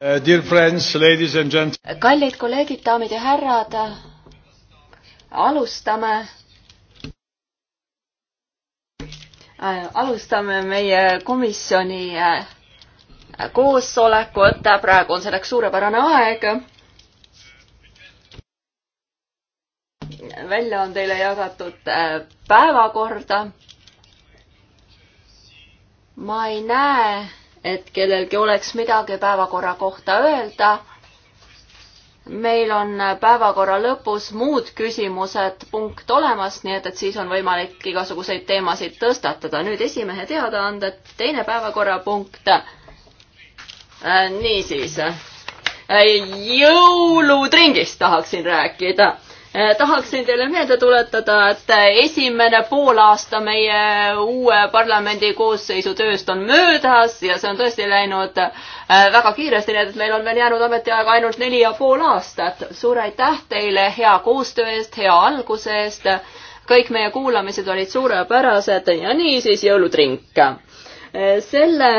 Uh, dear friends, ladies and gentlemen. kallid kolleegid, daamid ja härrad, alustame. Uh, alustame meie komisjoni uh, koosolekut, praegu on selleks suurepärane aeg. välja on teile jagatud päevakorda. ma ei näe et kellelgi oleks midagi päevakorra kohta öelda. meil on päevakorra lõpus muud küsimused punkt olemas, nii et, et siis on võimalik igasuguseid teemasid tõstatada. nüüd esimehe teadaanded, teine päevakorrapunkt äh,. niisiis, äh, jõulutringist tahaksin rääkida Eh, tahaksin teile meelde tuletada, et eh, esimene poolaasta meie uue parlamendi koosseisu tööst on möödas ja see on tõesti läinud eh, väga kiiresti, nii et meil on veel jäänud ametiaega ainult neli ja pool aastat. suur aitäh teile hea koostöö eest, hea alguse eest. kõik meie kuulamised olid suurepärased ja niisiis jõulutrink. selle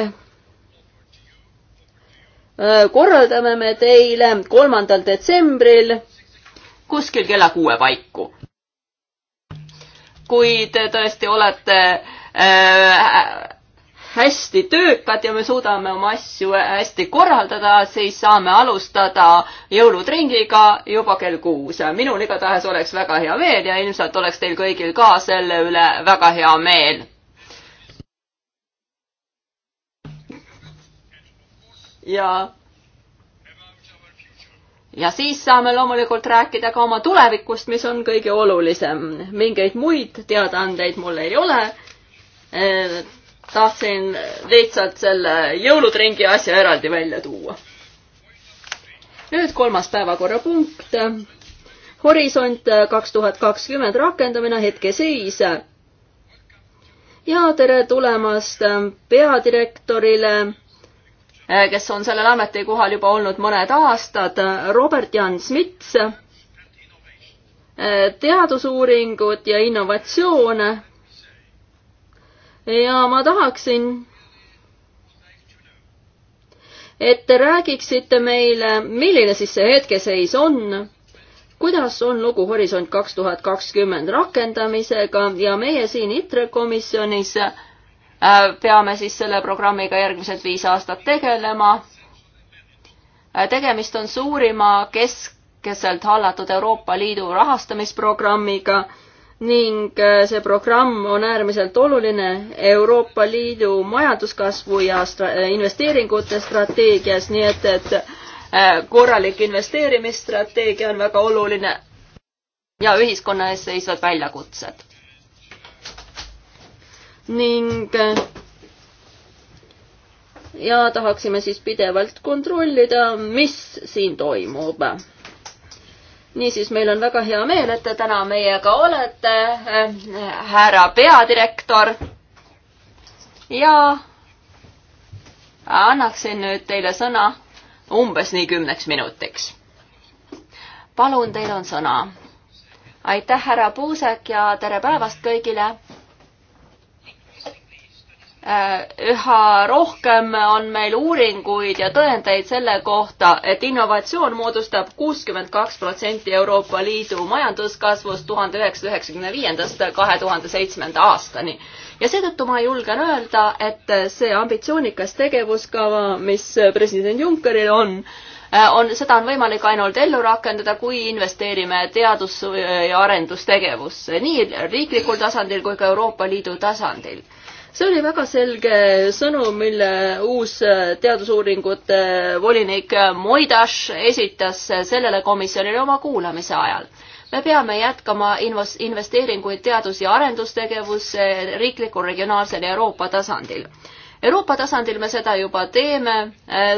korraldame me teile kolmandal detsembril kuskil kella kuue paiku. kui te tõesti olete äh, hästi töökad ja me suudame oma asju hästi korraldada, siis saame alustada jõulud ringiga juba kell kuus. minul igatahes oleks väga hea meel ja ilmselt oleks teil kõigil ka selle üle väga hea meel. ja ja siis saame loomulikult rääkida ka oma tulevikust, mis on kõige olulisem. mingeid muid teadaandeid mul ei ole. Äh, tahtsin lihtsalt selle jõulutringi asja eraldi välja tuua. nüüd kolmas päevakorrapunkt. horisont kaks tuhat kakskümmend rakendamine hetkeseis. ja tere tulemast peadirektorile Äh, kes on sellel ametikohal juba olnud mõned aastad, Robert Jan Smits. Äh, teadusuuringud ja innovatsioon. ja ma tahaksin, et te räägiksite meile, milline siis see hetkeseis on kuidas on lugu Horisont kaks tuhat kakskümmend rakendamisega ja meie siin ITRE komisjonis äh, Äh, peame siis selle programmiga järgmised viis aastat tegelema. Äh, tegemist on suurima keskselt hallatud Euroopa Liidu rahastamisprogrammiga ning äh, see programm on äärmiselt oluline Euroopa Liidu majanduskasvu ja investeeringute strateegias, nii et, et korralik investeerimisstrateegia on väga oluline ja ühiskonna ees seisvad väljakutsed ning ja tahaksime siis pidevalt kontrollida, mis siin toimub. niisiis, meil on väga hea meel, et te täna meiega olete, härra peadirektor. ja annaksin nüüd teile sõna umbes nii kümneks minutiks. palun, teil on sõna. aitäh, härra Puusek ja tere päevast kõigile Äh, üha rohkem on meil uuringuid ja tõendeid selle kohta, et innovatsioon moodustab kuuskümmend kaks protsenti Euroopa Liidu majanduskasvust tuhande üheksasaja üheksakümne viiendast kahe tuhande seitsmenda aastani. ja seetõttu ma julgen öelda, et see ambitsioonikas tegevuskava, mis president Junckeril on, äh, on, seda on võimalik ainult ellu rakendada, kui investeerime teadus- ja arendustegevusse nii riiklikul tasandil kui ka Euroopa Liidu tasandil see oli väga selge sõnum, mille uus äh, teadusuuringute äh, volinik äh, Moidaš esitas sellele komisjonile oma kuulamise ajal. me peame jätkama investeeringuid teadus- ja arendustegevusse riiklikul, regionaalsel ja Euroopa tasandil. Euroopa tasandil me seda juba teeme,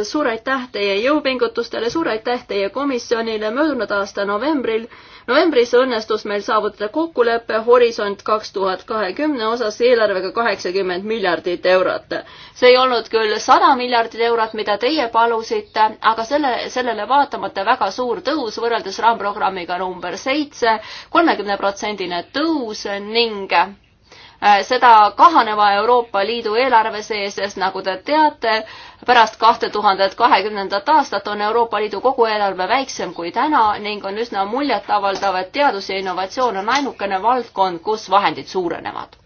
suur aitäh teie jõupingutustele, suur aitäh teie komisjonile, möödunud aasta novembril novembris õnnestus meil saavutada kokkulepe Horisont kaks tuhat kahekümne osas eelarvega kaheksakümmend miljardit eurot. see ei olnud küll sada miljardit eurot, mida teie palusite, aga selle, sellele vaatamata väga suur tõus võrreldes raamprogrammiga number seitse, kolmekümne protsendine tõus ning Äh, seda kahaneva Euroopa Liidu eelarve sees, sest nagu te teate, pärast kahte tuhandet kahekümnendat aastat on Euroopa Liidu kogu eelarve väiksem kui täna ning on üsna muljetavaldav, et teadus ja innovatsioon on ainukene valdkond, kus vahendid suurenevad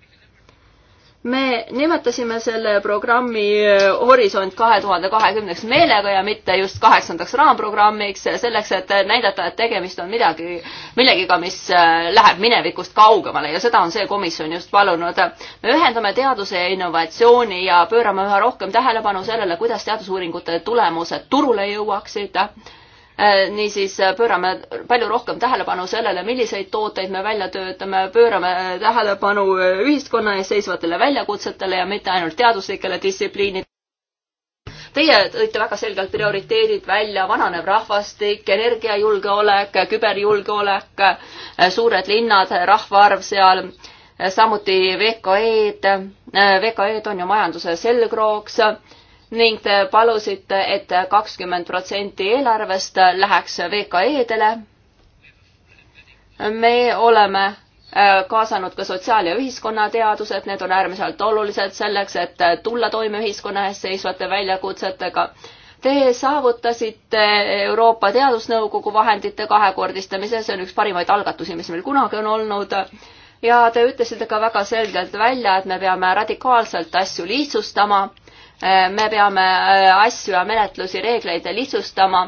me nimetasime selle programmi äh, Horisont kahe tuhande kahekümneks meelega ja mitte just kaheksandaks raamprogrammiks, selleks et näidata, et tegemist on midagi, millegiga, mis äh, läheb minevikust kaugemale ja seda on see komisjon just palunud. me ühendame teaduse ja innovatsiooni ja pöörame üha rohkem tähelepanu sellele, kuidas teadusuuringute tulemused turule jõuaksid Äh, niisiis äh, pöörame palju rohkem tähelepanu sellele, milliseid tooteid me välja töötame, pöörame äh, tähelepanu ühiskonna ees seisvatele väljakutsetele ja mitte ainult teaduslikele distsipliinidele. Teie tõite väga selgelt prioriteedid välja, vananev rahvastik, energiajulgeolek, küberjulgeolek, suured linnad, rahvaarv seal, samuti VKE-d. VKE-d on ju majanduse selgrooks ning te palusite et, et kakskümmend protsenti eelarvest läheks VKE-dele. me oleme äh, kaasanud ka sotsiaal- ja ühiskonnateadused, need on äärmiselt olulised selleks, et tulla toime ühiskonna ees seisvate väljakutsetega. Te saavutasite Euroopa Teadusnõukogu vahendite kahekordistamise, see on üks parimaid algatusi, mis meil kunagi on olnud. ja te ütlesite ka väga selgelt välja, et me peame radikaalselt asju lihtsustama Äh, me peame äh, asju ja menetlusi, reegleid lihtsustama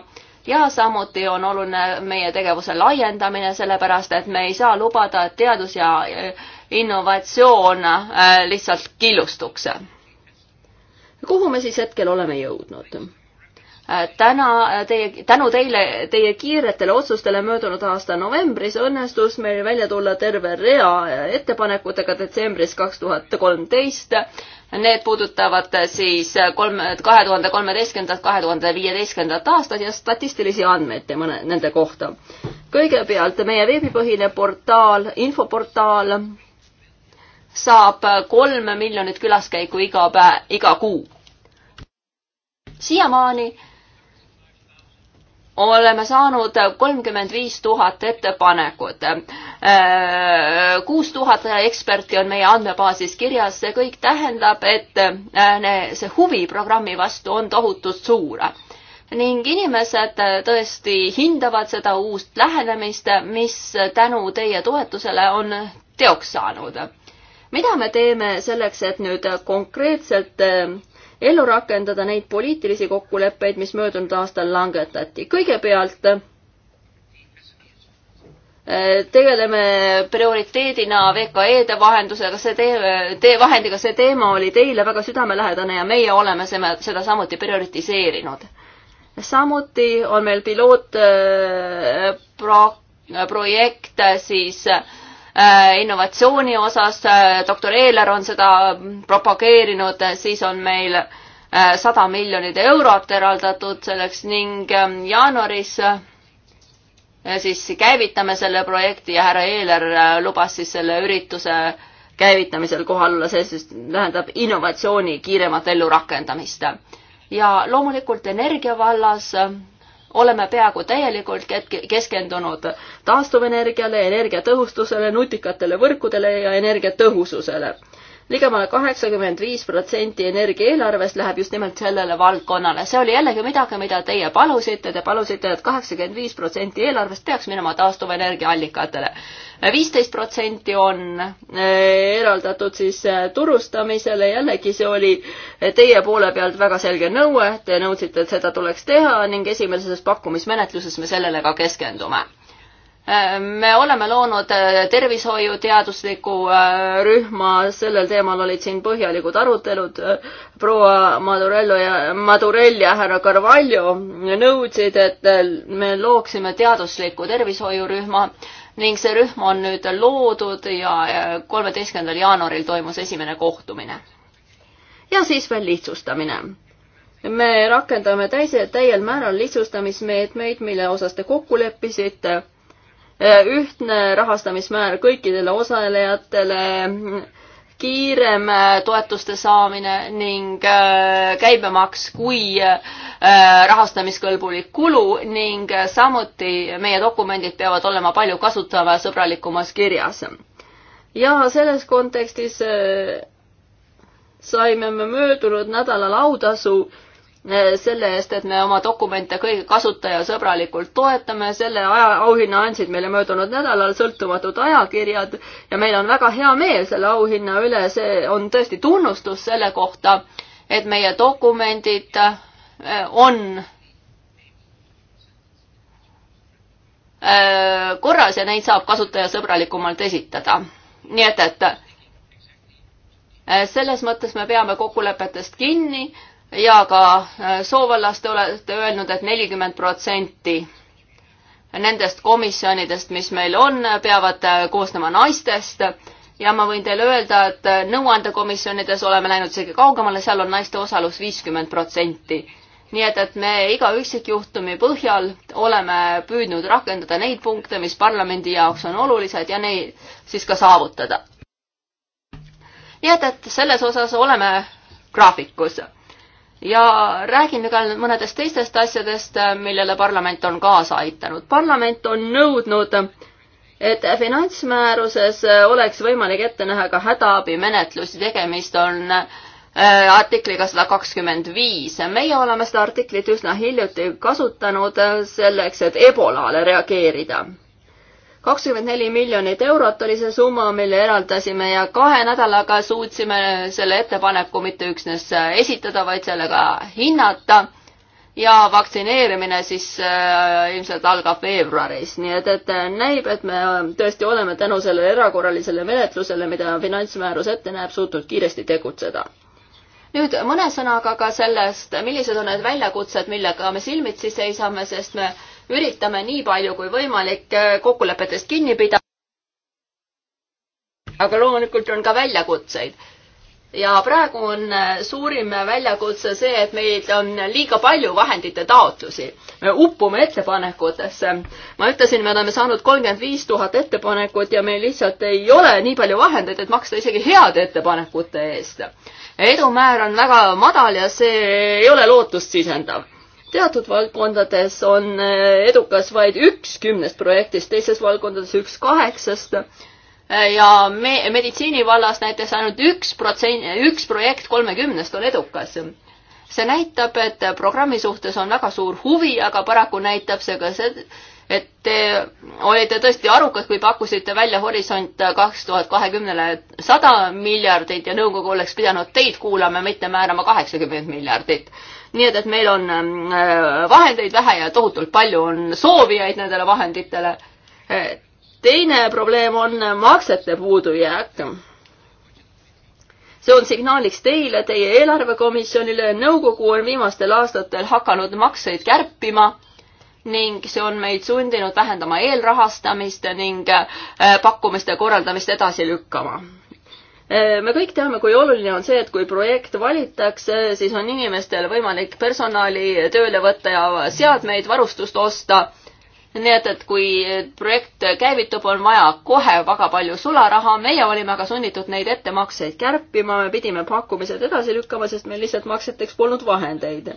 ja samuti on oluline meie tegevuse laiendamine, sellepärast et me ei saa lubada, et teadus ja äh, innovatsioon lihtsalt killustuks. kuhu me siis hetkel oleme jõudnud? täna teie, tänu teile, teie kiiretele otsustele möödunud aasta novembris õnnestus meil välja tulla terve rea ettepanekutega detsembris kaks tuhat kolmteist Need puudutavad siis kolm, kahe tuhande kolmeteistkümnendat, kahe tuhande viieteistkümnendat aastat ja statistilisi andmeid mõne, nende kohta. kõigepealt meie veebipõhine portaal, infoportaal saab kolm miljonit külaskäiku iga päev, iga kuu. siiamaani oleme saanud kolmkümmend viis tuhat ettepanekut. Äh, kuus tuhat eksperti on meie andmebaasis kirjas, see kõik tähendab, et äh, see huvi programmi vastu on tohutult suur ning inimesed äh, tõesti hindavad seda uust lähenemist, mis tänu teie toetusele on teoks saanud. mida me teeme selleks, et nüüd konkreetselt äh, ellu rakendada neid poliitilisi kokkuleppeid, mis möödunud aastal langetati. kõigepealt äh, tegeleme prioriteedina VKE-de vahendusega, see tee, tee vahendiga, see teema oli teile väga südamelähedane ja meie oleme selle, seda samuti prioritiseerinud. samuti on meil pilootprojekt äh, pro, äh, siis äh, Äh, innovatsiooni osas, äh, doktor Eeler on seda propageerinud, siis on meil äh, sada miljonit eurot eraldatud selleks ning ähm, jaanuaris siis käivitame selle projekti ja härra Eeler lubas siis selle ürituse käivitamisel kohal olla, see siis tähendab innovatsiooni kiiremat ellurakendamist. ja loomulikult energia vallas oleme peaaegu täielikult keskendunud taastuvenergiale, energiatõhustusele, nutikatele võrkudele ja energiatõhususele ligemale kaheksakümmend viis protsenti energia eelarvest läheb just nimelt sellele valdkonnale. see oli jällegi midagi, mida teie palusite, te palusite et, et kaheksakümmend viis protsenti eelarvest peaks minema taastuvenergia allikatele viisteist protsenti on eh, eraldatud siis eh, turustamisele, jällegi see oli eh, teie poole pealt väga selge nõue, te nõudsite, et seda tuleks teha ning esimeses pakkumismenetluses me sellele ka keskendume me oleme loonud tervishoiu teadusliku rühma, sellel teemal olid siin põhjalikud arutelud. proua Madurello ja Madurell ja härra Carvalho nõudsid, et me looksime teadusliku tervishoiurühma, ning see rühm on nüüd loodud ja äh, kolmeteistkümnendal jaanuaril toimus esimene kohtumine. ja siis veel lihtsustamine. me rakendame täise, täiel määral lihtsustamismeetmeid, mille osas te kokku leppisite. ühtne rahastamismäär kõikidele osalejatele kiirem äh, toetuste saamine ning äh, käibemaks kui äh, rahastamiskõlbulik kulu ning samuti meie dokumendid peavad olema palju kasutajasõbralikumas kirjas. ja selles kontekstis saime me möödunud nädalal autasu Eh, selle eest, et me oma dokumente kõige kasutajasõbralikult toetame, selle aja, auhinna andsid meile möödunud nädalal sõltumatud ajakirjad ja meil on väga hea meel selle auhinna üle, see on tõesti tunnustus selle kohta, et meie dokumendid eh, on eh, korras ja neid saab kasutajasõbralikumalt esitada. nii et, et selles mõttes me peame kokkulepetest kinni ja ka äh, soovallaste olete öelnud et, et nelikümmend protsenti nendest komisjonidest, mis meil on, peavad äh, koosnema naistest ja ma võin teile öelda, et äh, nõuandekomisjonides oleme läinud isegi kaugemale, seal on naiste osalus viiskümmend protsenti. nii et, et me iga üksikjuhtumi põhjal oleme püüdnud rakendada neid punkte, mis parlamendi jaoks on olulised ja neid siis ka saavutada. nii et, et selles osas oleme graafikus ja räägime ka mõnedest teistest asjadest, äh, millele parlament on kaasa aitanud. parlament on nõudnud, et finantsmääruses äh, oleks võimalik ette näha ka hädaabimenetlusi, tegemist on äh, artikliga sada kakskümmend viis. meie oleme seda artiklit üsna hiljuti kasutanud selleks, et ebolale reageerida kakskümmend neli miljonit eurot oli see summa, mille eraldasime ja kahe nädalaga suutsime selle ettepaneku mitte üksnes esitada, vaid sellega hinnata. ja vaktsineerimine siis äh, ilmselt algab veebruaris, nii et, et äh, näib, et me äh, tõesti oleme tänu sellele erakorralisele menetlusele, mida finantsmäärus ette näeb, suutnud kiiresti tegutseda nüüd mõne sõnaga ka sellest, millised on need väljakutsed, millega me silmitsi seisame, sest me üritame nii palju kui võimalik äh, kokkulepetest kinni pidada. aga loomulikult on ka väljakutseid ja praegu on äh, suurim väljakutse see, et meil on liiga palju vahendite taotlusi. me uppume ettepanekutesse. ma ütlesin, me oleme saanud kolmkümmend viis tuhat ettepanekut ja meil lihtsalt ei ole nii palju vahendeid, et maksta isegi heade ettepanekute eest. edumäär on väga madal ja see ei ole lootust sisendav teatud valdkondades on eh, edukas vaid üks kümnest projektist, teises valdkondades üks kaheksast eh, ja me meditsiinivallas näiteks ainult üks protsent, üks projekt kolmekümnest on edukas see näitab, et programmi suhtes on väga suur huvi, aga paraku näitab see ka see, et te olite tõesti arukad, kui pakkusite välja Horisont kaks tuhat kahekümnele sada miljardit ja nõukogu oleks pidanud teid kuulama, mitte määrama kaheksakümmend miljardit nii et, et meil on ähm, äh, vahendeid vähe ja tohutult palju on soovijaid nendele vahenditele. Äh, teine probleem on äh, maksete puudujääk. see on signaaliks teile, teie eelarvekomisjonile, nõukogu on viimastel aastatel hakanud makseid kärpima ning see on meid sundinud vähendama eelrahastamist ning pakkumiste korraldamist edasi lükkama Äh, me kõik teame, kui oluline on see, et kui projekt valitakse, siis on inimestel võimalik personali tööle võtta ja seadmeid, varustust osta. nii et, et kui projekt käivitub, on vaja kohe väga palju sularaha, meie olime aga sunnitud neid ettemakseid kärpima, me pidime pakkumised edasi lükkama, sest meil lihtsalt makseteks polnud vahendeid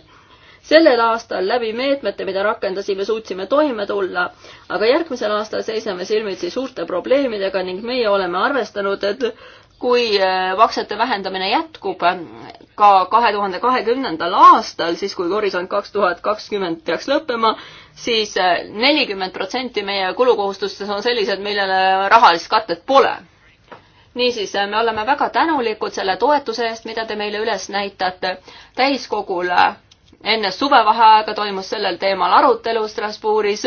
sellel aastal läbi meetmete, mida rakendasime, suutsime toime tulla, aga järgmisel aastal seisame silmitsi suurte probleemidega ning meie oleme arvestanud, et kui äh, maksete vähendamine jätkub äh, ka kahe tuhande kahekümnendal aastal, siis kui Horisont kaks tuhat kakskümmend peaks lõppema, siis äh, nelikümmend protsenti meie kulukohustustes on sellised, millele rahalist katet pole. niisiis, me oleme väga tänulikud selle toetuse eest, mida te meile üles näitate. täiskogule enne suvevaheaega toimus sellel teemal arutelu Strasbourgis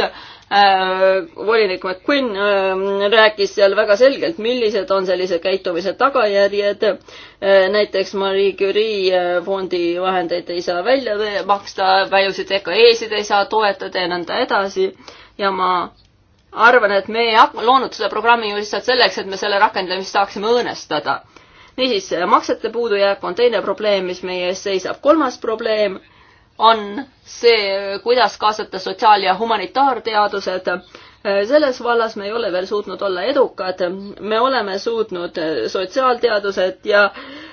Äh, volinik McQueen äh, rääkis seal väga selgelt, millised on sellise käitumise tagajärjed. Äh, näiteks Marie Curie fondi vahendeid ei saa välja maksta, paljusid EKE-sid ei saa toetada ja nõnda edasi. ja ma arvan, et me ei loonud seda programmi ju lihtsalt selleks, et me selle rakendamist saaksime õõnestada niisiis, maksete puudujääk on teine probleem, mis meie ees seisab. kolmas probleem on see, kuidas kaasata sotsiaal- ja humanitaarteadused. selles vallas me ei ole veel suutnud olla edukad. me oleme suutnud sotsiaalteadused ja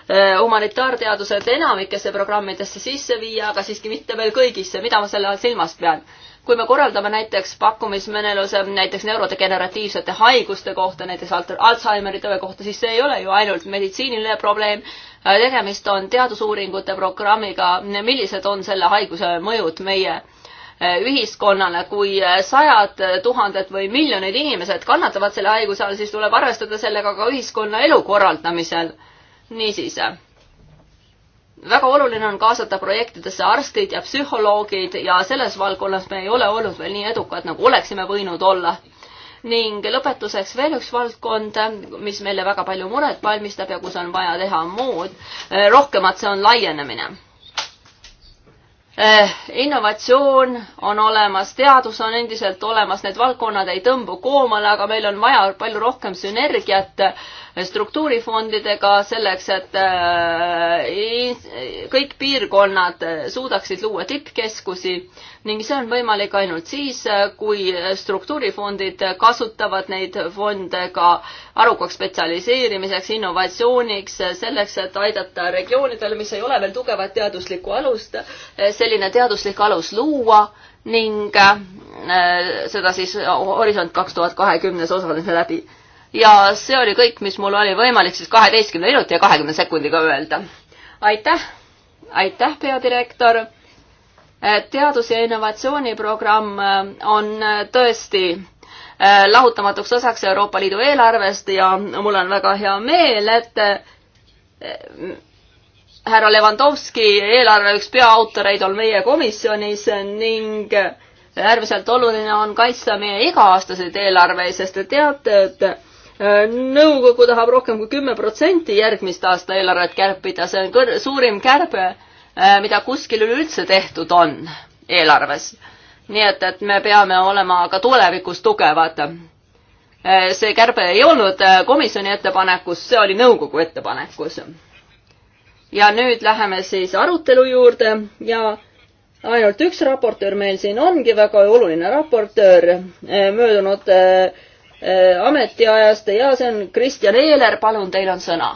eh, humanitaarteadused enamikesse programmidesse sisse viia, aga siiski mitte veel kõigisse, mida ma selle all silmas pean kui me korraldame näiteks pakkumismenetluse näiteks neurodegeneratiivsete haiguste kohta, näiteks Alzheimeri tõve kohta, siis see ei ole ju ainult meditsiiniline probleem, Äh, tegemist on teadusuuringute programmiga, millised on selle haiguse mõjud meie äh, ühiskonnale, kui äh, sajad tuhanded või miljonid inimesed kannatavad selle haiguse all, siis tuleb arvestada sellega ka ühiskonna elu korraldamisel. niisiis, väga oluline on kaasata projektidesse arstid ja psühholoogid ja selles valdkonnas me ei ole olnud veel nii edukad, nagu oleksime võinud olla ning lõpetuseks veel üks valdkond, mis meile väga palju muret valmistab ja kus on vaja teha muud, äh, rohkemat, see on laienemine äh, innovatsioon on olemas, teadus on endiselt olemas, need valdkonnad ei tõmbu koomale, aga meil on vaja palju rohkem sünergiat struktuurifondidega selleks, et äh, kõik piirkonnad suudaksid luua tippkeskusi ning see on võimalik ainult siis, kui struktuurifondid kasutavad neid fonde ka arukaks spetsialiseerimiseks, innovatsiooniks, selleks, et aidata regioonidel, mis ei ole veel tugevat teaduslikku alust, selline teaduslik alus luua ning äh, seda siis Horisont kaks tuhat kahekümnes osalemise läbi ja see oli kõik, mis mul oli võimalik siis kaheteistkümne minuti ja kahekümne sekundiga öelda. aitäh, aitäh, peadirektor. Eh, teadus- ja innovatsiooniprogramm eh, on eh, tõesti lahutamatuks osaks Euroopa Liidu eelarvest ja mul on väga hea meel, et härra Levanovski eelarve üks peaautoreid on meie komisjonis ning äärmiselt oluline on kaitsta meie iga-aastaseid eelarveid, sest te teate, et nõukogu tahab rohkem kui kümme protsenti järgmist aasta eelarvet kärpida, see on kõr-, suurim kärbe, äh, mida kuskil üleüldse tehtud on eelarves. nii et, et me peame olema ka tulevikus tugevad. Äh, see kärbe ei olnud äh, komisjoni ettepanekus, see oli nõukogu ettepanekus. ja nüüd läheme siis arutelu juurde ja ainult üks raportöör meil siin ongi, väga oluline raportöör, möödunud Äh, ametiajast ja see on Kristjan Eeler, palun, teil on sõna.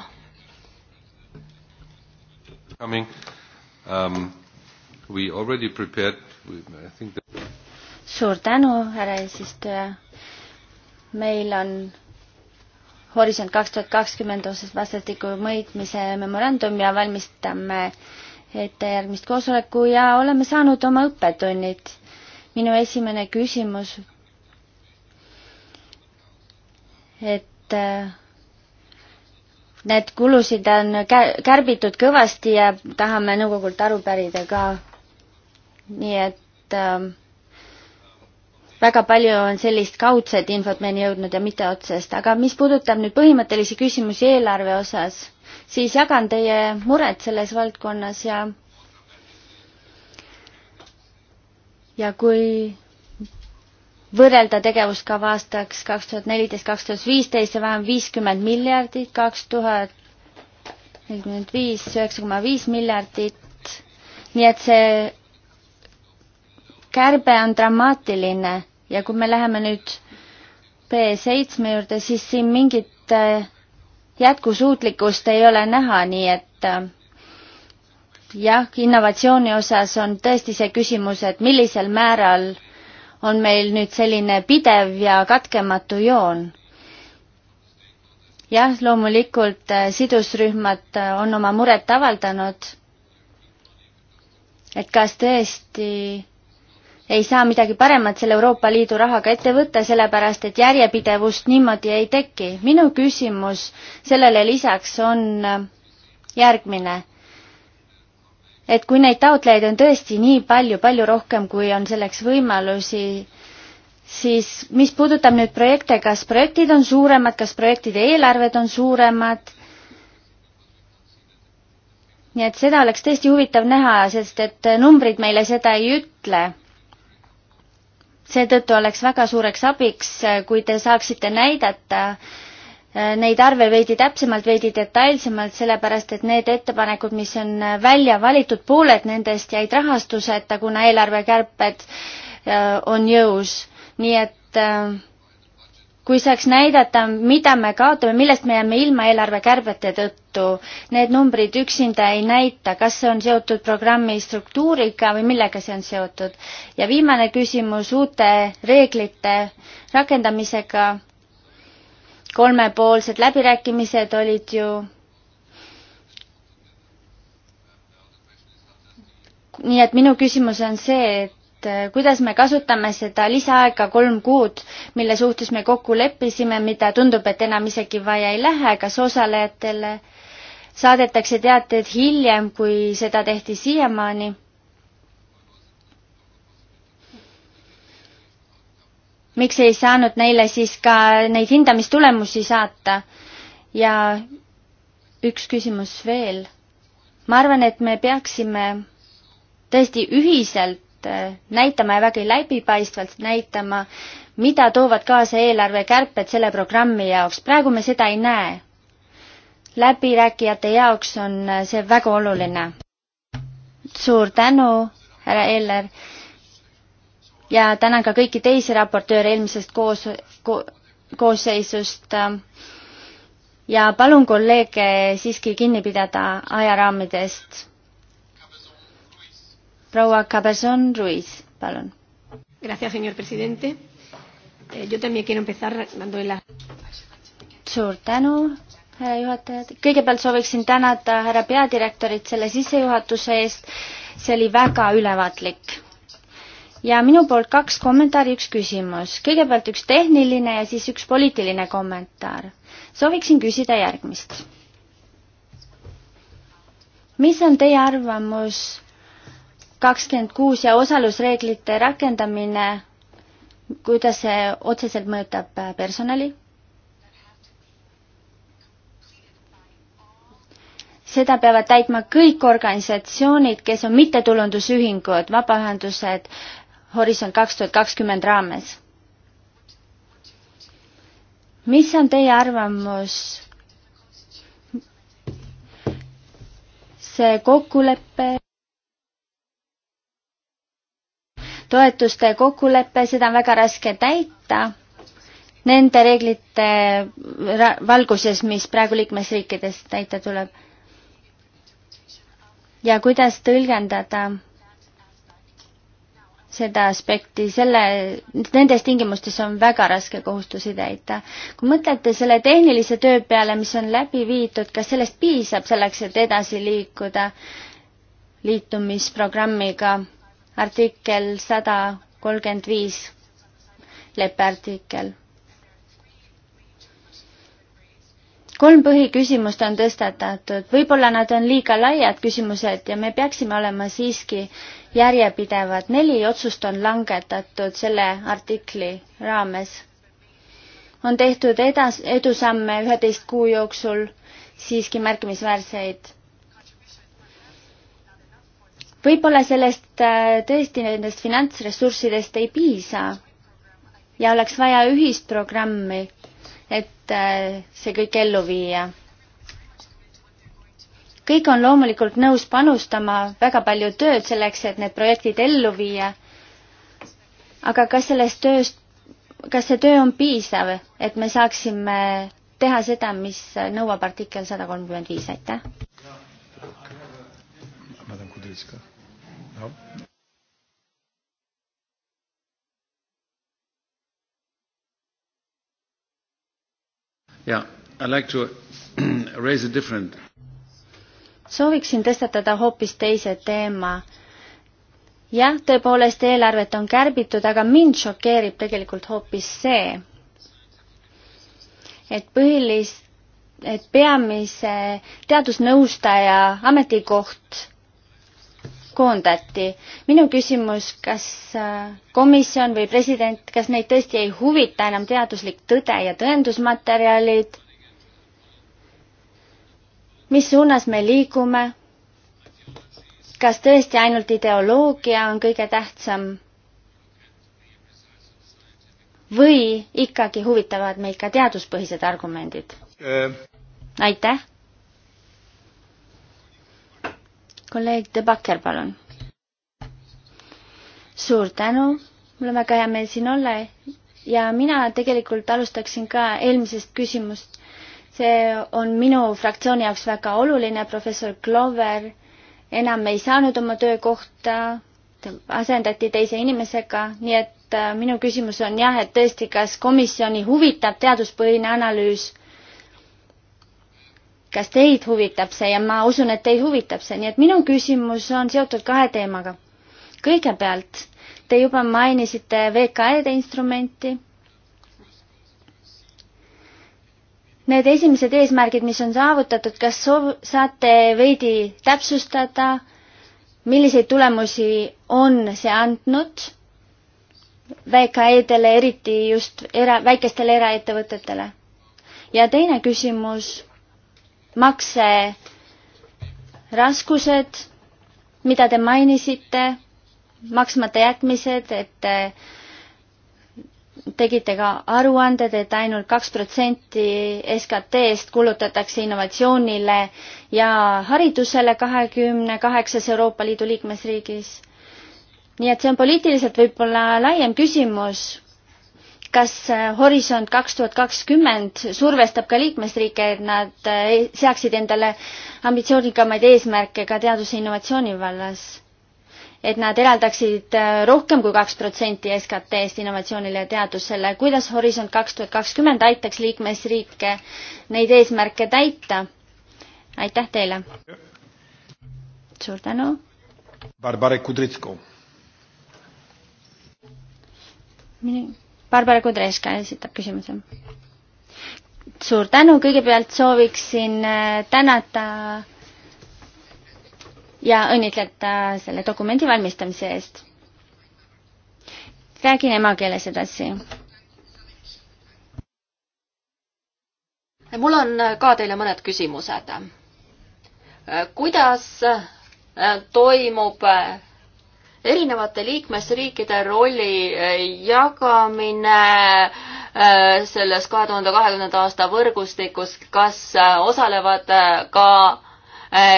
Coming um,. We already prepared, I think that... suur tänu, härra eesistuja. meil on Horisont kaks tuhat kakskümmend osas vastastikku mõõtmise memorandum ja valmistame ette järgmist koosoleku ja oleme saanud oma õppetunnid. minu esimene küsimus et äh, need kulusid on kärbitud kõvasti ja tahame nõukogult aru pärida ka. nii et äh, väga palju on sellist kaudset infot meieni jõudnud ja mitte otsest, aga mis puudutab nüüd põhimõttelisi küsimusi eelarve osas, siis jagan teie muret selles valdkonnas ja ja kui võrrelda tegevuskava aastaks kaks tuhat neliteist, kaks tuhat viisteist ja vähem viiskümmend miljardit, kaks tuhat nelikümmend viis, üheksa koma viis miljardit. nii et see kärbe on dramaatiline ja kui me läheme nüüd B7 juurde, siis siin mingit äh, jätkusuutlikkust ei ole näha, nii et äh, jah, innovatsiooni osas on tõesti see küsimus, et millisel määral on meil nüüd selline pidev ja katkematu joon. jah, loomulikult äh, sidusrühmad äh, on oma muret avaldanud, et kas tõesti ei saa midagi paremat selle Euroopa Liidu rahaga ette võtta, sellepärast et järjepidevust niimoodi ei teki. minu küsimus sellele lisaks on äh, järgmine et kui neid taotlejaid on tõesti nii palju, palju rohkem, kui on selleks võimalusi, siis mis puudutab nüüd projekte, kas projektid on suuremad, kas projektide eelarved on suuremad? nii et seda oleks tõesti huvitav näha, sest et numbrid meile seda ei ütle. seetõttu oleks väga suureks abiks, kui te saaksite näidata, Äh, neid arve veidi täpsemalt, veidi detailsemalt, sellepärast et need ettepanekud, mis on äh, välja valitud, pooled nendest jäid rahastuseta, kuna eelarvekärped äh, on jõus. nii et kui saaks näidata, mida me kaotame, millest me jääme ilma eelarvekärbete tõttu, need numbrid üksinda ei näita, kas see on seotud programmi struktuuriga või millega see on seotud. ja viimane küsimus uute reeglite rakendamisega kolmepoolsed läbirääkimised olid ju nii et minu küsimus on see, et äh, kuidas me kasutame seda lisaaega kolm kuud, mille suhtes me kokku leppisime, mida tundub, et enam isegi vaja ei lähe, kas osalejatele saadetakse teated hiljem, kui seda tehti siiamaani miks ei saanud neile siis ka neid hindamistulemusi saata? ja üks küsimus veel. ma arvan, et me peaksime tõesti ühiselt äh, näitama ja vägagi läbipaistvalt näitama, mida toovad kaasa eelarvekärped selle programmi jaoks. praegu me seda ei näe. läbirääkijate jaoks on äh, see väga oluline. suur tänu, härra Eller ja tänan ka kõiki teisi raportööre eelmisest koos ko,, koosseisust. Ähm, ja palun kolleege siiski kinni pidada ajaraamidest. proua Cabezon Ruiz, palun. Gracias, señor presidente. Eh, yo también quiero empezar dándole la. suur tänu, härra juhataja. kõigepealt sooviksin tänada härra peadirektorit selle sissejuhatuse eest. see oli väga ülevaatlik ja minu poolt kaks kommentaari, üks küsimus. kõigepealt üks tehniline ja siis üks poliitiline kommentaar. sooviksin küsida järgmist. mis on teie arvamus kakskümmend kuus ja osalusreeglite rakendamine, kuidas see otseselt mõjutab äh, personali? seda peavad täitma kõik organisatsioonid, kes on mittetulundusühingud, vabaühendused, Horisont kaks tuhat kakskümmend raames. mis on teie arvamus? see kokkulepe, toetuste kokkulepe, seda on väga raske täita nende reeglite valguses, mis praegu liikmesriikidest täita tuleb. ja kuidas tõlgendada seda aspekti, selle, nendes tingimustes on väga raske kohustusi täita. kui mõtlete selle tehnilise töö peale, mis on läbi viidud, kas sellest piisab selleks, et edasi liikuda liitumisprogrammiga? artikkel sada kolmkümmend viis, leppeartikkel kolm põhiküsimust on tõstatatud, võib-olla nad on liiga laiad küsimused ja me peaksime olema siiski järjepidevad. neli otsust on langetatud selle artikli raames. on tehtud edas-, edusamme üheteist kuu jooksul, siiski märkimisväärseid. võib-olla sellest äh, tõesti nendest finantsressurssidest ei piisa ja oleks vaja ühist programmi et äh, see kõik ellu viia. kõik on loomulikult nõus panustama väga palju tööd selleks, et need projektid ellu viia. aga kas sellest tööst, kas see töö on piisav, et me saaksime teha seda, mis nõuab artikkel sada kolmkümmend viis, aitäh. Madame Kudryska no.. Yeah, I'd like to raise a different. sooviksin tõstatada hoopis teise teema. jah, tõepoolest eelarvet on kärbitud, aga mind šokeerib tegelikult hoopis see, et põhilist, et peamise teadusnõustaja ametikoht koondati. minu küsimus, kas äh, komisjon või president, kas neid tõesti ei huvita enam teaduslik tõde ja tõendusmaterjalid? mis suunas me liigume? kas tõesti ainult ideoloogia on kõige tähtsam? või ikkagi huvitavad meid ka teaduspõhised argumendid? Äh. aitäh! kolleeg De Bakker, palun. suur tänu, mul on väga hea meel siin olla ja mina tegelikult alustaksin ka eelmisest küsimust. see on minu fraktsiooni jaoks väga oluline, professor Glover enam ei saanud oma töökohta, asendati teise inimesega, nii et äh, minu küsimus on jah, et tõesti, kas komisjoni huvitab teaduspõhine analüüs kas teid huvitab see ja ma usun, et teid huvitab see, nii et minu küsimus on seotud kahe teemaga. kõigepealt, te juba mainisite VKE-de instrumenti. Need esimesed eesmärgid, mis on saavutatud, kas soov, saate veidi täpsustada, milliseid tulemusi on see andnud VKE-dele, eriti just era, väikestele eraettevõtetele? ja teine küsimus makseraskused, mida te mainisite, maksmata jätmised, et tegite ka aruanded, et ainult kaks protsenti SKT-st kulutatakse innovatsioonile ja haridusele kahekümne kaheksas Euroopa Liidu liikmesriigis. nii et see on poliitiliselt võib-olla laiem küsimus kas äh, Horisont kaks tuhat kakskümmend survestab ka liikmesriike, et nad äh, seaksid endale ambitsioonikamaid eesmärke ka teaduse innovatsiooni vallas? et nad eraldaksid äh, rohkem kui kaks protsenti SKT-st innovatsioonile ja teadusele. kuidas Horisont kaks tuhat kakskümmend aitaks liikmesriike neid eesmärke täita? aitäh teile! suur tänu! Barbara Kudritsko. minu Barbara Kudreska esitab küsimuse. suur tänu, kõigepealt sooviksin äh, tänada ja õnnitleda selle dokumendi valmistamise eest. räägin emakeeles edasi. mul on äh, ka teile mõned küsimused. Äh, kuidas toimub erinevate liikmesriikide rolli eh, jagamine eh, selles kahe tuhande kahekümnenda aasta võrgustikus, kas eh, osalevad ka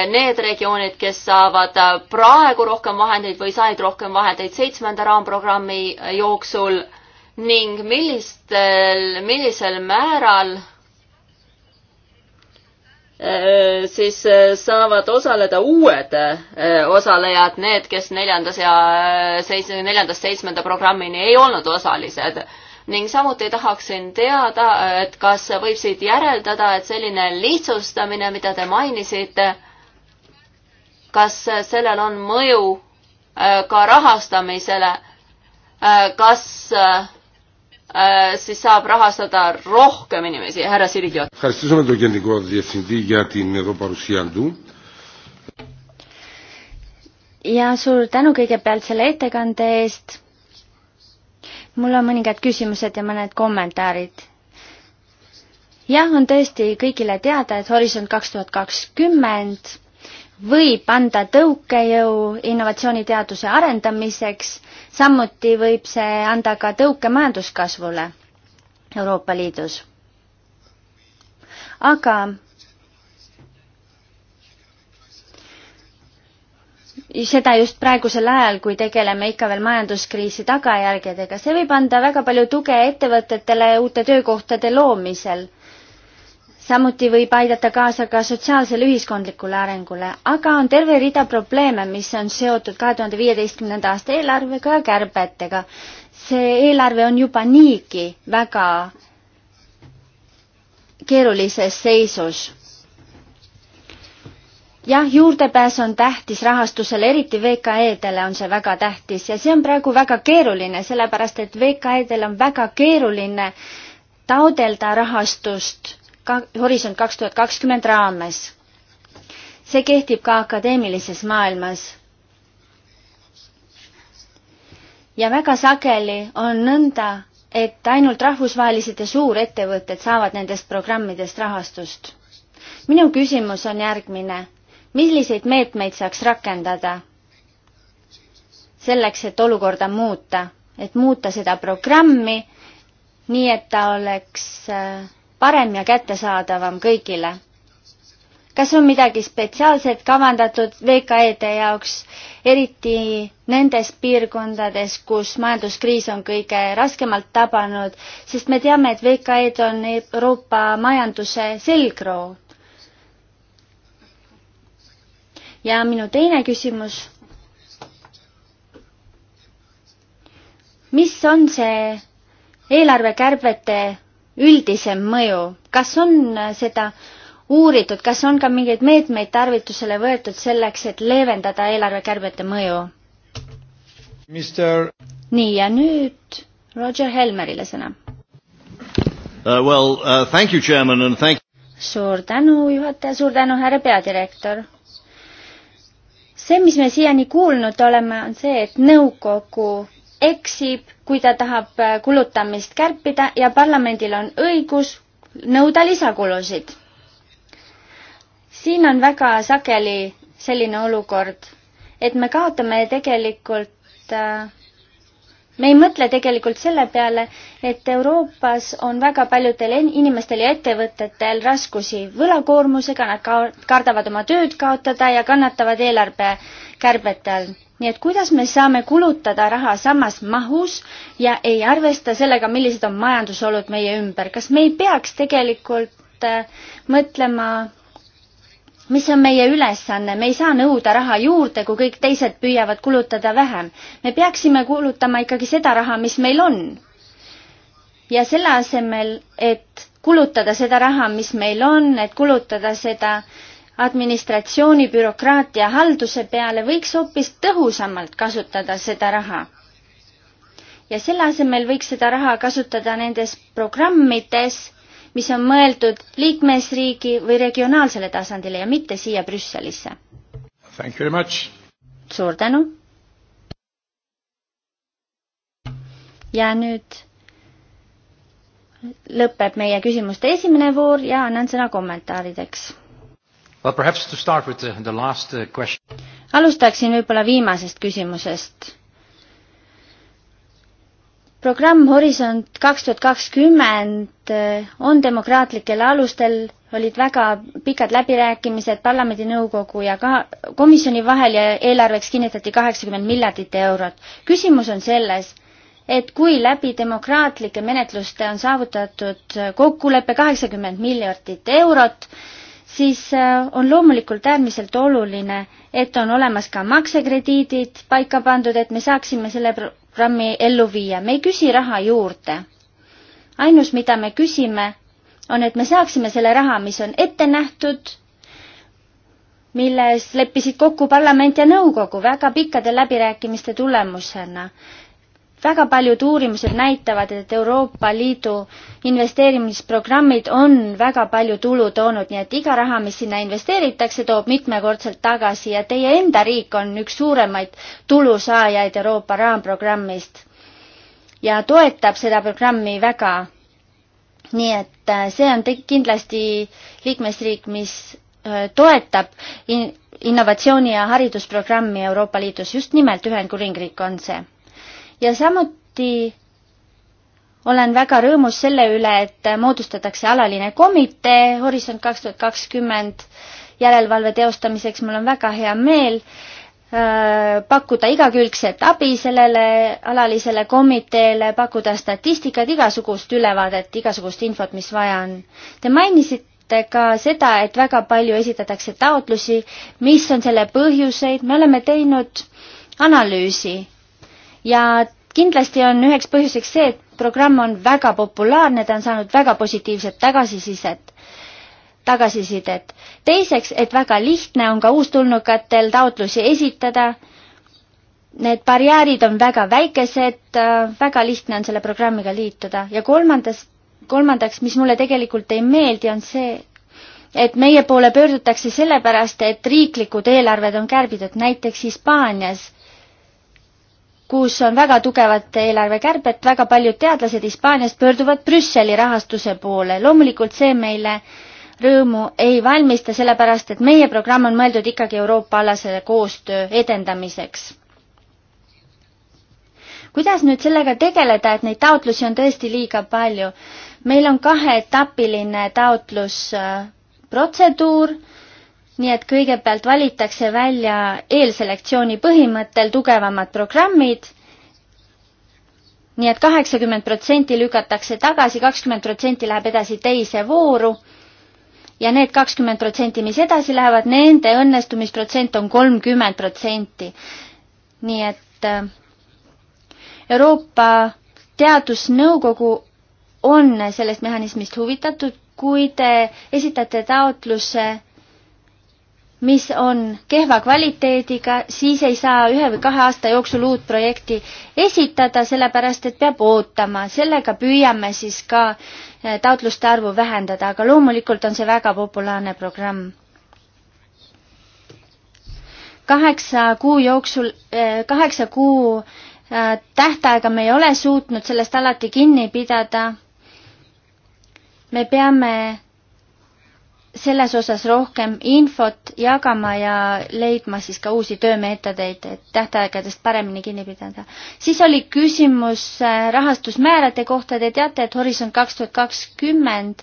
need regioonid, kes saavad praegu rohkem vahendeid või said rohkem vahendeid seitsmenda raamprogrammi jooksul ning millistel, millisel määral Äh, siis äh, saavad osaleda uued äh, osalejad, need, kes neljandas ja seitsme, neljandast seitsmenda programmini ei olnud osalised. ning samuti tahaksin teada, et kas võib siit järeldada, et selline lihtsustamine, mida te mainisite, kas sellel on mõju ka rahastamisele, kas Äh, siis saab rahastada rohkem inimesi. härra Sirgi Ott. ja suur tänu kõigepealt selle ettekande eest. mul on mõningad küsimused ja mõned kommentaarid. jah, on tõesti kõigile teada, et Horisont kaks tuhat kakskümmend võib anda tõukejõu innovatsiooniteaduse arendamiseks samuti võib see anda ka tõuke majanduskasvule Euroopa Liidus. aga seda just praegusel ajal, kui tegeleme ikka veel majanduskriisi tagajärgedega, see võib anda väga palju tuge ettevõtetele uute töökohtade loomisel samuti võib aidata kaasa ka sotsiaalsele ühiskondlikule arengule, aga on terve rida probleeme, mis on seotud kahe tuhande viieteistkümnenda aasta eelarvega ja kärbetega. see eelarve on juba niigi väga keerulises seisus. jah, juurdepääs on tähtis rahastusele, eriti VKE-dele on see väga tähtis ja see on praegu väga keeruline, sellepärast et VKE-del on väga keeruline taodelda rahastust ka Horisont kaks tuhat kakskümmend raames. see kehtib ka akadeemilises maailmas. ja väga sageli on nõnda, et ainult rahvusvahelised ja suurettevõtted saavad nendest programmidest rahastust. minu küsimus on järgmine. milliseid meetmeid saaks rakendada selleks, et olukorda muuta, et muuta seda programmi nii, et ta oleks äh, parem ja kättesaadavam kõigile. kas on midagi spetsiaalset kavandatud VKE-de jaoks, eriti nendes piirkondades, kus majanduskriis on kõige raskemalt tabanud, sest me teame, et VKE-d on Euroopa majanduse selgroog. ja minu teine küsimus mis on see eelarvekärbete üldisem mõju, kas on äh, seda uuritud, kas on ka mingeid meetmeid tarvitusele võetud selleks, et leevendada eelarvekärbete mõju Mister...? nii, ja nüüd Roger Helmerile sõna uh,. Well, uh, thank you, chairman, and thank suur tänu, juhataja, suur tänu, härra peadirektor. see, mis me siiani kuulnud oleme, on see, et nõukogu eksib, kui ta tahab äh, kulutamist kärpida ja parlamendil on õigus nõuda lisakulusid. siin on väga sageli selline olukord, et me kaotame tegelikult äh, me ei mõtle tegelikult selle peale, et Euroopas on väga paljudel inimestel ja ettevõtetel raskusi võlakoormusega, nad kardavad oma tööd kaotada ja kannatavad eelarvekärbete all nii et kuidas me saame kulutada raha samas mahus ja ei arvesta sellega, millised on majandusolud meie ümber, kas me ei peaks tegelikult äh, mõtlema, mis on meie ülesanne, me ei saa nõuda raha juurde, kui kõik teised püüavad kulutada vähem. me peaksime kulutama ikkagi seda raha, mis meil on. ja selle asemel, et kulutada seda raha, mis meil on, et kulutada seda äh, administratsiooni, bürokraatia, halduse peale, võiks hoopis tõhusamalt kasutada seda raha. ja selle asemel võiks seda raha kasutada nendes programmides, mis on mõeldud liikmesriigi või regionaalsele tasandile ja mitte siia Brüsselisse. suur tänu. ja nüüd lõpeb meie küsimuste esimene voor ja annan sõna kommentaarideks Uh, alustaksin võib-olla viimasest küsimusest. programm Horisont kaks tuhat kakskümmend äh, on demokraatlikel alustel, olid väga pikad läbirääkimised parlamendi, nõukogu ja ka komisjoni vahel ja eelarveks kinnitati kaheksakümmend miljardit eurot. küsimus on selles et kui läbi demokraatlike menetluste on saavutatud kokkulepe kaheksakümmend miljardit eurot, siis äh, on loomulikult äärmiselt oluline, et on olemas ka maksekrediidid paika pandud, et me saaksime selle programmi ellu viia, me ei küsi raha juurde. ainus, mida me küsime, on, et me saaksime selle raha, mis on ette nähtud, milles leppisid kokku parlament ja nõukogu väga pikkade läbirääkimiste tulemusena väga paljud uurimused näitavad, et Euroopa Liidu investeerimisprogrammid on väga palju tulu toonud, nii et iga raha, mis sinna investeeritakse, toob mitmekordselt tagasi ja teie enda riik on üks suuremaid tulusaajaid Euroopa raamprogrammist. ja toetab seda programmi väga. nii et äh, see on kindlasti liikmesriik, mis äh, toetab in innovatsiooni ja haridusprogrammi Euroopa Liidus, just nimelt Ühendkuningriik on see ja samuti olen väga rõõmus selle üle, et moodustatakse alaline komitee Horisont kaks tuhat kakskümmend järelevalve teostamiseks, mul on väga hea meel äh, pakkuda igakülgset abi sellele alalisele komiteele, pakkuda statistikat, igasugust ülevaadet, igasugust infot, mis vaja on. Te mainisite ka seda, et väga palju esitatakse taotlusi, mis on selle põhjuseid, me oleme teinud analüüsi ja kindlasti on üheks põhjuseks see, et programm on väga populaarne, ta on saanud väga positiivset tagasisidet, tagasisidet. teiseks, et väga lihtne on ka uustulnukatel taotlusi esitada. Need barjäärid on väga väikesed, väga lihtne on selle programmiga liituda ja kolmandas, kolmandaks, mis mulle tegelikult ei meeldi, on see, et meie poole pöördutakse sellepärast, et riiklikud eelarved on kärbitud, näiteks Hispaanias kus on väga tugevat eelarvekärbet, väga paljud teadlased Hispaaniast pöörduvad Brüsseli rahastuse poole. loomulikult see meile rõõmu ei valmista, sellepärast et meie programm on mõeldud ikkagi Euroopa-alase koostöö edendamiseks. kuidas nüüd sellega tegeleda, et neid taotlusi on tõesti liiga palju? meil on kaheetapiline taotlusprotseduur äh, nii et kõigepealt valitakse välja eelselektsiooni põhimõttel tugevamad programmid, nii et kaheksakümmend protsenti lükatakse tagasi, kakskümmend protsenti läheb edasi teise vooru ja need kakskümmend protsenti, mis edasi lähevad, nende õnnestumisprotsent on kolmkümmend protsenti. nii et äh, Euroopa Teadusnõukogu on sellest mehhanismist huvitatud, kui te esitate taotluse mis on kehva kvaliteediga, siis ei saa ühe või kahe aasta jooksul uut projekti esitada, sellepärast et peab ootama. sellega püüame siis ka eh, taotluste arvu vähendada, aga loomulikult on see väga populaarne programm. kaheksa kuu jooksul, eh, kaheksa kuu eh, tähtaega me ei ole suutnud sellest alati kinni pidada. me peame selles osas rohkem infot jagama ja leidma siis ka uusi töömeetodeid, et tähtaegadest paremini kinni pidada. siis oli küsimus äh, rahastusmäärade kohta, te teate, et Horisont kaks tuhat kakskümmend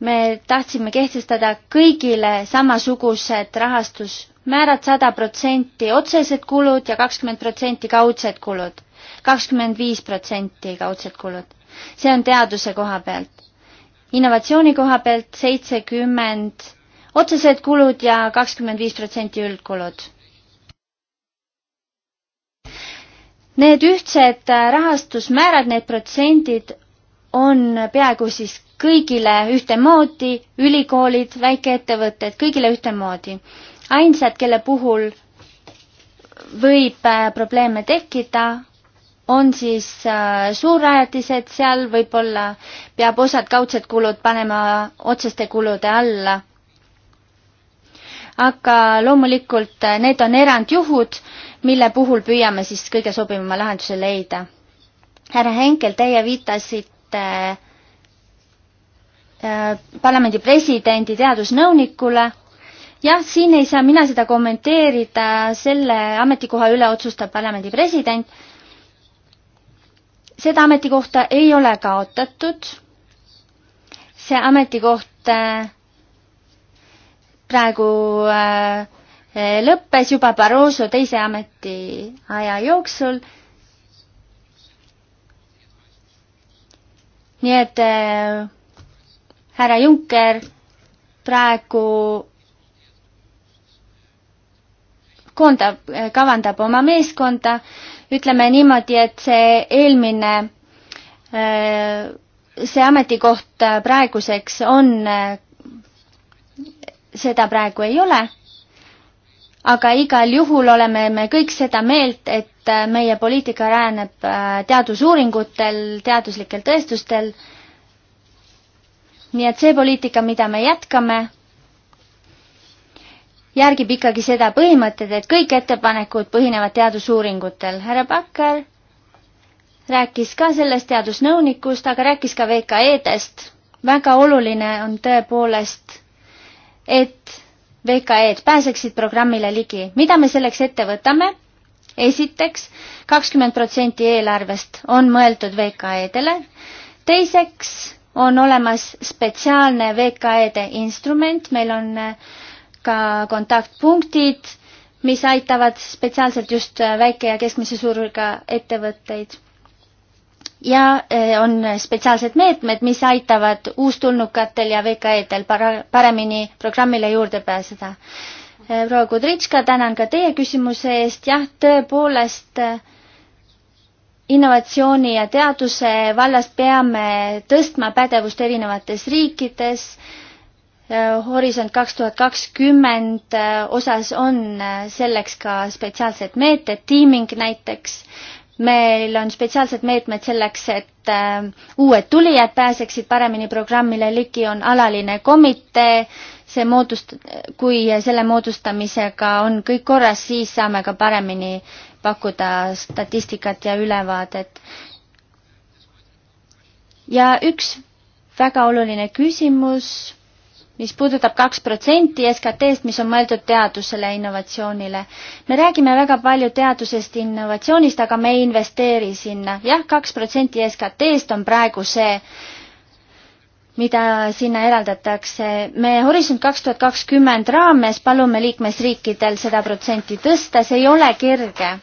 me tahtsime kehtestada kõigile samasugused rahastusmäärad, sada protsenti otsesed kulud ja kakskümmend protsenti kaudsed kulud, kakskümmend viis protsenti kaudsed kulud. see on teaduse koha pealt innovatsiooni koha pealt seitsekümmend otsesed kulud ja kakskümmend viis protsenti üldkulud. Need ühtsed rahastusmäärad, need protsendid on peaaegu siis kõigile ühtemoodi, ülikoolid, väikeettevõtted, kõigile ühtemoodi. ainsad, kelle puhul võib äh, probleeme tekkida, on siis äh, suurrajatised, seal võib-olla peab osad kaudsed kulud panema otseste kulude alla. aga loomulikult äh, need on erandjuhud, mille puhul püüame siis kõige sobivama lahenduse leida. härra Henkel, teie viitasite äh, parlamendi presidendi teadusnõunikule jah, siin ei saa mina seda kommenteerida, selle ametikoha üle otsustab parlamendi president seda ametikohta ei ole kaotatud. see ametikoht praegu äh, lõppes juba Barroso teise ametiaja jooksul. nii et äh, härra Juncker praegu koondab, äh, kavandab oma meeskonda ütleme niimoodi, et see eelmine, äh, see ametikoht äh, praeguseks on, äh, seda praegu ei ole. aga igal juhul oleme me kõik seda meelt, et meie poliitika rääneb teadusuuringutel, teaduslikel tõestustel. nii et see poliitika, mida me jätkame järgib ikkagi seda põhimõtet, et kõik ettepanekud põhinevad teadusuuringutel. härra Bakker rääkis ka sellest teadusnõunikust, aga rääkis ka VKE-dest. väga oluline on tõepoolest, et VKE-d pääseksid programmile ligi. mida me selleks ette võtame? esiteks, kakskümmend protsenti eelarvest on mõeldud VKE-dele. teiseks on olemas spetsiaalne VKE-de instrument, meil on äh, ka kontaktpunktid, mis aitavad spetsiaalselt just äh, väike- ja keskmise suurusega ettevõtteid. ja äh, on spetsiaalsed meetmed, mis aitavad uustulnukatel ja VKE-del para-, paremini programmile juurde pääseda. Äh, proua Kudritška, tänan ka teie küsimuse eest, jah, tõepoolest innovatsiooni ja teaduse vallas peame tõstma pädevust erinevates riikides Äh, Horisont kaks tuhat kakskümmend äh, osas on äh, selleks ka spetsiaalsed meetmed, tiiming näiteks. meil on spetsiaalsed meetmed selleks, et uued tulijad pääseksid paremini programmile ligi, on alaline komitee, see moodust-, kui selle moodustamisega on kõik korras, siis saame ka paremini pakkuda statistikat ja ülevaadet. ja üks väga oluline küsimus mis puudutab kaks protsenti SKT-st, mis on mõeldud teadusele ja innovatsioonile. me räägime väga palju teadusest ja innovatsioonist, aga me ei investeeri sinna jah,. jah, kaks protsenti SKT-st on praegu see, mida sinna eraldatakse. me Horisont kaks tuhat kakskümmend raames palume liikmesriikidel seda protsenti tõsta, see ei ole kerge.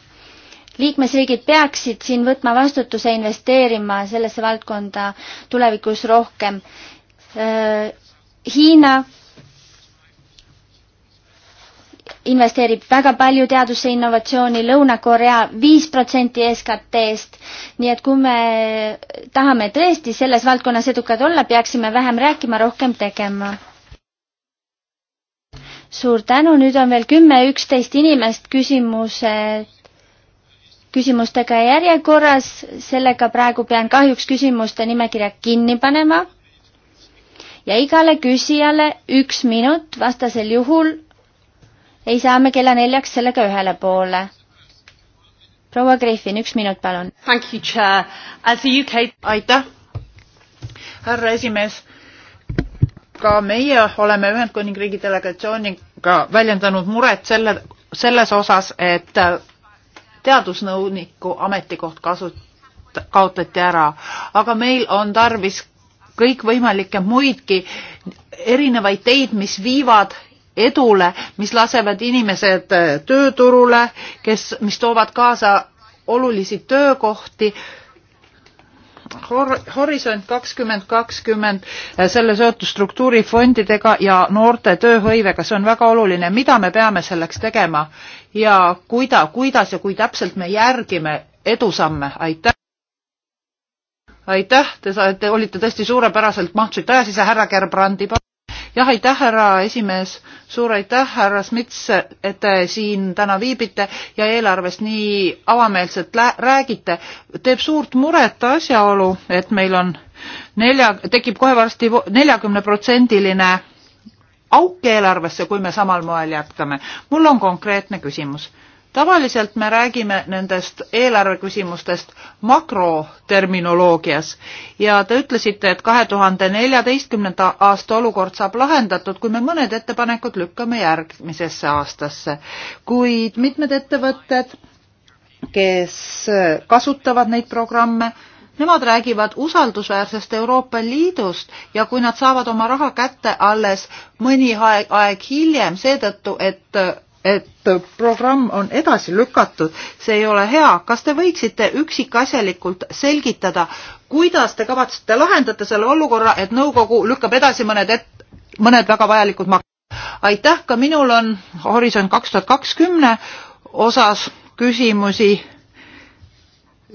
liikmesriigid peaksid siin võtma vastutuse investeerima sellesse valdkonda tulevikus rohkem Hiina investeerib väga palju teadusse innovatsiooni, Lõuna-Korea viis protsenti SKT-st, nii et kui me tahame tõesti selles valdkonnas edukad olla, peaksime vähem rääkima, rohkem tegema. suur tänu, nüüd on veel kümme, üksteist inimest küsimused, küsimustega järjekorras, sellega praegu pean kahjuks küsimuste nimekirja kinni panema ja igale küsijale üks minut, vastasel juhul ei saa me kella neljaks sellega ühele poole. proua Griffin, üks minut, palun. UK... aitäh, härra esimees. ka meie oleme Ühendkuningriigi delegatsiooniga väljendanud muret selle, selles osas, et teadusnõuniku ametikoht kasut-, kaotati ära, aga meil on tarvis kõikvõimalikke muidki erinevaid teid, mis viivad edule, mis lasevad inimesed äh, tööturule, kes, mis toovad kaasa olulisi töökohti Hor. Horisont kakskümmend kakskümmend, äh, selle seotud struktuurifondidega ja noorte tööhõivega, see on väga oluline, mida me peame selleks tegema ja kuida-, kuidas ja kui täpselt me järgime edusamme, aitäh aitäh, te saate, olite tõesti suurepäraselt, mahtusite aja sisse, härra Gerbrandi. jah, aitäh, härra esimees, suur aitäh, härra Smits, et te siin täna viibite ja eelarvest nii avameelselt räägite. teeb suurt muret asjaolu, et meil on nelja, tekib kohe varsti neljakümneprotsendiline auk eelarvesse, kui me samal moel jätkame. mul on konkreetne küsimus tavaliselt me räägime nendest eelarveküsimustest makroterminoloogias ja te ütlesite, et kahe tuhande neljateistkümnenda aasta olukord saab lahendatud, kui me mõned ettepanekud lükkame järgmisesse aastasse. kuid mitmed ettevõtted, kes kasutavad neid programme, Nemad räägivad usaldusväärsest Euroopa Liidust ja kui nad saavad oma raha kätte alles mõni aeg, aeg hiljem seetõttu, et et programm on edasi lükatud, see ei ole hea. kas te võiksite üksikasjalikult selgitada, kuidas te kavatsete lahendada selle olukorra, et nõukogu lükkab edasi mõned et-, mõned väga vajalikud mak-? aitäh, ka minul on Horisont kaks tuhat kakskümne osas küsimusi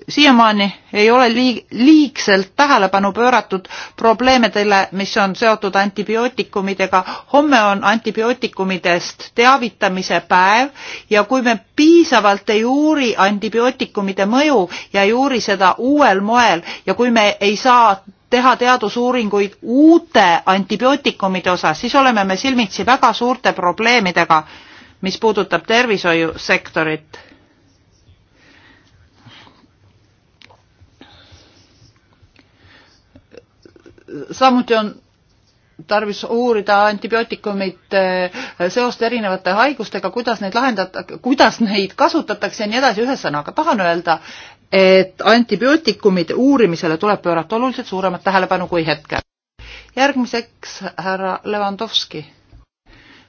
siiamaani ei ole liig-, liigselt tähelepanu pööratud probleemidele, mis on seotud antibiootikumidega. homme on antibiootikumidest teavitamise päev ja kui me piisavalt ei uuri antibiootikumide mõju ja ei uuri seda uuel moel ja kui me ei saa teha teadusuuringuid uute antibiootikumide osas, siis oleme me silmitsi väga suurte probleemidega, mis puudutab tervishoiusektorit samuti on tarvis uurida antibiootikumite seost erinevate haigustega, kuidas neid lahendatakse, kuidas neid kasutatakse ja nii edasi, ühesõnaga tahan öelda, et antibiootikumide uurimisele tuleb pöörata oluliselt suuremat tähelepanu kui hetkel. järgmiseks härra Levandovski.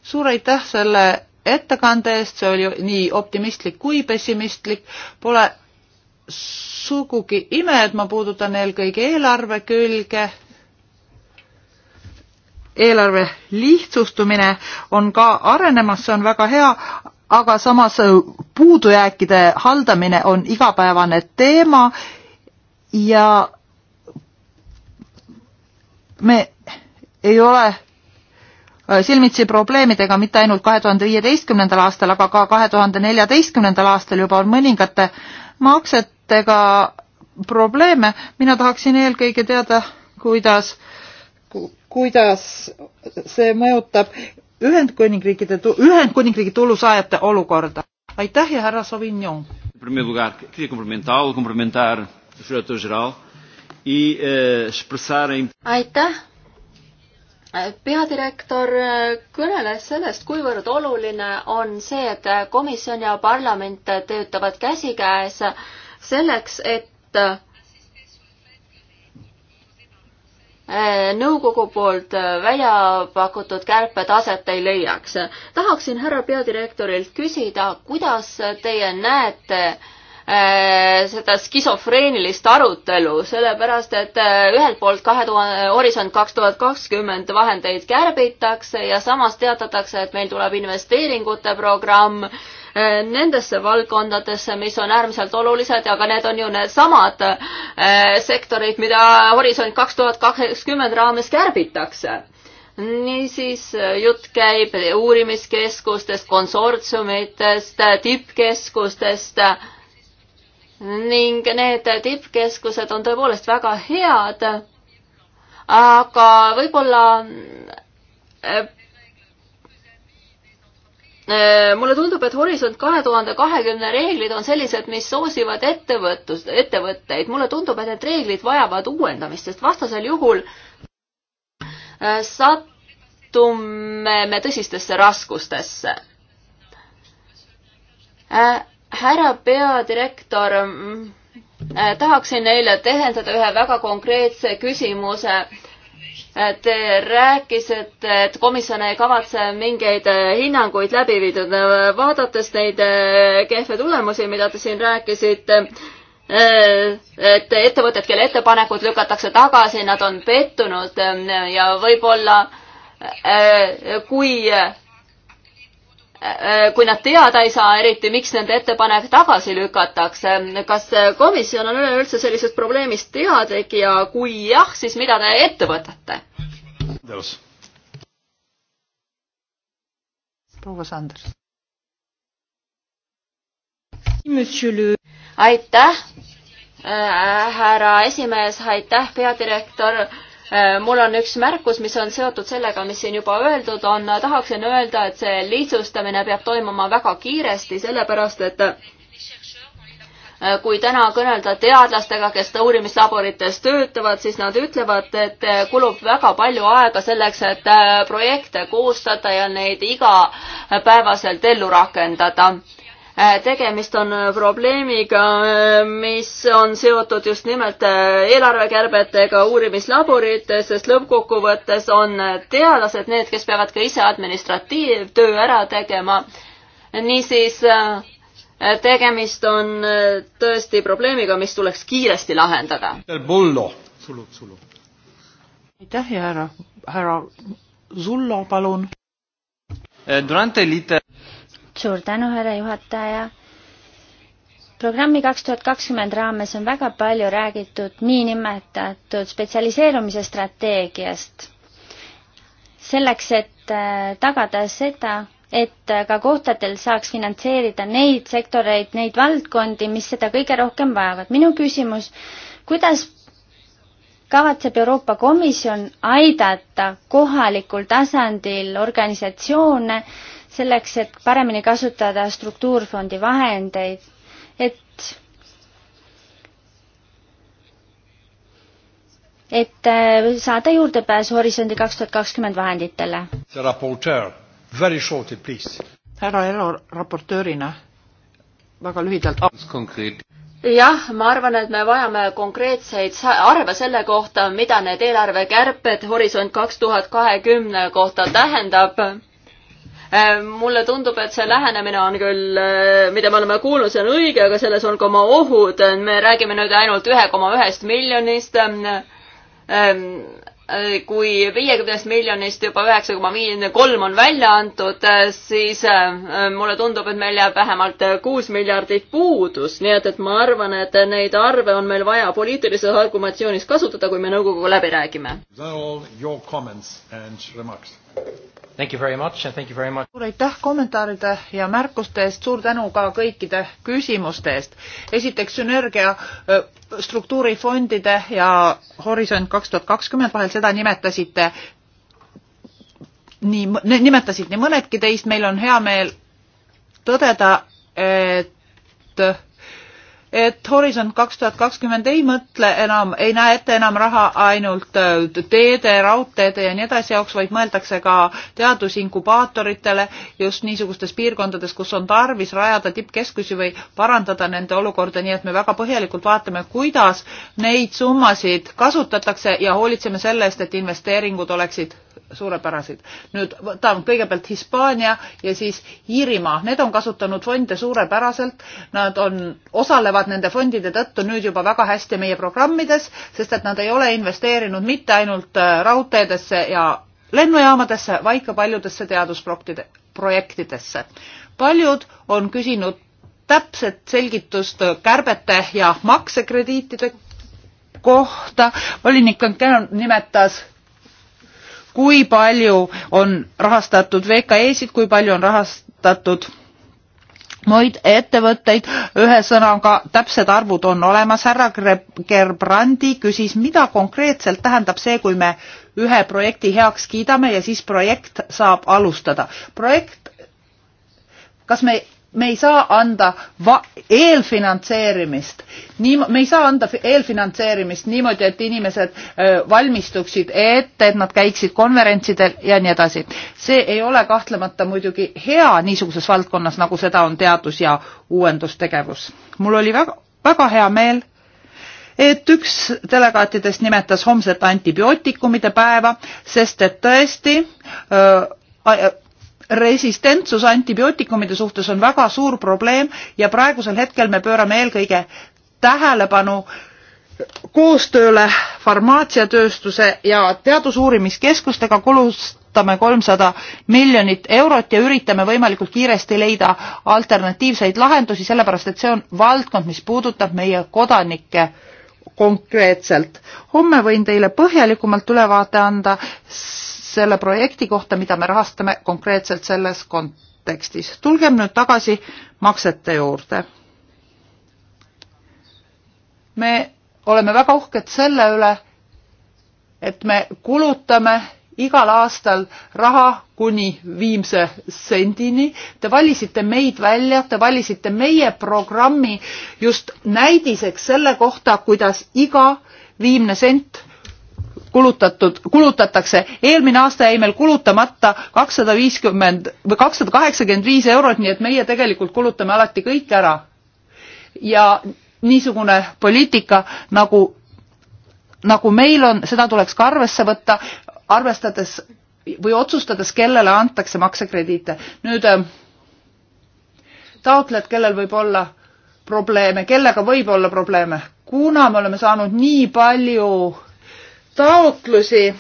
suur aitäh selle ettekande eest, see oli nii optimistlik kui pessimistlik, pole sugugi ime, et ma puudutan eelkõige eelarve külge eelarve lihtsustumine on ka arenemas, see on väga hea, aga samas äh, puudujääkide haldamine on igapäevane teema ja me ei ole äh, silmitsi probleemidega mitte ainult kahe tuhande viieteistkümnendal aastal, aga ka kahe tuhande neljateistkümnendal aastal juba on mõningate maksetega probleeme. mina tahaksin eelkõige teada, kuidas äh, kuidas see mõjutab Ühendkuningriikide, Ühendkuningriigi tulusaajate olukorda. aitäh ja härra Sauvignon! E, eh, aitäh! peadirektor eh, kõneles sellest, kuivõrd oluline on see, et komisjon ja parlament töötavad käsikäes selleks, et Äh, nõukogu poolt äh, välja pakutud kärped aset ei leiaks. tahaksin härra peadirektorilt küsida, kuidas teie näete äh, seda skisofreenilist arutelu, sellepärast et ühelt poolt kahe tuhande, Horisont kaks tuhat kakskümmend vahendeid kärbitakse ja samas teatatakse, et meil tuleb investeeringute programm Eh, nendesse valdkondadesse, mis on äärmiselt olulised, aga need on ju needsamad eh, sektorid, mida Horisont kaks tuhat kakskümmend raames kärbitakse niisiis eh, jutt käib uurimiskeskustest, konsortsiumitest, tippkeskustest ning need tippkeskused on tõepoolest väga head, aga võib-olla Äh, mulle tundub, et Horisont kahe tuhande kahekümne reeglid on sellised, mis soosivad ettevõtlust, ettevõtteid. mulle tundub, et need reeglid vajavad uuendamist, sest vastasel juhul äh, sattume me tõsistesse raskustesse. Äh, härra peadirektor, mm, tahaksin neile tehendada ühe väga konkreetse küsimuse Te rääkisite, et komisjon ei kavatse mingeid hinnanguid läbi viidud. vaadates neid eh, kehve tulemusi, mida te siin rääkisite, eh, et ettevõtted, kelle ettepanekud lükatakse tagasi, nad on pettunud ja võib-olla eh, kui Äh, kui nad teada ei saa eriti, miks nende ettepanek tagasi lükatakse. kas komisjon on üleüldse sellisest probleemist teadlik ja kui jah, siis mida te ette võtate? proua Sanders. aitäh, äh, härra esimees, aitäh, peadirektor Äh, mul on üks märkus, mis on seotud sellega, mis siin juba öeldud on, tahaksin öelda, et see lihtsustamine peab toimuma väga kiiresti, sellepärast et äh, kui täna kõnelda teadlastega, kes uurimislaborites töötavad, siis nad ütlevad, et äh, kulub väga palju aega selleks, et projekte koostada ja neid igapäevaselt ellu rakendada Äh, tegemist on äh, probleemiga, äh, mis on seotud just nimelt eelarvekärbetega uurimislaborites, sest lõppkokkuvõttes on teadlased need, kes peavad ka ise administratiivtöö ära tegema. niisiis tegemist on tõesti probleemiga, mis tuleks kiiresti lahendada. aitäh ja härra, härra Zullo, palun. Durante l'iter- suur tänu, härra juhataja. programmi kaks tuhat kakskümmend raames on väga palju räägitud niinimetatud spetsialiseerumise strateegiast. selleks, et äh, tagada seda, et äh, ka kohtadel saaks finantseerida neid sektoreid, neid valdkondi, mis seda kõige rohkem vajavad. minu küsimus, kuidas kavatseb Euroopa Komisjon aidata kohalikul tasandil organisatsioone, selleks, et paremini kasutada struktuurfondi vahendeid, et et äh, saada juurdepääs Horisondi kaks tuhat kakskümmend vahenditele. härra Elo raportöörina väga lühidalt. jah, ma arvan, et me vajame konkreetseid arve selle kohta, mida need eelarvekärped Horisont kaks tuhat kahekümne kohta tähendab Äh, mulle tundub, et see lähenemine on küll, äh, mida me oleme kuulnud, see on õige, aga selles on ka oma ohud, me räägime nüüd ainult ühe koma ühest miljonist. Ähm, äh, kui viiekümnest miljonist juba üheksa koma viiekümne kolm on välja antud, siis mulle tundub, et meil jääb vähemalt kuus miljardit puudus, nii et, et ma arvan, et neid arve on meil vaja poliitilises argumentatsioonis kasutada, kui me nõukoguga läbi räägime. Those are all your comments and remarks suur aitäh kommentaaride ja märkuste eest, suur tänu ka kõikide küsimuste eest. esiteks sünergia struktuurifondide ja Horisont kaks tuhat kakskümmend vahel, seda nimetasite nii, nimetasid nii mõnedki teist, meil on hea meel tõdeda, et et Horisont kaks tuhat kakskümmend ei mõtle enam, ei näe ette enam raha ainult äh, teede, raudteede ja nii edasi jaoks, vaid mõeldakse ka teadusinkubaatoritele just niisugustes piirkondades, kus on tarvis rajada tippkeskusi või parandada nende olukorda, nii et me väga põhjalikult vaatame, kuidas neid summasid kasutatakse ja hoolitseme selle eest, et investeeringud oleksid suurepärased. nüüd võtame kõigepealt Hispaania ja siis Iirimaa, need on kasutanud fonde suurepäraselt, nad on, osalevad nende fondide tõttu nüüd juba väga hästi meie programmides, sest et nad ei ole investeerinud mitte ainult äh, raudteedesse ja lennujaamadesse, vaid ka paljudesse teadusprojektidesse. paljud on küsinud täpset selgitust äh, kärbete ja maksekrediitide kohta, volinik Anken nimetas kui palju on rahastatud VKE-sid, kui palju on rahastatud muid ettevõtteid, ühesõnaga täpsed arvud on olemas, härra Gerbrandi küsis, mida konkreetselt tähendab see, kui me ühe projekti heaks kiidame ja siis projekt saab alustada. projekt, kas me me ei saa anda eelfinantseerimist, nii, me ei saa anda eelfinantseerimist niimoodi, et inimesed öö, valmistuksid ette, et nad käiksid konverentsidel ja nii edasi. see ei ole kahtlemata muidugi hea niisuguses valdkonnas, nagu seda on teadus ja uuendustegevus. mul oli väga, väga hea meel, et üks delegaatidest nimetas homset antibiootikumide päeva, sest et tõesti öö, resistentsus antibiootikumide suhtes on väga suur probleem ja praegusel hetkel me pöörame eelkõige tähelepanu koostööle farmaatsiatööstuse ja teadusuurimiskeskustega kulutame kolmsada miljonit eurot ja üritame võimalikult kiiresti leida alternatiivseid lahendusi, sellepärast et see on valdkond, mis puudutab meie kodanikke konkreetselt. homme võin teile põhjalikumalt ülevaate anda selle projekti kohta, mida me rahastame konkreetselt selles kontekstis. tulgem nüüd tagasi maksete juurde. me oleme väga uhked selle üle, et me kulutame igal aastal raha kuni viimse sendini. Te valisite meid välja, te valisite meie programmi just näidiseks selle kohta, kuidas iga viimne sent kulutatud, kulutatakse. eelmine aasta jäi meil kulutamata kakssada viiskümmend või kakssada kaheksakümmend viis eurot, nii et meie tegelikult kulutame alati kõik ära. ja niisugune poliitika nagu, nagu meil on, seda tuleks ka arvesse võtta, arvestades või otsustades, kellele antakse maksekrediite. nüüd ähm, taotlejad, kellel võib olla probleeme, kellega võib olla probleeme, kuna me oleme saanud nii palju taotlusi,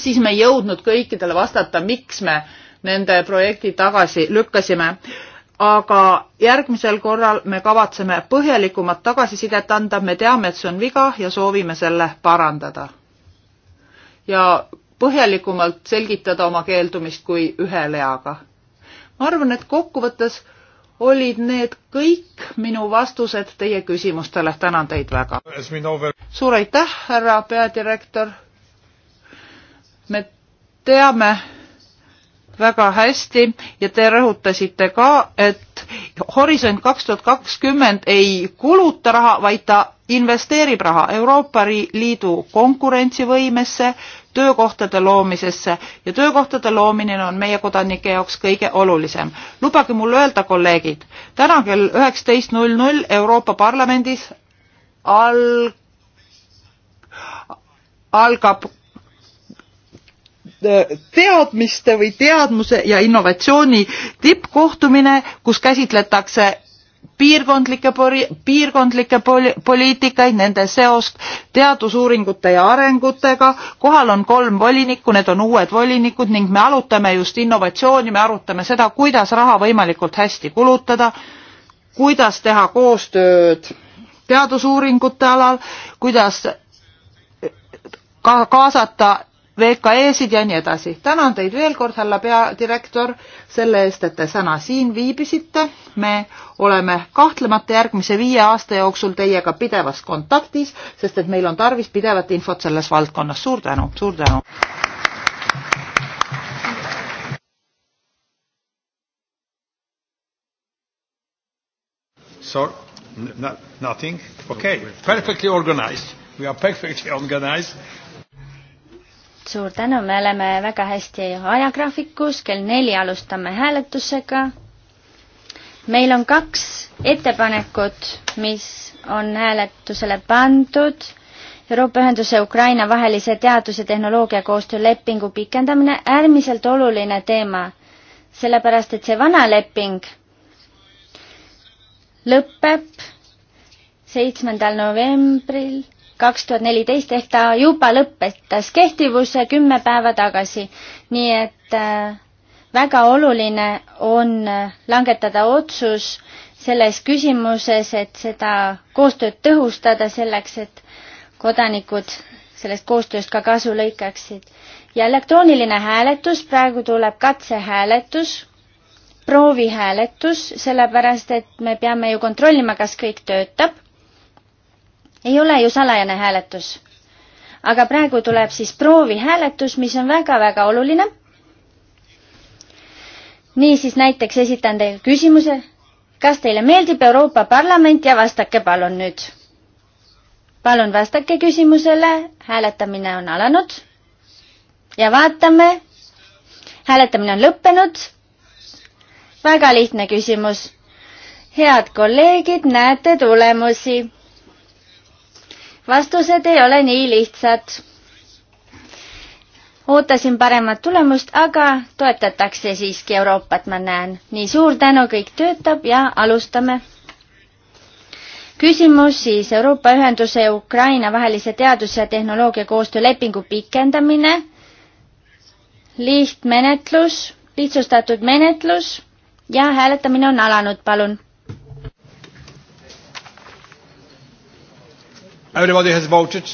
siis me ei jõudnud kõikidele vastata, miks me nende projekti tagasi lükkasime. aga järgmisel korral me kavatseme põhjalikumat tagasisidet anda, me teame, et see on viga ja soovime selle parandada. ja põhjalikumalt selgitada oma keeldumist kui ühe leaga. ma arvan, et kokkuvõttes olid need kõik minu vastused teie küsimustele. tänan teid väga. suur aitäh, härra peadirektor. me teame väga hästi ja te rõhutasite ka, et Horisont kaks tuhat kakskümmend ei kuluta raha, vaid ta investeerib raha Euroopa Liidu konkurentsivõimesse, töökohtade loomisesse ja töökohtade loomine on meie kodanike jaoks kõige olulisem. lubage mul öelda, kolleegid, täna kell üheksateist null null Euroopa Parlamendis al-, algab äh, teadmiste või teadmuse ja innovatsiooni tippkohtumine, kus käsitletakse piirkondlikke, piirkondlikke poliitikaid, nende seost teadusuuringute ja arengutega. kohal on kolm volinikku, need on uued volinikud ning me arutame just innovatsiooni, me arutame seda, kuidas raha võimalikult hästi kulutada, kuidas teha koostööd teadusuuringute alal, kuidas ka kaasata VKE-sid ja nii edasi. tänan teid veel kord, härra peadirektor, selle eest, et te täna siin viibisite. me oleme kahtlemata järgmise viie aasta jooksul teiega pidevas kontaktis, sest et meil on tarvis pidevat infot selles valdkonnas. suur tänu, suur tänu. Sorry, nothing. Okay, perfectly organized. We are perfectly organized suur tänu, me oleme väga hästi ajagraafikus, kell neli alustame hääletusega. meil on kaks ettepanekut, mis on hääletusele pandud. Euroopa Ühenduse Ukraina vahelise teadus- ja tehnoloogiakoostöö lepingu pikendamine, äärmiselt oluline teema, sellepärast et see vana leping lõpeb seitsmendal novembril kaks tuhat neliteist ehk ta juba lõpetas kehtivuse kümme päeva tagasi. nii et äh, väga oluline on äh, langetada otsus selles küsimuses, et seda koostööd tõhustada selleks, et kodanikud sellest koostööst ka kasu lõikaksid. ja elektrooniline hääletus, praegu tuleb katsehääletus, proovihääletus, sellepärast et me peame ju kontrollima, kas kõik töötab ei ole ju salajane hääletus. aga praegu tuleb siis proovihääletus, mis on väga-väga oluline. niisiis näiteks esitan teile küsimuse, kas teile meeldib Euroopa Parlament ja vastake palun nüüd. palun vastake küsimusele, hääletamine on alanud ja vaatame, hääletamine on lõppenud. väga lihtne küsimus. head kolleegid, näete tulemusi vastused ei ole nii lihtsad. ootasin paremat tulemust, aga toetatakse siiski Euroopat, ma näen. nii, suur tänu, kõik töötab ja alustame. küsimus siis Euroopa Ühenduse ja Ukraina vahelise teadus- ja tehnoloogiakoostöö lepingu pikendamine, lihtmenetlus, lihtsustatud menetlus ja hääletamine on alanud, palun Everybody has voted.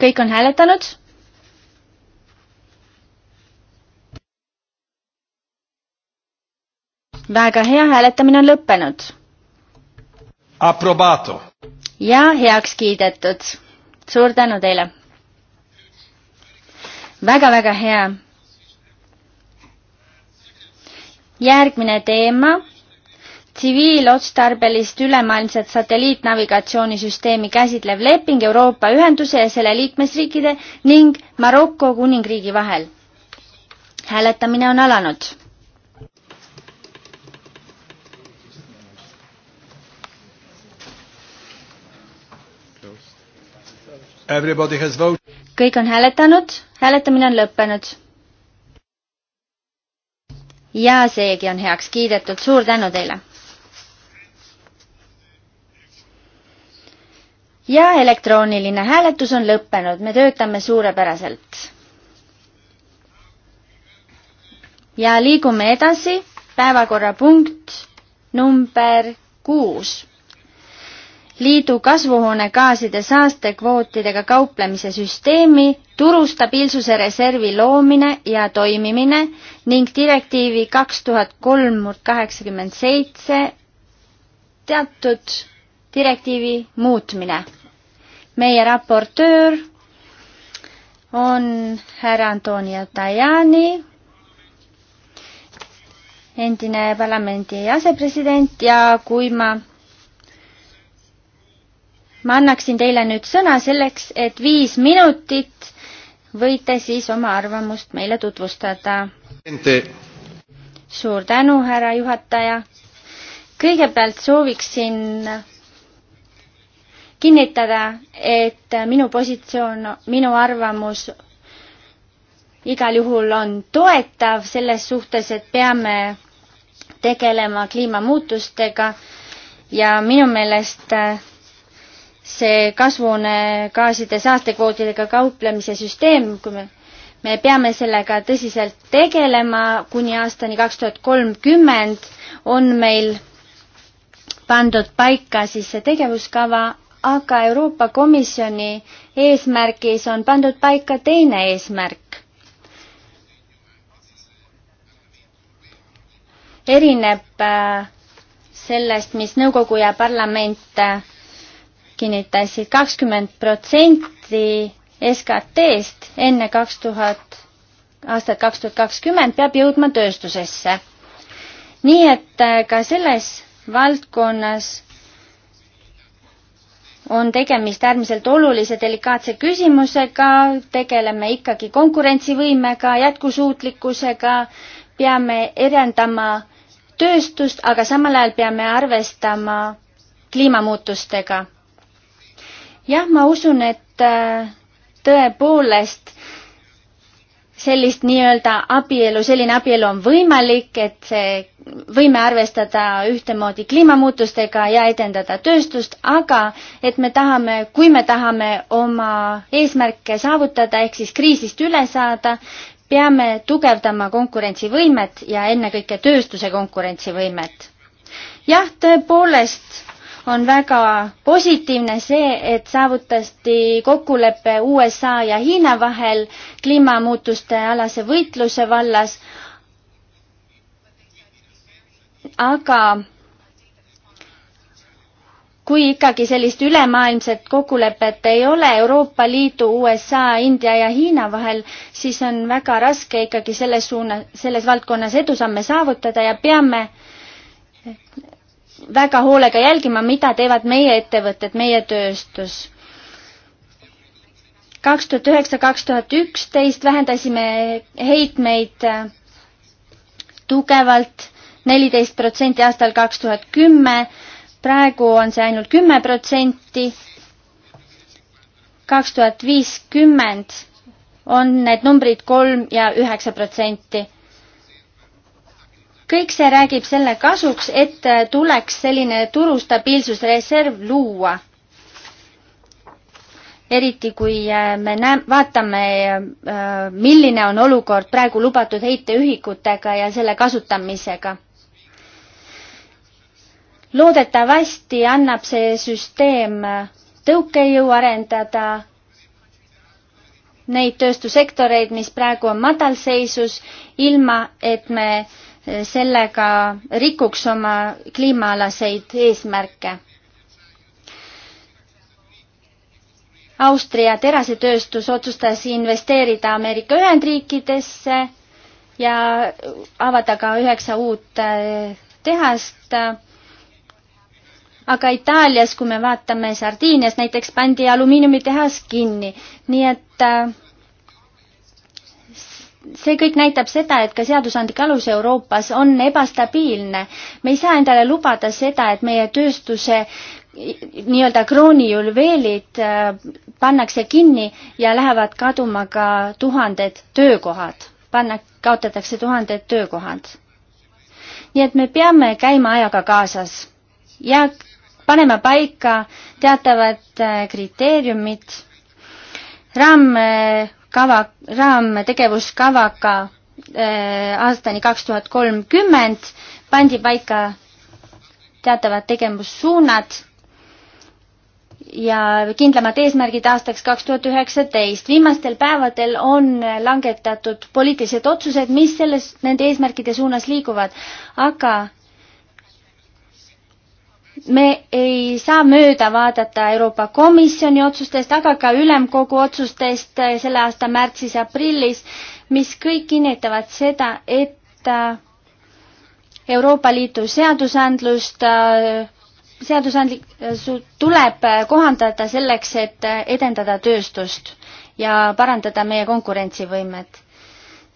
kõik on hääletanud. väga hea, hääletamine on lõppenud. Approbato. ja heaks kiidetud. suur tänu teile väga,. väga-väga hea. järgmine teema tsiviilotstarbelist ülemaailmset satelliitnavigatsioonisüsteemi käsitlev leping Euroopa Ühenduse ja selle liikmesriikide ning Maroko kuningriigi vahel. hääletamine on alanud. kõik on hääletanud, hääletamine on lõppenud ja seegi on heaks kiidetud, suur tänu teile! ja elektrooniline hääletus on lõppenud, me töötame suurepäraselt. ja liigume edasi, päevakorrapunkt number kuus. liidu kasvuhoonegaaside saastekvootidega kauplemise süsteemi turustabiilsuse reservi loomine ja toimimine ning direktiivi kaks tuhat kolm kaheksakümmend seitse teatud direktiivi muutmine meie raportöör on härra Antonio Tajani, endine parlamendi asepresident ja kui ma, ma annaksin teile nüüd sõna selleks, et viis minutit võite siis oma arvamust meile tutvustada. suur tänu, härra juhataja. kõigepealt sooviksin kinnitada, et minu positsioon, minu arvamus igal juhul on toetav selles suhtes, et peame tegelema kliimamuutustega ja minu meelest see kasvuhoonegaaside saastekvoodidega kauplemise süsteem, kui me, me peame sellega tõsiselt tegelema kuni aastani kaks tuhat kolmkümmend, on meil pandud paika siis see tegevuskava aga Euroopa Komisjoni eesmärgis on pandud paika teine eesmärk. erineb äh, sellest, mis nõukogu ja parlament äh, kinnitasid, kakskümmend protsenti SKT-st enne kaks tuhat, aastat kaks tuhat kakskümmend peab jõudma tööstusesse. nii et äh, ka selles valdkonnas on tegemist äärmiselt olulise delikaatse küsimusega, tegeleme ikkagi konkurentsivõimega, jätkusuutlikkusega, peame erendama tööstust, aga samal ajal peame arvestama kliimamuutustega. jah, ma usun, et äh, tõepoolest sellist nii-öelda abielu, selline abielu on võimalik, et see võime arvestada ühtemoodi kliimamuutustega ja edendada tööstust, aga et me tahame, kui me tahame oma eesmärke saavutada ehk siis kriisist üle saada, peame tugevdama konkurentsivõimet ja ennekõike tööstuse konkurentsivõimet. jah, tõepoolest on väga positiivne see, et saavutati kokkulepe USA ja Hiina vahel kliimamuutuste alase võitluse vallas aga kui ikkagi sellist ülemaailmset kokkulepet ei ole Euroopa Liidu, USA, India ja Hiina vahel, siis on väga raske ikkagi selles suuna, selles valdkonnas edusamme saavutada ja peame väga hoolega jälgima, mida teevad meie ettevõtted, meie tööstus. kaks tuhat üheksa, kaks tuhat üksteist vähendasime heitmeid tugevalt neliteist protsenti aastal kaks tuhat kümme, praegu on see ainult kümme protsenti. kaks tuhat viiskümmend on need numbrid kolm ja üheksa protsenti. kõik see räägib selle kasuks, et tuleks selline turustabiilsusreserv luua. eriti kui äh, me näe-, vaatame, äh, milline on olukord praegu lubatud heiteühikutega ja selle kasutamisega loodetavasti annab see süsteem tõukejõu arendada neid tööstussektoreid, mis praegu on madalseisus, ilma et me sellega rikuks oma kliimaalaseid eesmärke. Austria terasetööstus otsustas investeerida Ameerika Ühendriikidesse ja avada ka üheksa uut äh, tehast aga Itaalias, kui me vaatame Sardiinias näiteks, pandi alumiiniumitehas kinni, nii et äh, see kõik näitab seda, et ka seadusandlik alus Euroopas on ebastabiilne. me ei saa endale lubada seda, et meie tööstuse nii-öelda kroonijulveelid äh, pannakse kinni ja lähevad kaduma ka tuhanded töökohad, panna, kaotatakse tuhanded töökohad. nii et me peame käima ajaga kaasas ja paneme paika teatavad äh, kriteeriumid raamkava, äh, raamtegevuskavaga äh, aastani kaks tuhat kolmkümmend pandi paika teatavad tegevussuunad ja kindlamad eesmärgid aastaks kaks tuhat üheksateist. viimastel päevadel on langetatud poliitilised otsused, mis selles, nende eesmärkide suunas liiguvad, aga me ei saa mööda vaadata Euroopa Komisjoni otsustest, aga ka Ülemkogu otsustest eh, selle aasta märtsis-aprillis, mis kõik kinnitavad seda, et eh, Euroopa Liidu seadusandlust, eh, seadusandlik, tuleb kohandada selleks, et edendada tööstust ja parandada meie konkurentsivõimet.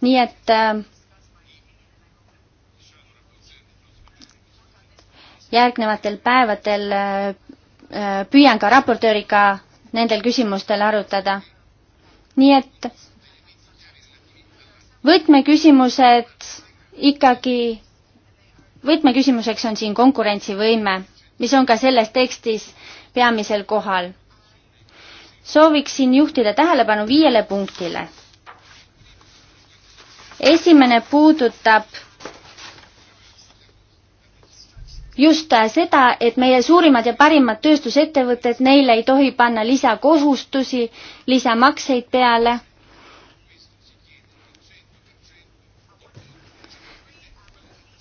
nii et äh, järgnevatel päevadel äh, äh, püüan ka raportööriga nendel küsimustel arutada. nii et võtmeküsimused ikkagi, võtmeküsimuseks on siin konkurentsivõime, mis on ka selles tekstis peamisel kohal. sooviksin juhtida tähelepanu viiele punktile. esimene puudutab just seda, et meie suurimad ja parimad tööstusettevõtted, neile ei tohi panna lisakohustusi, lisamakseid peale.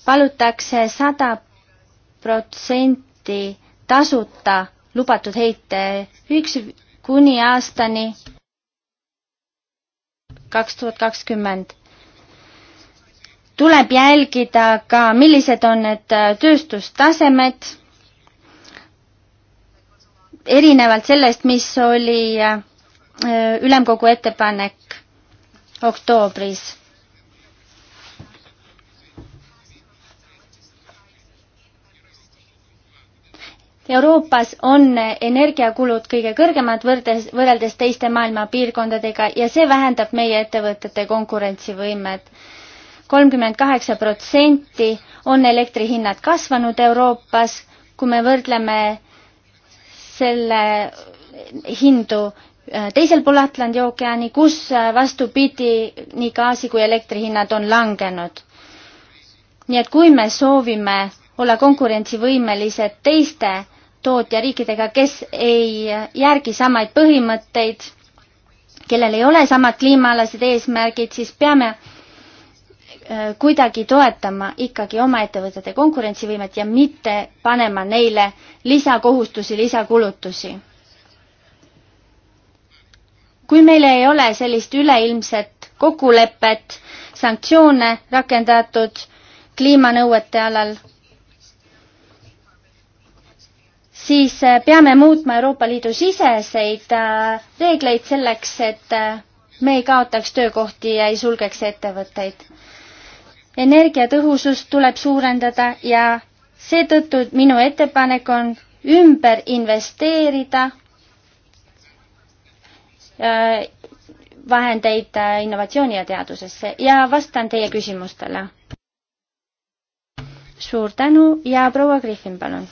palutakse sada protsenti tasuta lubatud heite üks kuni aastani kaks tuhat kakskümmend tuleb jälgida ka, millised on need äh, tööstustasemed, erinevalt sellest, mis oli äh, ülemkogu ettepanek oktoobris Euroopas on energiakulud kõige kõrgemad võrdes, võrreldes teiste maailma piirkondadega ja see vähendab meie ettevõtete konkurentsivõimet kolmkümmend kaheksa protsenti on elektrihinnad kasvanud Euroopas, kui me võrdleme selle hindu äh, teisel pool Atlandi ookeani, kus äh, vastupidi, nii gaasi kui elektri hinnad on langenud. nii et kui me soovime olla konkurentsivõimelised teiste tootjariikidega, kes ei äh, järgi samaid põhimõtteid, kellel ei ole samad kliimaalased eesmärgid, siis peame Äh, kuidagi toetama ikkagi oma ettevõtete konkurentsivõimet ja mitte panema neile lisakohustusi, lisakulutusi. kui meil ei ole sellist üleilmset kokkulepet, sanktsioone rakendatud kliimanõuete alal, siis äh, peame muutma Euroopa Liidu siseseid äh, reegleid selleks, et me ei kaotaks töökohti ja ei sulgeks ettevõtteid energiatõhusust tuleb suurendada ja seetõttu minu ettepanek on ümber investeerida äh, vahendeid äh, innovatsiooni ja teadusesse ja vastan teie küsimustele. suur tänu ja proua Griffin, palun.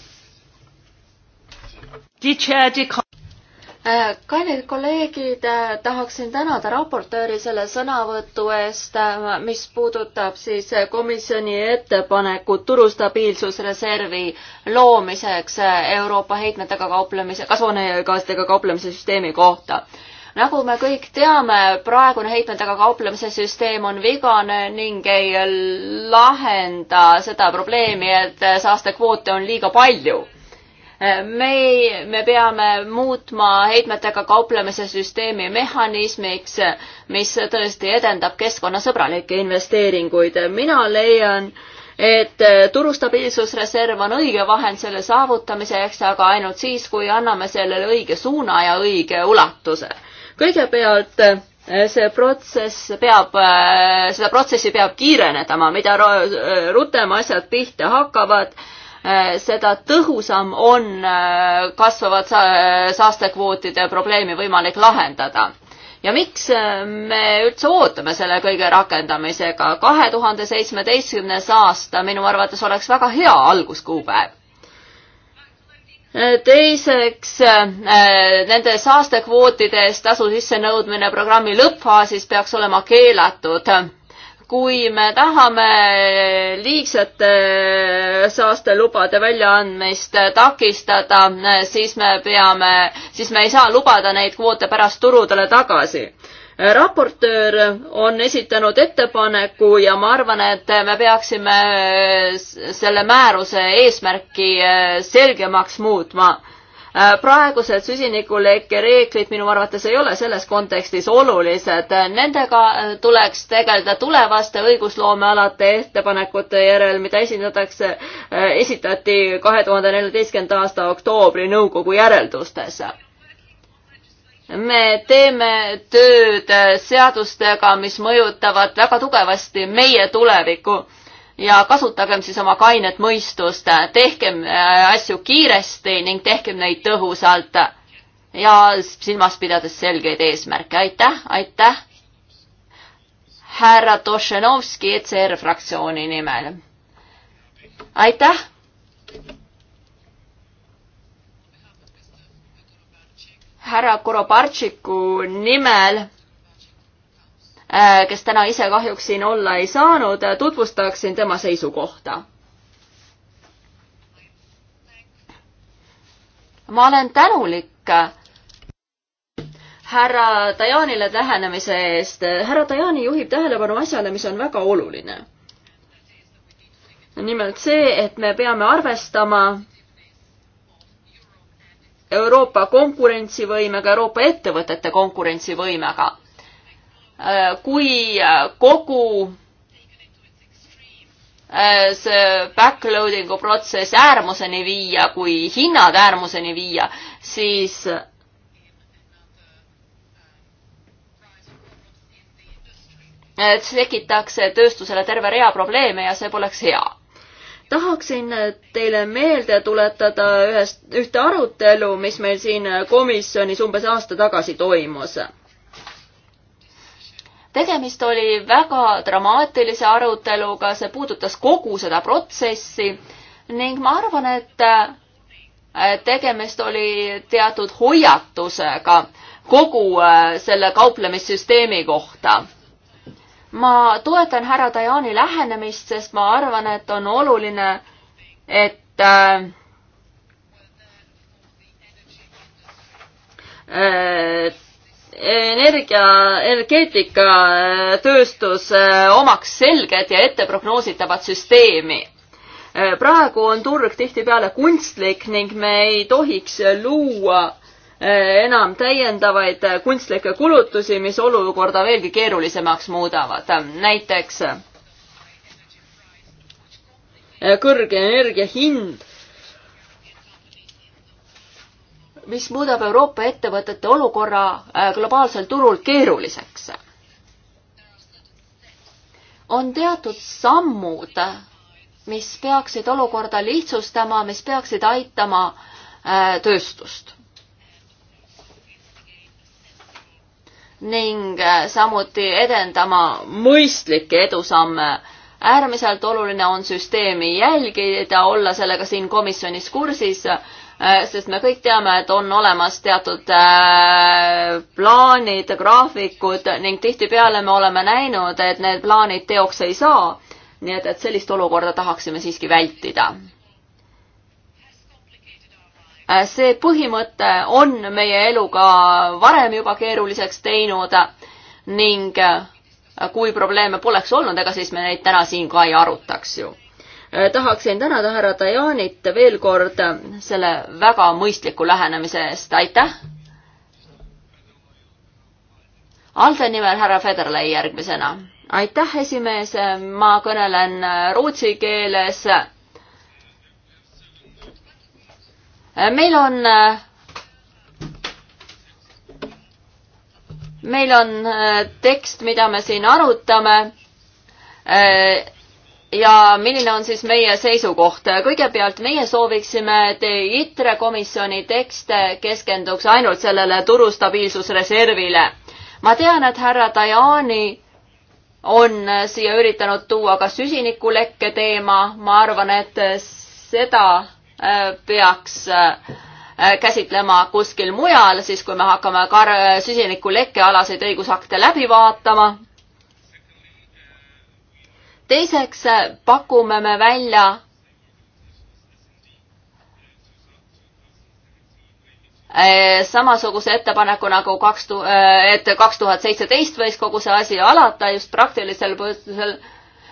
Äh, kallid kolleegid, äh, tahaksin tänada raportööri selle sõnavõtu eest, äh, mis puudutab siis komisjoni ettepanekut turustabiilsusreservi loomiseks Euroopa heitmetega kauplemise, kasvuhoonegaasidega kauplemise süsteemi kohta nagu me kõik teame, praegune heitmetega kauplemise süsteem on vigane ning ei lahenda seda probleemi, et saastekvoote on liiga palju me, me peame muutma heitmetega kauplemise süsteemi mehhanismiks, mis tõesti edendab keskkonnasõbralikke investeeringuid. mina leian, et turustabiilsusreserv on õige vahend selle saavutamiseks, aga ainult siis, kui anname sellele õige suuna ja õige ulatuse. kõigepealt eh, see protsess peab, eh, seda protsessi peab kiirenedama, mida eh, rutem asjad pihta hakkavad Eh, seda tõhusam on eh, kasvavat eh, saastekvootide probleemi võimalik lahendada ja miks me üldse ootame selle kõige rakendamisega? kahe tuhande seitsmeteistkümnes aasta minu arvates oleks väga hea alguskuupäev. teiseks, nende saastekvootide eest tasu sissenõudmine programmi lõppfaasis peaks olema keelatud kui me tahame liigsete äh, saastelubade väljaandmist äh, takistada, äh, siis me peame, siis me ei saa lubada neid kvoote pärast turudele tagasi. raportöör on esitanud ettepaneku ja ma arvan, et me peaksime selle määruse eesmärki selgemaks muutma Äh, praegused süsinikulekke reeglid minu arvates ei ole selles kontekstis olulised. Nendega äh, tuleks tegeleda tulevaste õigusloomealate ettepanekute järel, mida esindatakse, äh, esitati kahe tuhande neljateistkümnenda aasta oktoobri nõukogu järeldustes me teeme tööd seadustega, mis mõjutavad väga tugevasti meie tulevikku ja kasutagem siis oma kainet mõistust, tehkem äh, asju kiiresti ning tehkem neid tõhusalt ja silmas pidades selgeid eesmärke. aitäh, aitäh, härra Tošenovski ECR fraktsiooni nimel. aitäh. härra Korobartšiku nimel Äh, kes täna ise kahjuks siin olla ei saanud, tutvustaksin tema seisukohta. ma olen tänulik härra Dajanile lähenemise eest. härra Dajani juhib tähelepanu asjale, mis on väga oluline. nimelt see, et me peame arvestama Euroopa konkurentsivõimega, Euroopa ettevõtete konkurentsivõimega kui kogu äh, see backloading'u protsess äärmuseni viia, kui hinnad äärmuseni viia, siis tekitakse tööstusele terve rea probleeme ja see poleks hea. tahaksin teile meelde tuletada ühest, ühte arutelu, mis meil siin komisjonis umbes aasta tagasi toimus tegemist oli väga dramaatilise aruteluga, see puudutas kogu seda protsessi ning ma arvan, et tegemist oli teatud hoiatusega kogu äh, selle kauplemissüsteemi kohta. ma toetan härra Dajani lähenemist, sest ma arvan, et on oluline, et äh, et energia, energeetikatööstus äh, äh, omaks selget ja etteprognoositavat süsteemi. Äh, praegu on turg tihtipeale kunstlik ning me ei tohiks luua enam täiendavaid kunstlikke kulutusi, mis olukorda veelgi keerulisemaks muudavad. näiteks kõrge energia hind mis muudab Euroopa ettevõtete olukorra äh, globaalsel turul keeruliseks. on teatud sammud, mis peaksid olukorda lihtsustama, mis peaksid aitama äh, tööstust. ning äh, samuti edendama mõistlikke edusamme äärmiselt oluline on süsteemi jälgida, olla sellega siin komisjonis kursis Äh, sest me kõik teame, et on olemas teatud äh, plaanid, graafikud ning tihtipeale me oleme näinud, et need plaanid teoks ei saa. nii et, et sellist olukorda tahaksime siiski vältida. Äh, see põhimõte on meie elu ka varem juba keeruliseks teinud ning kui probleeme poleks olnud, ega siis me neid täna siin ka ei arutaks ju Äh, tahaksin tänada härra Dajanit veel kord selle väga mõistliku lähenemise eest, aitäh! Alde nimel härra Federley järgmisena. aitäh, esimees, ma kõnelen rootsi keeles. meil on meil on tekst, mida me siin arutame ja milline on siis meie seisukoht? kõigepealt meie sooviksime, et ITRE komisjoni tekst keskenduks ainult sellele turustabiilsusreservile. ma tean, et härra Tajani on siia üritanud tuua ka süsinikulekke teema, ma arvan, et seda äh, peaks äh, käsitlema kuskil mujal, siis kui me hakkame kar-, süsinikulekke alaseid õigusakte läbi vaatama teiseks äh, pakume me välja äh, samasuguse ettepaneku nagu kaks tu-, äh, et kaks tuhat seitseteist võis kogu see asi alata just praktilisel põhjusel.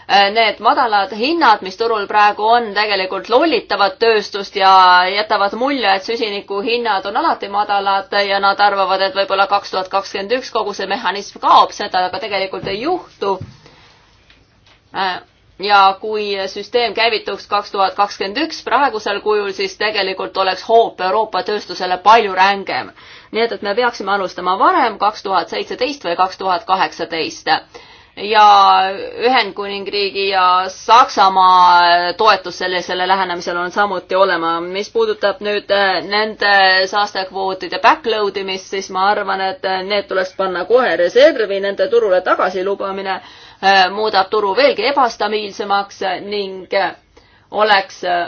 Need madalad hinnad, mis turul praegu on, tegelikult lollitavad tööstust ja jätavad mulje, et süsiniku hinnad on alati madalad ja nad arvavad, et võib-olla kaks tuhat kakskümmend üks kogu see mehhanism kaob, seda aga tegelikult ei juhtu Äh, ja kui süsteem käivituks kaks tuhat kakskümmend üks praegusel kujul, siis tegelikult oleks hoop Euroopa tööstusele palju rängem. nii et, et me peaksime alustama varem, kaks tuhat seitseteist või kaks tuhat kaheksateist ja Ühendkuningriigi ja Saksamaa toetus sellisele lähenemisele on samuti olema. mis puudutab nüüd äh, nende saastekvootide backload imist, siis ma arvan, et need tuleks panna kohe reservi, nende turule tagasilubamine Äh, muudab turu veelgi ebastabiilsemaks ning äh, oleks äh,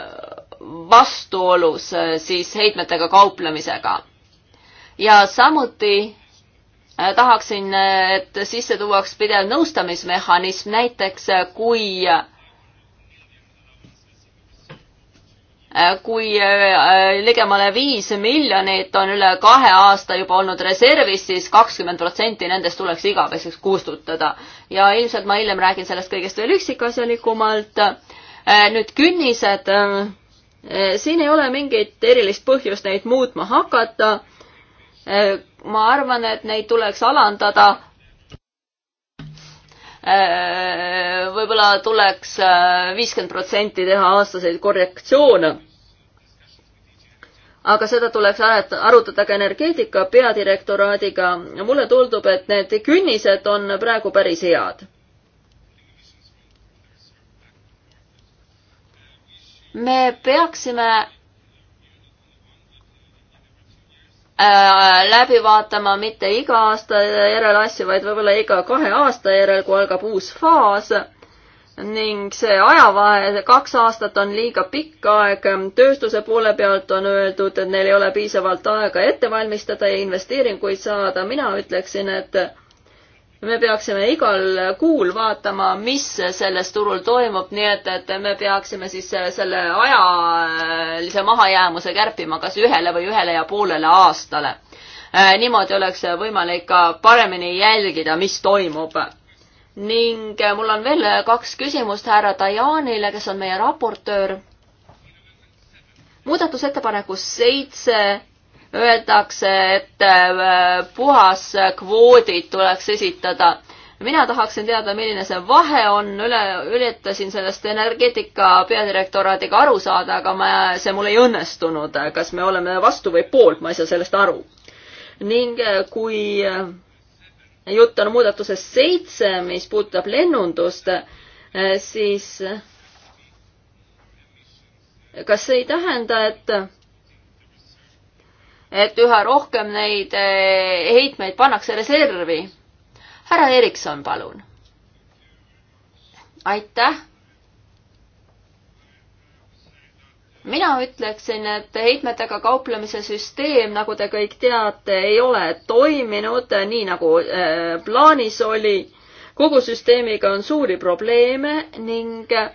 vastuolus siis heitmetega kauplemisega. ja samuti tahaksin, et sisse tuuaks pidev nõustamismehhanism, näiteks kui äh, kui äh, ligemale viis miljonit on üle kahe aasta juba olnud reservis, siis kakskümmend protsenti nendest tuleks igaveseks kustutada. ja ilmselt ma hiljem räägin sellest kõigest veel üksikasjalikumalt. Äh, nüüd künnised. Äh, siin ei ole mingit erilist põhjust neid muutma hakata. ma arvan, et neid tuleks alandada Äh, võib-olla tuleks äh, viiskümmend protsenti teha aastaseid korrektsioone. aga seda tuleks arutada ka energeetika peadirektoraadiga ja mulle tundub, et need künnised on praegu päris head. me peaksime Äh, läbi vaatama mitte iga aasta järel asju, vaid võib-olla iga kahe aasta järel, kui algab uus faas. ning see ajavahe, kaks aastat on liiga pikk aeg, tööstuse poole pealt on öeldud, et neil ei ole piisavalt aega ette valmistada ja investeeringuid saada, mina ütleksin, et me peaksime igal kuul vaatama, mis selles turul toimub, nii et, et me peaksime siis selle ajalise mahajäämuse kärpima kas ühele või ühele ja poolele aastale. Äh, niimoodi oleks võimalik ka paremini jälgida, mis toimub. ning äh, mul on veel äh, kaks küsimust härra Dajanile, kes on meie raportöör. muudatusettepanekus seitse öeldakse, et äh, puhas kvoodid tuleks esitada. mina tahaksin teada, milline see vahe on, üle, üritasin sellest energeetika peadirektoraadiga aru saada, aga ma, see mul ei õnnestunud, kas me oleme vastu või poolt, ma ei saa sellest aru. ning äh, kui äh, jutt on muudatusest seitse, mis puudutab lennundust, siis kas see ei tähenda, et et üha rohkem neid eh, heitmeid pannakse reservi. härra Erikson, palun. aitäh. mina ütleksin, et heitmetega kauplemise süsteem, nagu te kõik teate, ei ole toiminud nii, nagu eh, plaanis oli. kogu süsteemiga on suuri probleeme ning eh,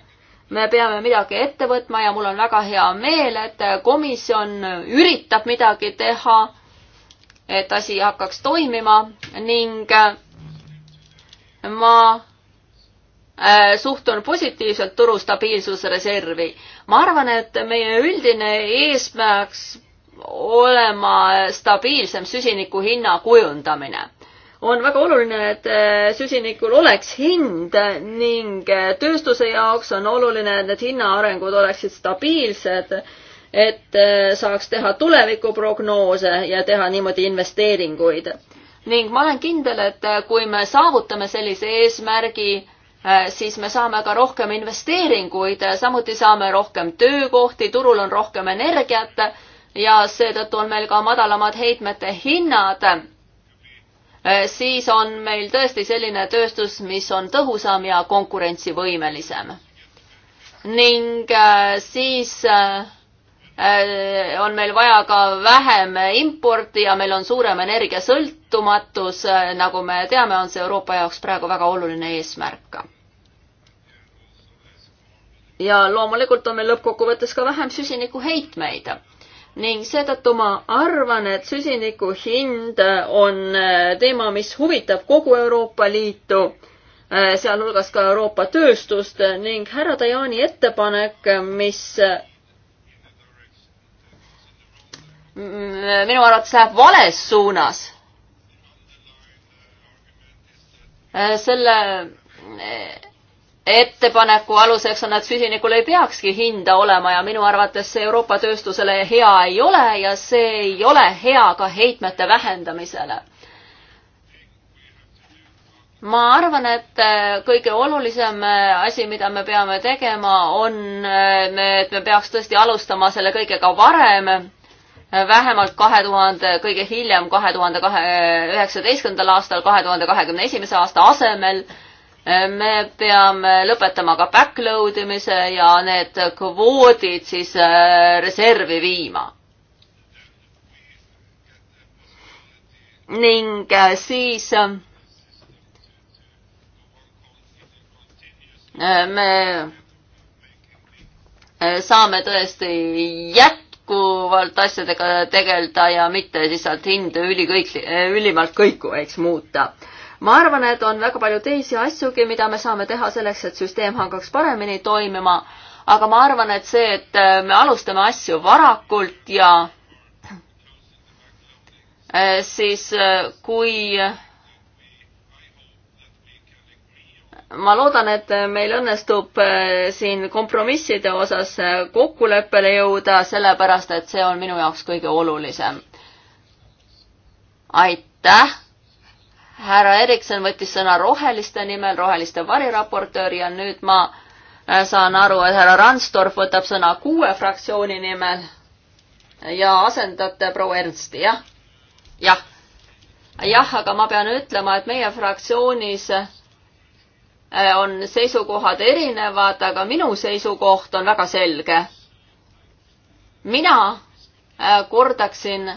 me peame midagi ette võtma ja mul on väga hea meel, et komisjon üritab midagi teha, et asi hakkaks toimima ning äh, ma äh, suhtun positiivselt turu stabiilsusreservi. ma arvan, et meie üldine eesmärk olema stabiilsem süsiniku hinna kujundamine on väga oluline, et äh, süsinikul oleks hind ning äh, tööstuse jaoks on oluline, et need hinnaarengud oleksid stabiilsed, et äh, saaks teha tulevikuprognoose ja teha niimoodi investeeringuid. ning ma olen kindel, et kui me saavutame sellise eesmärgi, siis me saame ka rohkem investeeringuid, samuti saame rohkem töökohti, turul on rohkem energiat ja seetõttu on meil ka madalamad heitmete hinnad Äh, siis on meil tõesti selline tööstus, mis on tõhusam ja konkurentsivõimelisem. ning äh, siis äh, on meil vaja ka vähem importi ja meil on suurem energiasõltumatus, nagu me teame, on see Euroopa jaoks praegu väga oluline eesmärk. ja loomulikult on meil lõppkokkuvõttes ka vähem süsinikuheitmeid ning seetõttu ma arvan, et süsiniku hind äh, on äh, teema, mis huvitab kogu Euroopa Liitu, äh, sealhulgas ka Euroopa tööstust ning härra Tajani ettepanek, mis minu arvates läheb vales suunas. selle ettepaneku aluseks on, et süsinikul ei peakski hinda olema ja minu arvates see Euroopa tööstusele hea ei ole ja see ei ole hea ka heitmete vähendamisele ma arvan, et äh, kõige olulisem äh, asi, mida me peame tegema, on, äh, et me peaks tõesti alustama selle kõigega varem, vähemalt kahe tuhande, kõige hiljem kahe tuhande kahe, üheksateistkümnendal aastal kahe tuhande kahekümne esimese aasta asemel me peame lõpetama ka backload imise ja need kvoodid siis äh, reservi viima. ning äh, siis äh, me saame tõesti jätkuvalt asjadega tegeleda ja mitte lihtsalt hinde ülikõik-, ülimalt kõikuvaks muuta ma arvan, et on väga palju teisi asjugi, mida me saame teha selleks, et süsteem hakkaks paremini toimima, aga ma arvan, et see, et äh, me alustame asju varakult ja äh, siis äh, kui ma loodan, et meil õnnestub siin kompromisside osas kokkuleppele jõuda, sellepärast et see on minu jaoks kõige olulisem. aitäh! härra Erikson võttis sõna roheliste nimel, roheliste variraportöör ja nüüd ma äh, saan aru, et härra Randstorf võtab sõna kuue fraktsiooni nimel ja asendate proua Ernsti, jah? jah. jah, aga ma pean ütlema, et meie fraktsioonis äh, on seisukohad erinevad, aga minu seisukoht on väga selge. mina äh, kordaksin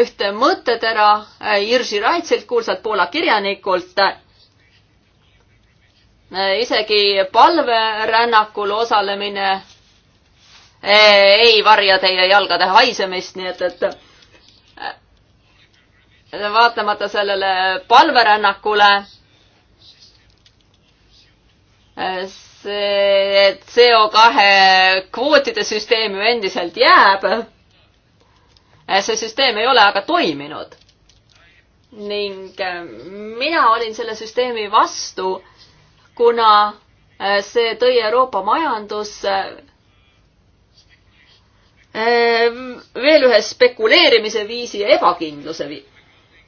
ühte mõttetera Jerzy Raitselt, kuulsat Poola kirjanikult. isegi palverännakul osalemine e, ei varja teie jalgade haisemist, nii et, et vaatamata sellele palverännakule see CO kahe kvootide süsteem ju endiselt jääb Äh, see süsteem ei ole aga toiminud. ning äh, mina olin selle süsteemi vastu, kuna äh, see tõi Euroopa majandusse veel ühe spekuleerimise viisi ja ebakindluse viisi.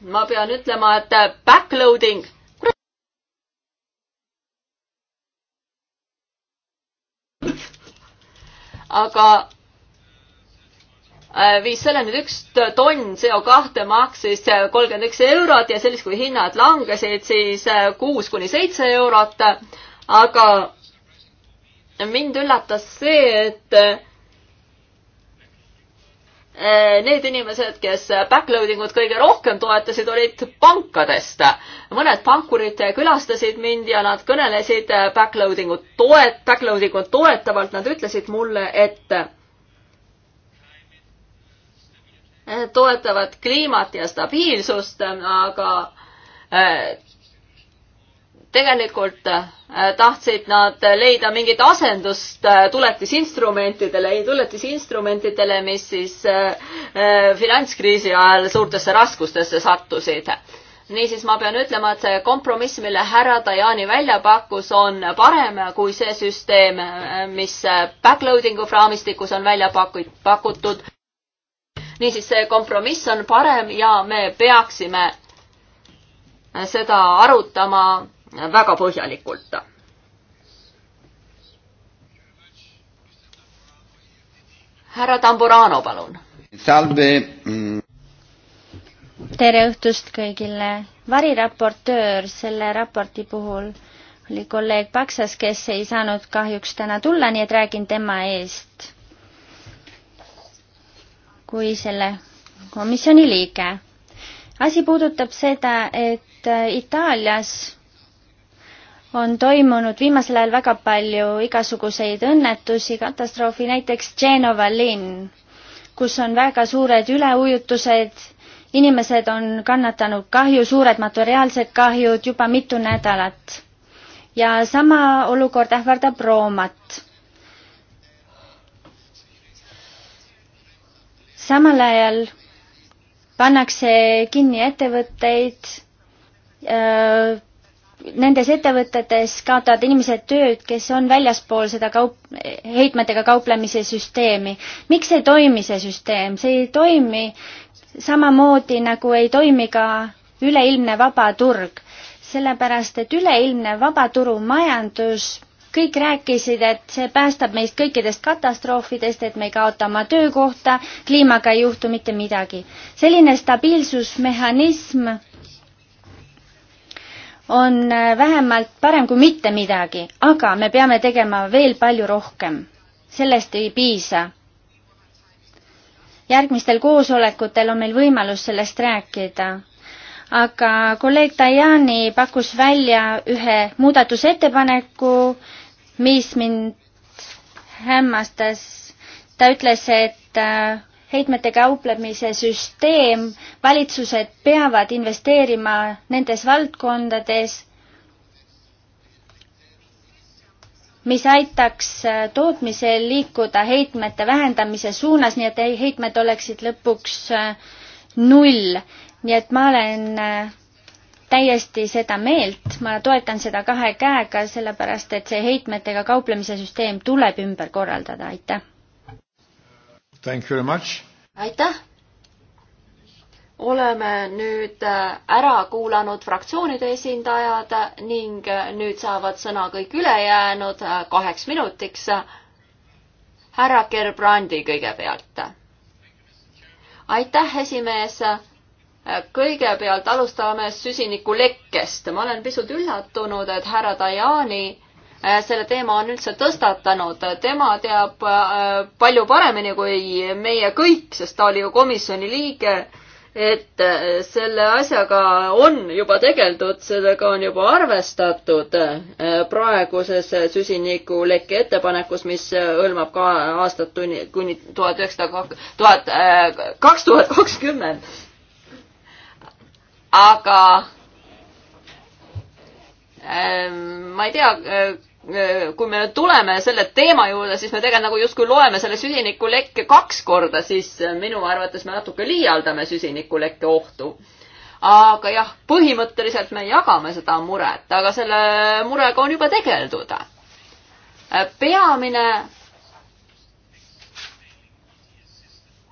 ma pean ütlema, et backloading aga Äh, viis selleni, et üks tonn CO kahte maksis äh, kolmkümmend üks eurot ja siis, kui hinnad langesid, siis äh, kuus kuni seitse eurot. aga mind üllatas see, et need inimesed, kes backloading ut kõige rohkem toetasid, olid pankadest. mõned pankurid külastasid mind ja nad kõnelesid backloading ut toet-, backloading ut toetavalt, nad ütlesid mulle, et toetavad kliimat ja stabiilsust, aga äh, tegelikult äh, tahtsid nad leida mingit asendust äh, tuletisinstrumentidele, tuletisinstrumentidele, mis siis finantskriisi ajal suurtesse raskustesse sattusid. niisiis ma pean ütlema, et see kompromiss, mille härra Tajani välja pakkus, on parem kui see süsteem, mis backloading'u raamistikus on välja pakutud niisiis see kompromiss on parem ja me peaksime seda arutama väga põhjalikult. härra Tamburano, palun. salve. tere õhtust kõigile. variraportöör selle raporti puhul oli kolleeg Paksas, kes ei saanud kahjuks täna tulla, nii et räägin tema eest kui selle komisjoni liige. asi puudutab seda, et äh, Itaalias on toimunud viimasel ajal väga palju igasuguseid õnnetusi, katastroofi, näiteks Genova linn, kus on väga suured üleujutused, inimesed on kannatanud kahju, suured materiaalsed kahjud juba mitu nädalat. ja sama olukord ähvardab Roomat samal ajal pannakse kinni ettevõtteid, äh, nendes ettevõtetes kaotavad inimesed tööd, kes on väljaspool seda kaup, heitmetega kauplemise süsteemi. miks ei toimi see süsteem, see ei toimi samamoodi nagu ei toimi ka üleilmne vaba turg, sellepärast et üleilmne vabaturumajandus kõik rääkisid, et see päästab meist kõikidest katastroofidest, et me ei kaota oma töökohta, kliimaga ei juhtu mitte midagi. selline stabiilsusmehhanism on äh, vähemalt parem kui mitte midagi, aga me peame tegema veel palju rohkem. sellest ei piisa. järgmistel koosolekutel on meil võimalus sellest rääkida aga kolleeg Dajani pakkus välja ühe muudatusettepaneku, mis mind hämmastas. ta ütles, et äh, heitmete kauplemise süsteem, valitsused peavad investeerima nendes valdkondades, mis aitaks äh, tootmisel liikuda heitmete vähendamise suunas, nii et heitmed oleksid lõpuks äh, null. nii et ma olen täiesti seda meelt, ma toetan seda kahe käega, sellepärast et see heitmetega kauplemise süsteem tuleb ümber korraldada, aitäh! aitäh! oleme nüüd äh, ära kuulanud fraktsioonide esindajad ning äh, nüüd saavad sõna kõik ülejäänud äh, kaheks minutiks. härra Gerbrandi kõigepealt. aitäh, esimees kõigepealt alustame süsinikulekkest. ma olen pisut üllatunud, et härra Tajani äh, selle teema on üldse tõstatanud. tema teab äh, palju paremini kui meie kõik, sest ta oli ju komisjoni liige, et äh, selle asjaga on juba tegeldud, sellega on juba arvestatud praeguses süsinikulekke ettepanekus, mis hõlmab ka aastat kuni tuhat üheksasada, tuhat, kaks tuhat kakskümmend aga ähm, ma ei tea, äh, äh, kui me nüüd tuleme selle teema juurde, siis me tegelikult nagu justkui loeme selle süsinikulekke kaks korda, siis minu arvates me natuke liialdame süsinikulekke ohtu. aga jah, põhimõtteliselt me jagame seda muret, aga selle murega on juba tegeldud. Äh, peamine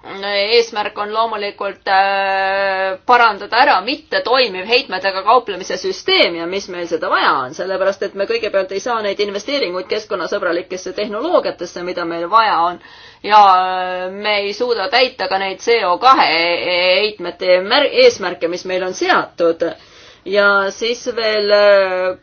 eesmärk on loomulikult äh, parandada ära mittetoimiv heitmetega kauplemise süsteem ja mis meil seda vaja on, sellepärast et me kõigepealt ei saa neid investeeringuid keskkonnasõbralikesse tehnoloogiatesse, mida meil vaja on. ja äh, me ei suuda täita ka neid CO kahe e-, heitmete eesmärke, mis meil on seatud. ja siis veel äh,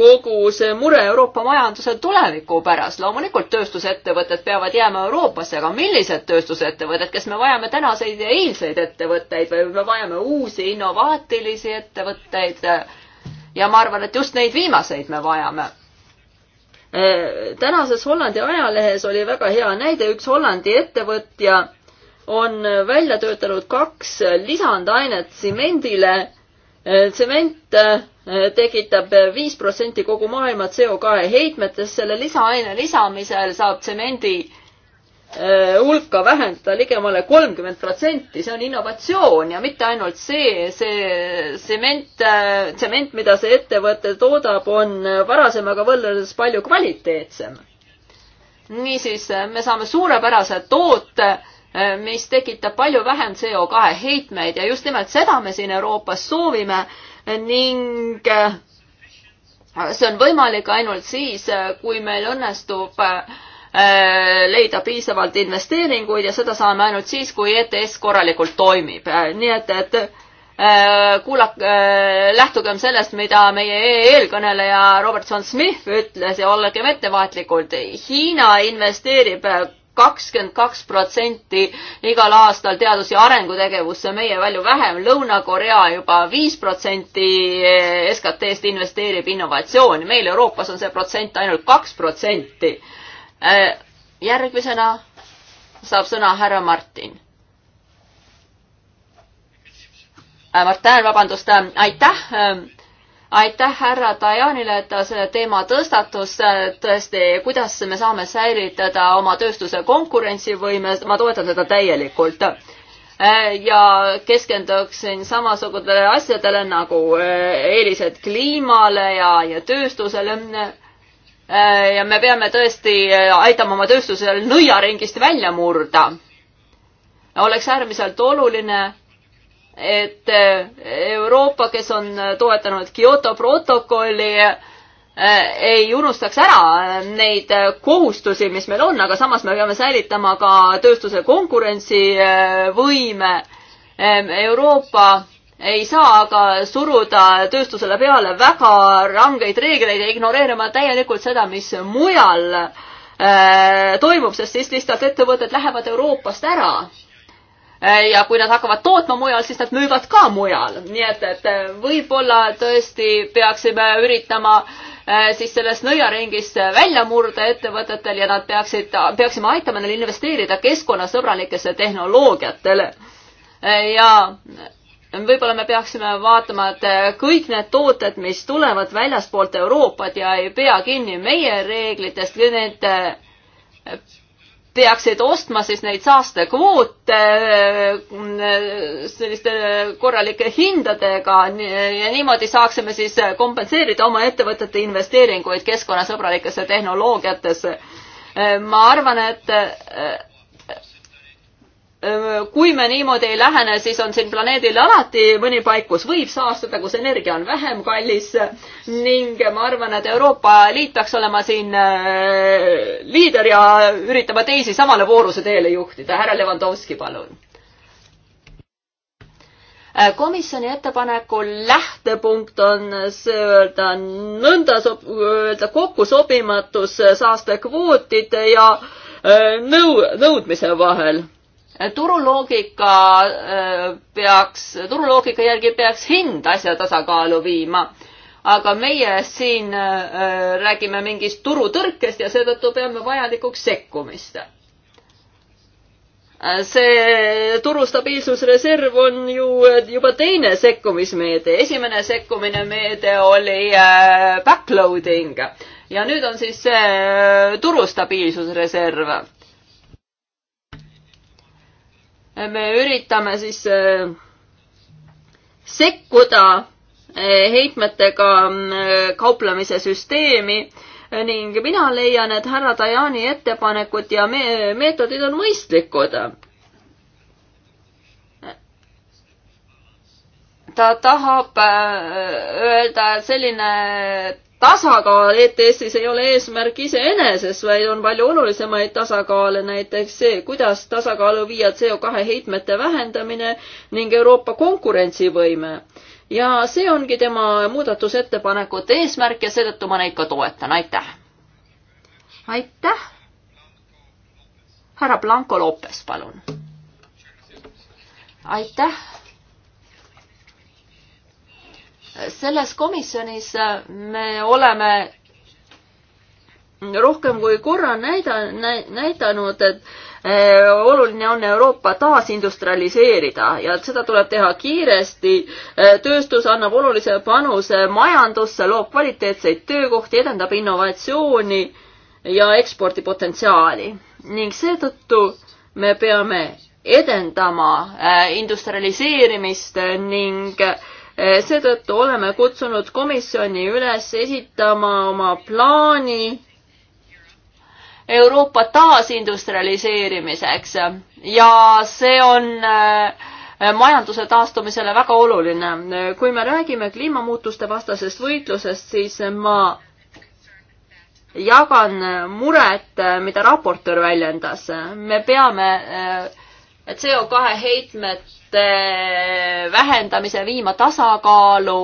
kogu see mure Euroopa majanduse tuleviku pärast. loomulikult tööstusettevõtted peavad jääma Euroopasse, aga millised tööstusettevõtted, kas me vajame tänaseid ja eilseid ettevõtteid või me vajame uusi innovaatilisi ettevõtteid? ja ma arvan, et just neid viimaseid me vajame äh, tänases Hollandi ajalehes oli väga hea näide, üks Hollandi ettevõtja on välja töötanud kaks lisandainet tsemendile. Äh, tsement äh, tekitab viis protsenti kogu maailma CO2 heitmetest, selle lisaaine lisamisel saab tsemendi äh, hulka vähendada ligemale kolmkümmend protsenti, see on innovatsioon ja mitte ainult see, see tsement, äh, tsement, mida see ettevõte toodab, on varasemaga võrreldes palju kvaliteetsem. niisiis, äh, me saame suurepärase toote, mis tekitab palju vähem CO2 heitmeid ja just nimelt seda me siin Euroopas soovime ning äh, see on võimalik ainult siis, äh, kui meil õnnestub äh, leida piisavalt investeeringuid ja seda saame ainult siis, kui ETS korralikult toimib. nii et, et kuulake, lähtugem sellest, mida meie e eelkõneleja Robertson Smith ütles ja olgem ettevaatlikud. Hiina investeerib kakskümmend kaks protsenti igal aastal teadus- ja arengutegevusse, meie palju vähem, Lõuna-Korea juba viis protsenti SKT-st investeerib innovatsiooni, meil Euroopas on see protsent ainult kaks protsenti. Äh, järgmisena saab sõna härra Martin. Äh, Martin, vabandust, äh, aitäh aitäh härra Dajanile, et ta selle teema tõstatus, tõesti, kuidas me saame säilitada oma tööstuse konkurentsivõime, ma toetan seda täielikult. ja keskenduksin samasugustele asjadele nagu eh, eelised kliimale ja, ja tööstusele eh, ja me peame tõesti eh, aitama oma tööstusel nõiaringist välja murda. oleks äärmiselt oluline et eh, Euroopa, kes on toetanud Kyoto protokolli, eh, ei unustaks ära neid eh, kohustusi, mis meil on, aga samas me peame säilitama ka tööstuse konkurentsivõime. Euroopa ei saa aga suruda tööstusele peale väga rangeid reegleid ja ignoreerima täielikult seda, mis mujal toimub, sest siis lihtsalt ettevõtted lähevad Euroopast ära Eh, ja kui nad hakkavad tootma mujal, siis nad müüvad ka mujal, nii et, et eh, võib-olla tõesti peaksime üritama eh, siis sellest nõiaringist välja murda ettevõtetel ja nad peaksid, peaksime aitama neil investeerida keskkonnasõbralikesse tehnoloogiatele. ja võib-olla me peaksime vaatama, et kõik need tooted, mis tulevad väljaspoolt Euroopat ja ei pea kinni meie reeglitest, need peaksid ostma siis neid saastekvoote äh, selliste korralike hindadega ja niimoodi saaksime siis kompenseerida oma ettevõtete investeeringuid keskkonnasõbralikesse tehnoloogiatesse. Äh, ma arvan, et äh, kui me niimoodi ei lähene, siis on siin planeedil alati mõni paik, kus võib saastada, kus energia on vähem kallis ning ma arvan, et Euroopa Liit peaks olema siin liider ja üritama teisi samale vooruse teele juhtida. härra Levanovski, palun. komisjoni ettepaneku lähtepunkt on see öelda nõnda sob-, öelda kokkusobimatus saastekvootide ja nõu-, nõudmise vahel turuloogika äh, peaks, turuloogika järgi peaks hind asja tasakaalu viima, aga meie siin äh, räägime mingist turutõrkest ja seetõttu peame vajalikuks sekkumist. Äh, see turu stabiilsusreserv on ju juba teine sekkumismeede, esimene sekkumine meede oli backloading ja nüüd on siis see turu stabiilsusreserv me üritame siis äh, sekkuda äh, heitmetega äh, kauplemise süsteemi ning mina leian, et härra Dajani ettepanekud ja me meetodid on mõistlikud. ta tahab öelda, et selline tasakaal ETS-is ei ole eesmärk iseeneses, vaid on palju olulisemaid tasakaale, näiteks see, kuidas tasakaalu viia CO2 heitmete vähendamine ning Euroopa konkurentsivõime. ja see ongi tema muudatusettepanekute eesmärk ja seetõttu ma neid ka toetan, aitäh. aitäh. härra Blanco Lopes, palun. aitäh selles komisjonis äh, me oleme rohkem kui korra näida- nä,, näidanud, et äh, oluline on Euroopa taasindustrialiseerida ja seda tuleb teha kiiresti. Äh, tööstus annab olulise panuse majandusse, loob kvaliteetseid töökohti, edendab innovatsiooni ja ekspordipotentsiaali ning seetõttu me peame edendama industrialiseerimist ning äh, seetõttu oleme kutsunud komisjoni üles esitama oma plaani Euroopa taasindustrialiseerimiseks ja see on äh, majanduse taastumisele väga oluline. kui me räägime kliimamuutuste vastasest võitlusest, siis ma jagan muret, äh, mida raportöör väljendas. me peame äh, CO2 heitmete vähendamise viima tasakaalu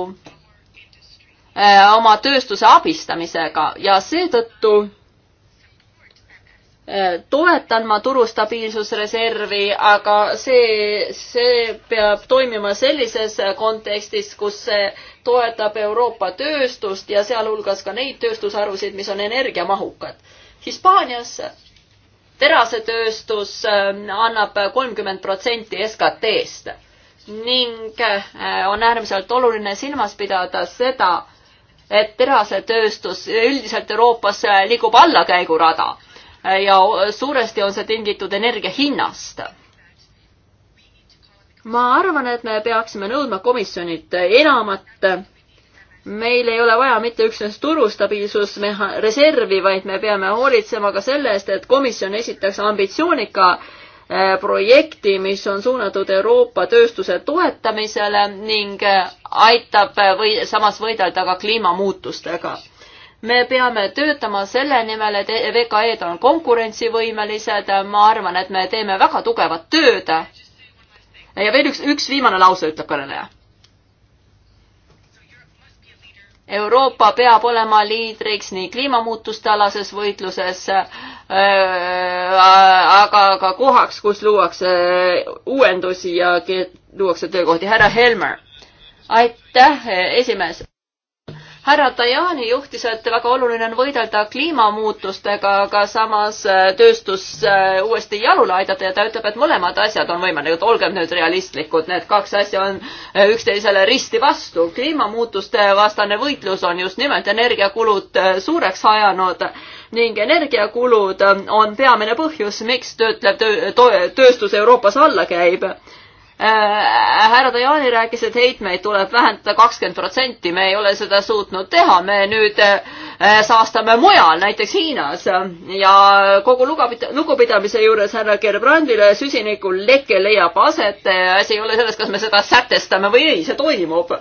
äh, oma tööstuse abistamisega ja seetõttu äh, toetan ma turu stabiilsusreservi, aga see, see peab toimima sellises kontekstis, kus see toetab Euroopa tööstust ja sealhulgas ka neid tööstusharusid, mis on energiamahukad. Hispaanias terasetööstus ähm, annab kolmkümmend protsenti SKT-st ning äh, on äärmiselt oluline silmas pidada seda, et terasetööstus üldiselt Euroopas äh, liigub allakäigurada äh, ja suuresti on see tingitud energia hinnast. ma arvan, et me peaksime nõudma komisjonilt enamat meil ei ole vaja mitte üksnes turustabiilsusmeha-, reservi, vaid me peame hoolitsema ka selle eest, et komisjon esitaks ambitsioonika äh, projekti, mis on suunatud Euroopa tööstuse toetamisele ning äh, aitab äh, või samas võidelda ka kliimamuutustega. me peame töötama selle nimel, et e-, VKE-d on konkurentsivõimelised, ma arvan, et me teeme väga tugevat tööd. ja veel üks, üks viimane lause, ütleb kõneleja Euroopa peab olema liidriks nii kliimamuutuste alases võitluses, äh, äh, aga ka kohaks, kus luuakse äh, uuendusi ja luuakse töökohti. härra Helmer. aitäh, esimees härra Tajani juhtis, et väga oluline on võidelda kliimamuutustega, aga samas äh, tööstus äh, uuesti jalule aidata ja ta ütleb, et mõlemad asjad on võimalikud, olgem nüüd realistlikud, need kaks asja on äh, üksteisele risti vastu. kliimamuutuste vastane võitlus on just nimelt energiakulud suureks ajanud ning energiakulud on peamine põhjus, miks töötlev töö, töö, tööstus Euroopas alla käib Äh, härra Tajani rääkis, et heitmeid tuleb vähendada kakskümmend protsenti, me ei ole seda suutnud teha, me nüüd äh, saastame mujal, näiteks Hiinas ja kogu lugupida-, lugupidamise juures härra Gerbrandile süsiniku leke leiab aset, asi ei ole selles, kas me seda sätestame või ei, see toimub.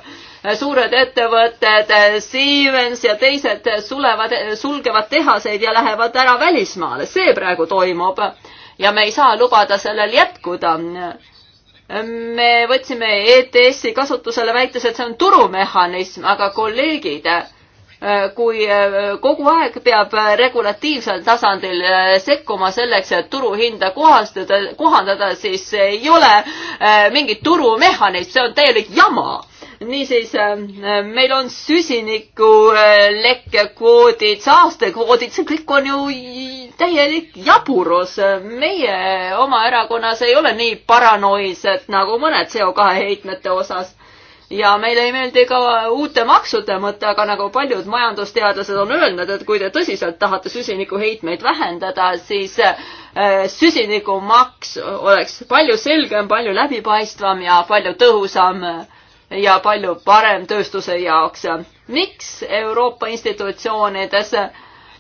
suured ettevõtted, Siemens ja teised sulevad, sulgevad tehaseid ja lähevad ära välismaale, see praegu toimub ja me ei saa lubada sellel jätkuda me võtsime ETS-i kasutusele, väites, et see on turumehhanism, aga kolleegid, äh, kui äh, kogu aeg peab regulatiivsel tasandil äh, sekkuma selleks, et turuhinda kohastada, kohandada, siis ei ole mingit turumehhanism, see on täielik jama niisiis, äh, meil on süsinikulekke äh, kvoodid, saastekvoodid, see kõik on ju täielik jaburus. meie oma erakonnas ei ole nii paranoised nagu mõned CO2 heitmete osas ja meile ei meeldi ka uute maksude mõte, aga nagu paljud majandusteadlased on öelnud, et kui te tõsiselt tahate süsinikuheitmeid vähendada, siis äh, süsinikumaks oleks palju selgem, palju läbipaistvam ja palju tõhusam ja palju parem tööstuse jaoks. miks Euroopa institutsioonides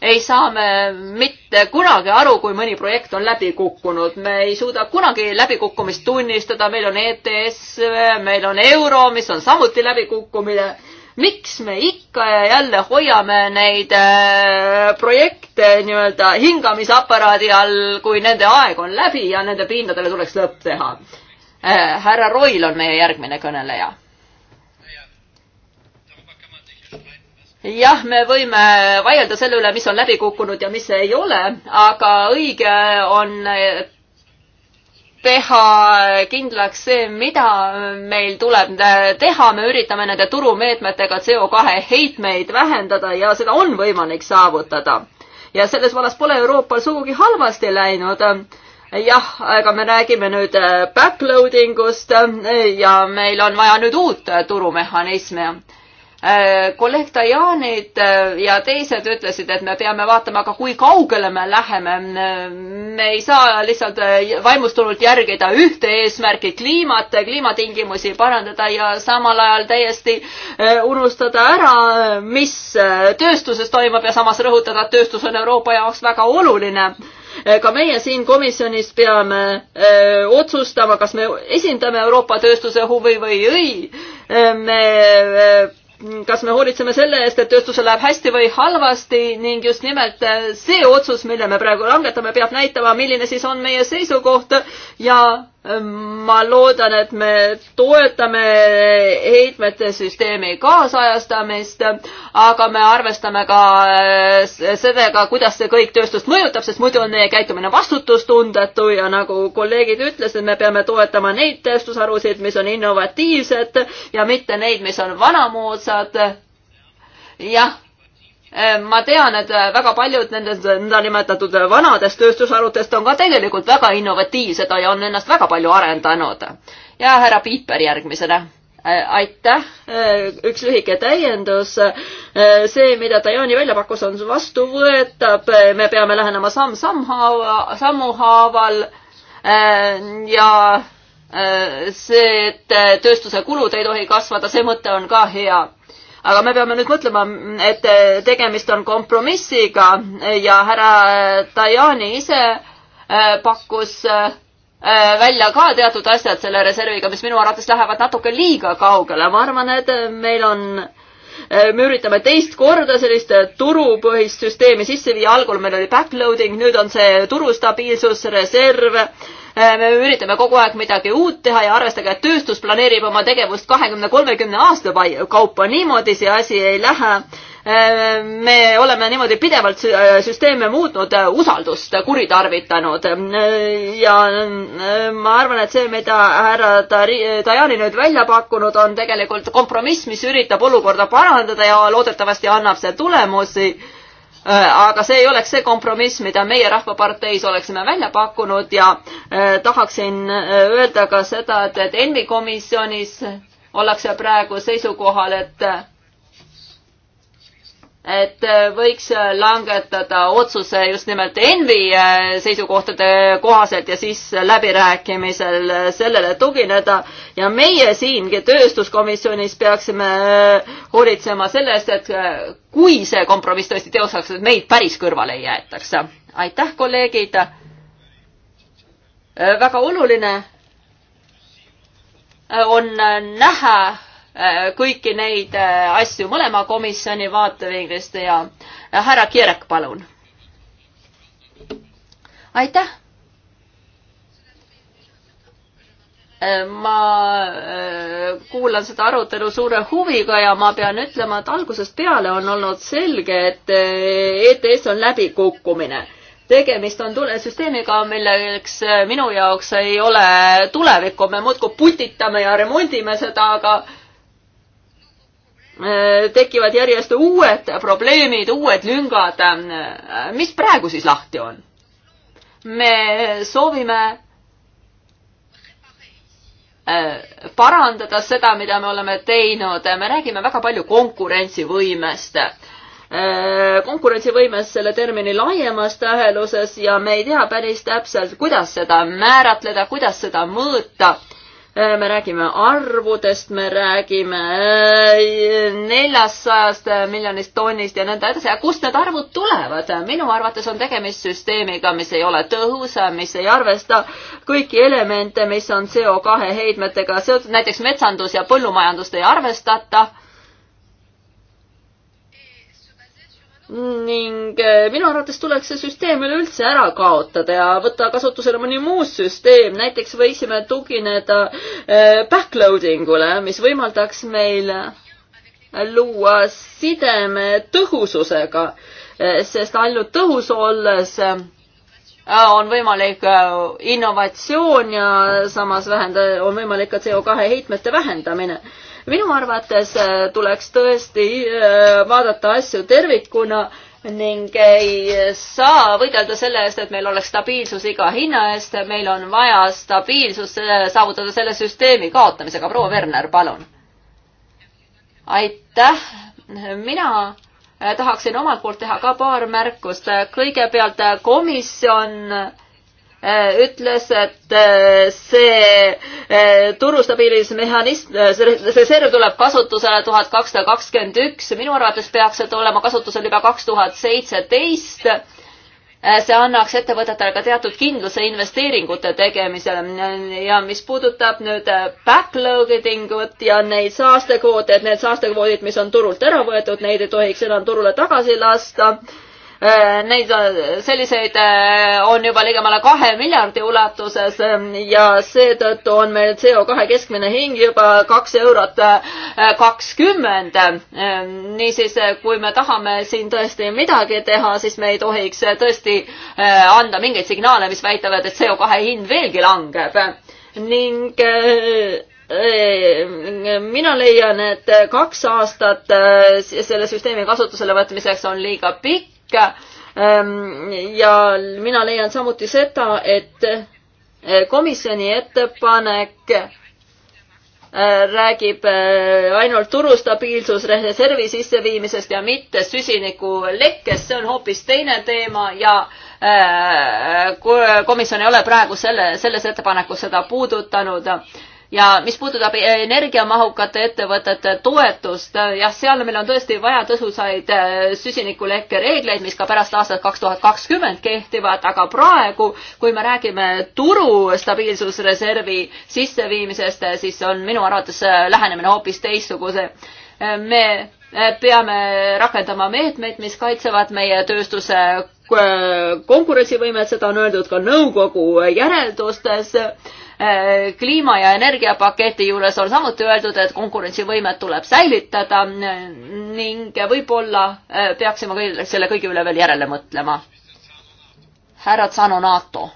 ei saa me mitte kunagi aru, kui mõni projekt on läbi kukkunud, me ei suuda kunagi läbikukkumist tunnistada, meil on ETS, meil on euro, mis on samuti läbikukkumine. miks me ikka ja jälle hoiame neid äh, projekte nii-öelda hingamisaparaadi all, kui nende aeg on läbi ja nende pindadele tuleks lõpp teha? Äh, härra Roil on meie järgmine kõneleja jah, me võime vaielda selle üle, mis on läbi kukkunud ja mis ei ole, aga õige on teha kindlaks see, mida meil tuleb teha, me üritame nende turumeetmetega CO2 heitmeid vähendada ja seda on võimalik saavutada. ja selles vallas pole Euroopal sugugi halvasti läinud jah, aga me räägime nüüd backloading ust ja meil on vaja nüüd uut turumehhanismi Äh, kolleeg Dajanid äh, ja teised ütlesid, et me peame vaatama ka, kui kaugele me läheme. me ei saa lihtsalt äh, vaimustunult järgida ühte eesmärki, kliimat, kliimatingimusi parandada ja samal ajal täiesti unustada ära, mis tööstuses toimub ja samas rõhutada, et tööstus on Euroopa jaoks väga oluline ka meie siin komisjonis peame öö, otsustama, kas me esindame Euroopa tööstuse huvi või ei. me öö, kas me hoolitseme selle eest, et tööstusel läheb hästi või halvasti ning just nimelt äh, see otsus, mille me praegu langetame, peab näitama, milline siis on meie seisukoht ja ma loodan, et me toetame heitmete süsteemi kaasajastamist, aga me arvestame ka äh, sellega, kuidas see kõik tööstust mõjutab, sest muidu on meie käitumine vastutustundetu ja nagu kolleegid ütlesid, me peame toetama neid tööstusharusid, mis on innovatiivsed ja mitte neid, mis on vanamoodsad. jah Äh, ma tean, et äh, väga paljud nendest nõndanimetatud vanadest tööstusharudest on ka tegelikult väga innovatiivsed ja on ennast väga palju arendanud. ja härra Piiper järgmisena. Äh, aitäh, üks lühike täiendus. see, mida Dajani välja pakkus, on vastuvõetav, me peame lähenema samm-samm haava, sammu haaval ja see, et tööstuse kulud ei tohi kasvada, see mõte on ka hea aga me peame nüüd mõtlema, et tegemist on kompromissiga ja härra Tajani ise äh, pakkus äh, välja ka teatud asjad selle reserviga, mis minu arvates lähevad natuke liiga kaugele. ma arvan, et meil on, äh, me üritame teist korda sellist turupõhist süsteemi sisse viia. algul meil oli backloading, nüüd on see turustabiilsusreserv Äh, me üritame kogu aeg midagi uut teha ja arvestage, et tööstus planeerib oma tegevust kahekümne, kolmekümne aasta kaupa, niimoodi see asi ei lähe. Äh, me oleme niimoodi pidevalt äh, süsteeme muutnud, usaldust kuritarvitanud ja ma arvan, et see, mida härra Tajani nüüd välja pakkunud, on tegelikult kompromiss, mis üritab olukorda parandada ja loodetavasti annab see tulemusi Äh, aga see ei oleks see kompromiss, mida meie Rahvaparteis oleksime välja pakkunud ja äh, tahaksin äh, öelda ka seda, et ENMi komisjonis ollakse praegu seisukohal, et et äh, võiks äh, langetada otsuse just nimelt Envi äh, seisukohtade kohaselt ja siis läbirääkimisel sellele tugineda. ja meie siingi tööstuskomisjonis peaksime hoolitsema selle eest, et kui see kompromiss tõesti teosaks, et meid päris kõrvale ei jäetaks. aitäh, kolleegid. väga oluline on näha Äh, kõiki neid äh, asju mõlema komisjoni vaatevinklist ja äh, härra Kirek, palun. aitäh. ma kuulan seda arutelu suure huviga ja ma pean ütlema, et algusest peale on olnud selge, et ETS on läbikukkumine tegemist on tule-, süsteemiga, milleks minu jaoks ei ole tulevikku, me muudkui putitame ja remondime seda, aga Äh, tekivad järjest uued probleemid, uued lüngad. Äh, mis praegu siis lahti on? me soovime äh, parandada seda, mida me oleme teinud, me räägime väga palju konkurentsivõimest. konkurentsivõimes selle termini laiemas tähenduses ja me ei tea päris täpselt, kuidas seda määratleda, kuidas seda mõõta me räägime arvudest, me räägime neljasajast miljonist tonnist ja nõnda edasi, aga kust need arvud tulevad? minu arvates on tegemist süsteemiga, mis ei ole tõhus, mis ei arvesta kõiki elemente, mis on CO2 heitmetega seotud, näiteks metsandus ja põllumajandust ei arvestata ning eh, minu arvates tuleks see süsteem üleüldse ära kaotada ja võtta kasutusele mõni muus süsteem, näiteks võiksime tugineda eh, backloading ule, mis võimaldaks meil eh, luua sideme tõhususega, sest ainult tõhus olles Äh, on võimalik äh, innovatsioon ja samas vähendada, on võimalik ka CO2 heitmete vähendamine. minu arvates äh, tuleks tõesti vaadata asju tervikuna ning ei saa võidelda selle eest, et meil oleks stabiilsus iga hinna eest, meil on vaja stabiilsust saavutada selle süsteemi kaotamisega. proua Werner, palun. aitäh, mina Äh, tahaksin omalt poolt teha ka paar märkust. Äh, kõigepealt äh, komisjon ütles, et see turustabiilsusmehhanism, see reserv tuleb kasutusele tuhat kakssada kakskümmend üks, minu arvates peaks see olema kasutusel juba kaks tuhat seitseteist Äh, see annaks ettevõtetele ka teatud kindluse investeeringute tegemisel ja mis puudutab nüüd äh, backloading ut ja neid saastekvoote, et need saastekvoodid, mis on turult ära võetud, neid ei tohiks enam turule tagasi lasta Äh, neid, äh, selliseid äh, on juba ligemale kahe miljardi ulatuses ähm, ja seetõttu on meil CO2 keskmine hing juba kaks eurot kakskümmend. Ähm, niisiis, kui me tahame siin tõesti midagi teha, siis me ei tohiks tõesti anda mingeid signaale, mis väitavad, et CO2 hind veelgi langeb ning mina leian, et kaks aastat selle süsteemi kasutusele võtmiseks on liiga pikk Ähm, ja mina leian samuti seda, et äh, komisjoni ettepanek äh, räägib äh, ainult turustabiilsusreservi sisseviimisest ja mitte süsinikulekkest, see on hoopis teine teema ja komisjon ei ole praegu selle, selles ettepanekus seda puudutanud ja mis puudutab eh, energiamahukate ettevõtete toetust, eh, jah, seal meil on tõesti vaja tõsusaid eh, süsinikulekke reegleid, mis ka pärast aastat kaks tuhat kakskümmend kehtivad, aga praegu, kui me räägime turu stabiilsusreservi sisseviimisest, siis on minu arvates lähenemine hoopis teistsuguse. me peame rakendama meetmeid, mis kaitsevad meie tööstuse konkurentsivõimet, seda on öeldud ka nõukogu järeldustes Äh, kliima- ja energiapaketi juures on samuti öeldud, et konkurentsivõimet tuleb säilitada ning võib-olla äh, peaksime kõige, selle kõige üle veel järele mõtlema. härra Tsano NATO.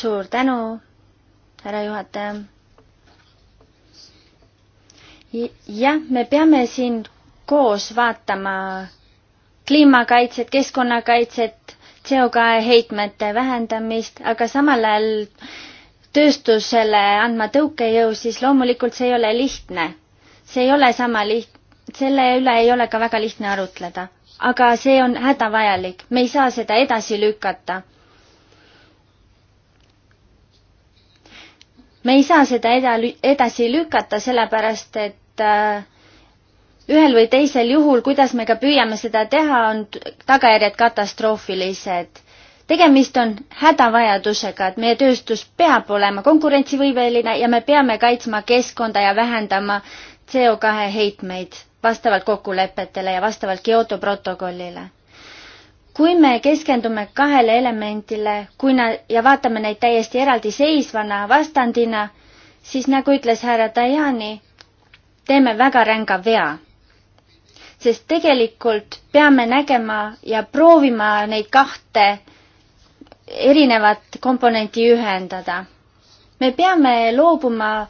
suur tänu, härra juhataja. jah, me peame siin koos vaatama kliimakaitset, keskkonnakaitset CO2 heitmete vähendamist, aga samal ajal tööstusele andma tõukejõu, siis loomulikult see ei ole lihtne. see ei ole sama liht-, selle üle ei ole ka väga lihtne arutleda. aga see on hädavajalik, me ei saa seda edasi lükata. me ei saa seda eda-, edasi lükata, sellepärast et äh, ühel või teisel juhul, kuidas me ka püüame seda teha, on tagajärjed katastroofilised. tegemist on hädavajadusega, et meie tööstus peab olema konkurentsivõimeline ja me peame kaitsma keskkonda ja vähendama CO2 heitmeid vastavalt kokkulepetele ja vastavalt Kyoto protokollile kui me keskendume kahele elemendile, kui na- ja vaatame neid täiesti eraldiseisvana vastandina, siis nagu ütles härra Tajani, teeme väga ränga vea sest tegelikult peame nägema ja proovima neid kahte erinevat komponenti ühendada. me peame loobuma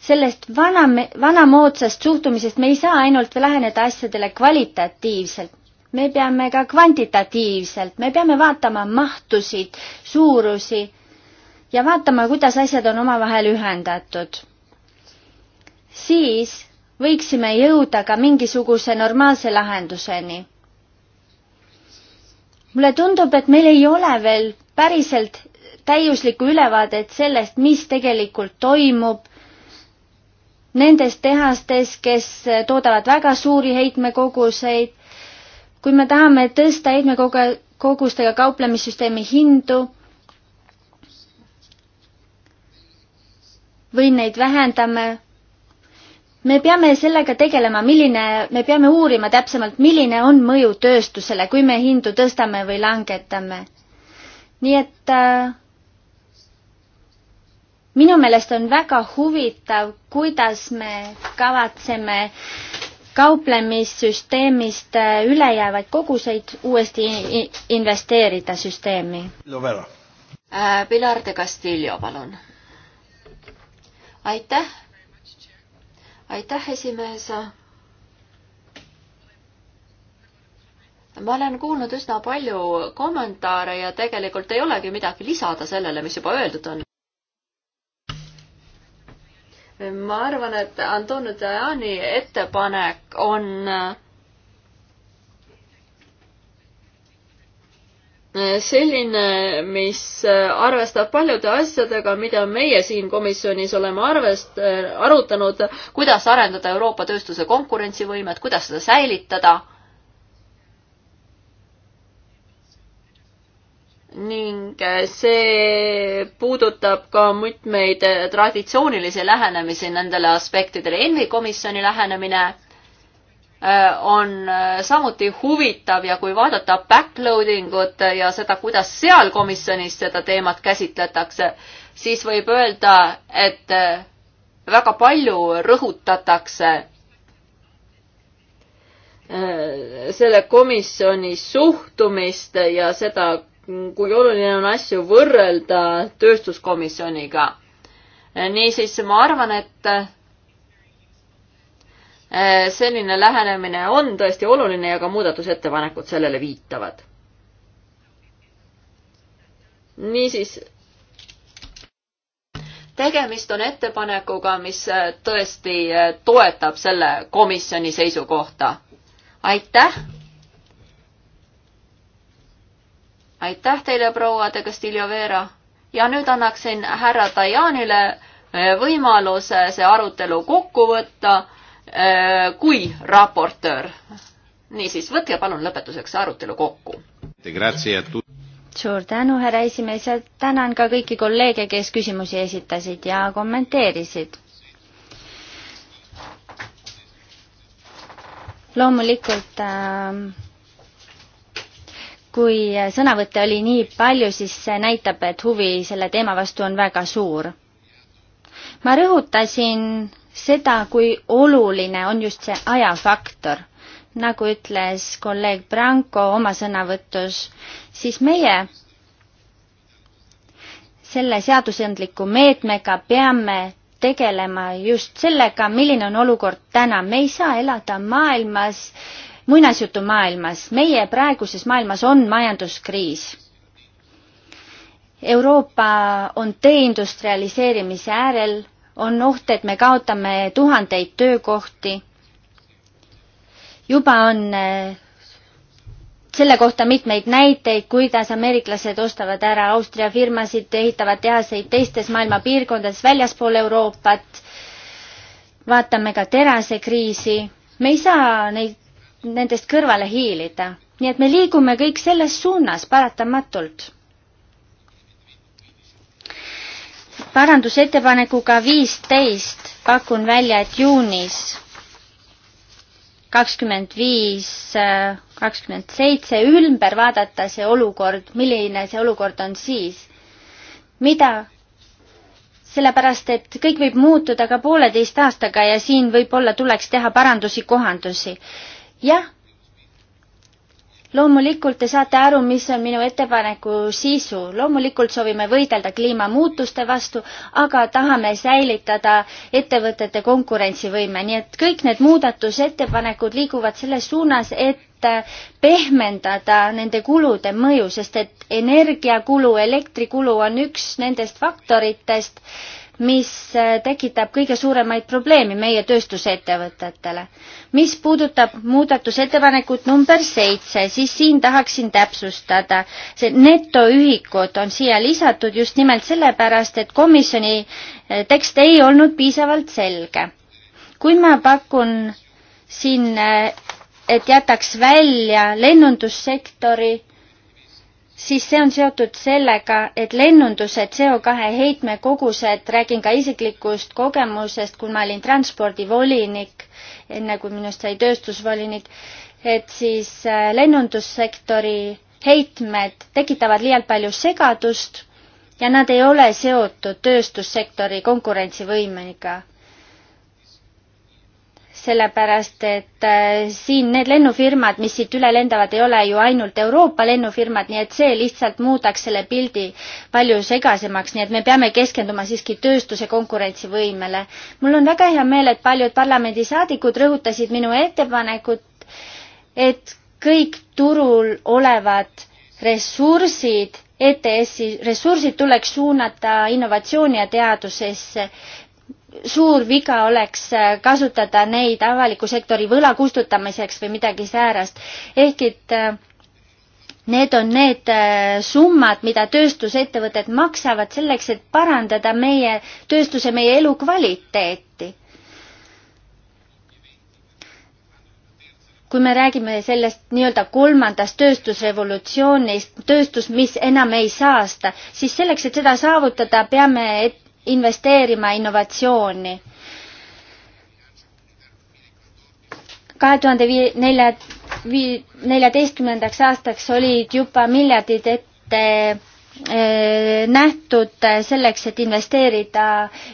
sellest vana, vanamoodsast suhtumisest, me ei saa ainult läheneda asjadele kvalitatiivselt, me peame ka kvantitatiivselt, me peame vaatama mahtusid, suurusi ja vaatama, kuidas asjad on omavahel ühendatud. siis võiksime jõuda ka mingisuguse normaalse lahenduseni. mulle tundub, et meil ei ole veel päriselt täiuslikku ülevaadet sellest, mis tegelikult toimub nendes tehastes, kes toodavad väga suuri heitmekoguseid. kui me tahame tõsta heitmekogustega kauplemissüsteemi hindu või neid vähendame me peame sellega tegelema, milline, me peame uurima täpsemalt, milline on mõju tööstusele, kui me hindu tõstame või langetame. nii et äh, minu meelest on väga huvitav, kuidas me kavatseme kauplemissüsteemist äh, ülejäävaid koguseid uuesti investeerida süsteemi. Äh, Pilar de Castillo, palun. aitäh aitäh, esimees. ma olen kuulnud üsna palju kommentaare ja tegelikult ei olegi midagi lisada sellele, mis juba öeldud on. ma arvan, et Antonio Tajani ettepanek on selline, mis äh, arvestab paljude asjadega, mida meie siin komisjonis oleme arvest-, äh, arutanud, kuidas arendada Euroopa tööstuse konkurentsivõimet, kuidas seda säilitada. ning äh, see puudutab ka mitmeid traditsioonilisi lähenemisi nendele aspektidele, ENVI komisjoni lähenemine Äh, on äh, samuti huvitav ja kui vaadata backloading ut ja seda, kuidas seal komisjonis seda teemat käsitletakse, siis võib öelda, et äh, väga palju rõhutatakse selle komisjoni suhtumist ja seda, kui oluline on asju võrrelda tööstuskomisjoniga. niisiis ma arvan, et Äh, selline lähenemine on tõesti oluline ja ka muudatusettepanekud sellele viitavad. niisiis, tegemist on ettepanekuga, mis äh, tõesti äh, toetab selle komisjoni seisukohta. aitäh! aitäh teile, proua de Castillo Vera ja nüüd annaksin härra Dajanile võimaluse see arutelu kokku võtta Äh, kui raportöör. niisiis, võtke palun lõpetuseks arutelu kokku. suur tänu, härra esimees ja tänan ka kõiki kolleege, kes küsimusi esitasid ja kommenteerisid. loomulikult äh, kui sõnavõtte oli nii palju, siis see näitab, et huvi selle teema vastu on väga suur. ma rõhutasin seda, kui oluline on just see ajafaktor. nagu ütles kolleeg Branko oma sõnavõtus, siis meie selle seadusandliku meetmega peame tegelema just sellega, milline on olukord täna. me ei saa elada maailmas, muinasjutumaailmas. meie praeguses maailmas on majanduskriis Euroopa on deindustrialiseerimise äärel, on oht, et me kaotame tuhandeid töökohti. juba on äh, selle kohta mitmeid näiteid, kuidas ameeriklased ostavad ära Austria firmasid, ehitavad tehaseid teistes maailma piirkondades väljaspool Euroopat. vaatame ka terasekriisi. me ei saa neid, nendest kõrvale hiilida, nii et me liigume kõik selles suunas paratamatult parandusettepanekuga viisteist pakun välja, et juunis kakskümmend viis, kakskümmend seitse ümber vaadata see olukord, milline see olukord on siis. mida? sellepärast, et kõik võib muutuda ka pooleteist aastaga ja siin võib-olla tuleks teha parandusi, kohandusi. jah, loomulikult te saate aru, mis on minu ettepaneku sisu. loomulikult soovime võidelda kliimamuutuste vastu, aga tahame säilitada ettevõtete konkurentsivõime, nii et kõik need muudatusettepanekud liiguvad selles suunas, et pehmendada nende kulude mõju, sest et energiakulu, elektrikulu on üks nendest faktoritest, mis äh, tekitab kõige suuremaid probleeme meie tööstusettevõtetele. mis puudutab muudatusettepanekut number seitse, siis siin tahaksin täpsustada, see netoühikud on siia lisatud just nimelt sellepärast, et komisjoni äh, tekst ei olnud piisavalt selge. kui ma pakun siin, äh, et jätaks välja lennundussektori siis see on seotud sellega, et lennunduse CO2 heitmekogused, räägin ka isiklikust kogemusest, kui ma olin transpordivolinik, enne kui minust sai tööstusvolinik, et siis äh, lennundussektori heitmed tekitavad liialt palju segadust ja nad ei ole seotud tööstussektori konkurentsivõimega sellepärast et äh, siin need lennufirmad, mis siit üle lendavad, ei ole ju ainult Euroopa lennufirmad, nii et see lihtsalt muudaks selle pildi palju segasemaks, nii et me peame keskenduma siiski tööstuse konkurentsivõimele. mul on väga hea meel, et paljud parlamendisaadikud rõhutasid minu ettepanekut, et kõik turul olevad ressursid ETS-i ressursid tuleks suunata innovatsiooni ja teadusesse suur viga oleks äh, kasutada neid avaliku sektori võla kustutamiseks või midagi säärast. ehk et äh, need on need äh, summad, mida tööstusettevõtted maksavad selleks, et parandada meie tööstuse, meie elukvaliteeti. kui me räägime sellest nii-öelda kolmandast tööstusrevolutsioonist, tööstus, mis enam ei saasta, siis selleks, et seda saavutada, peame et investeerima innovatsiooni. kahe tuhande vii-, nelja, vii-, neljateistkümnendaks aastaks olid juba miljardid ette Eh, nähtud eh, selleks, et investeerida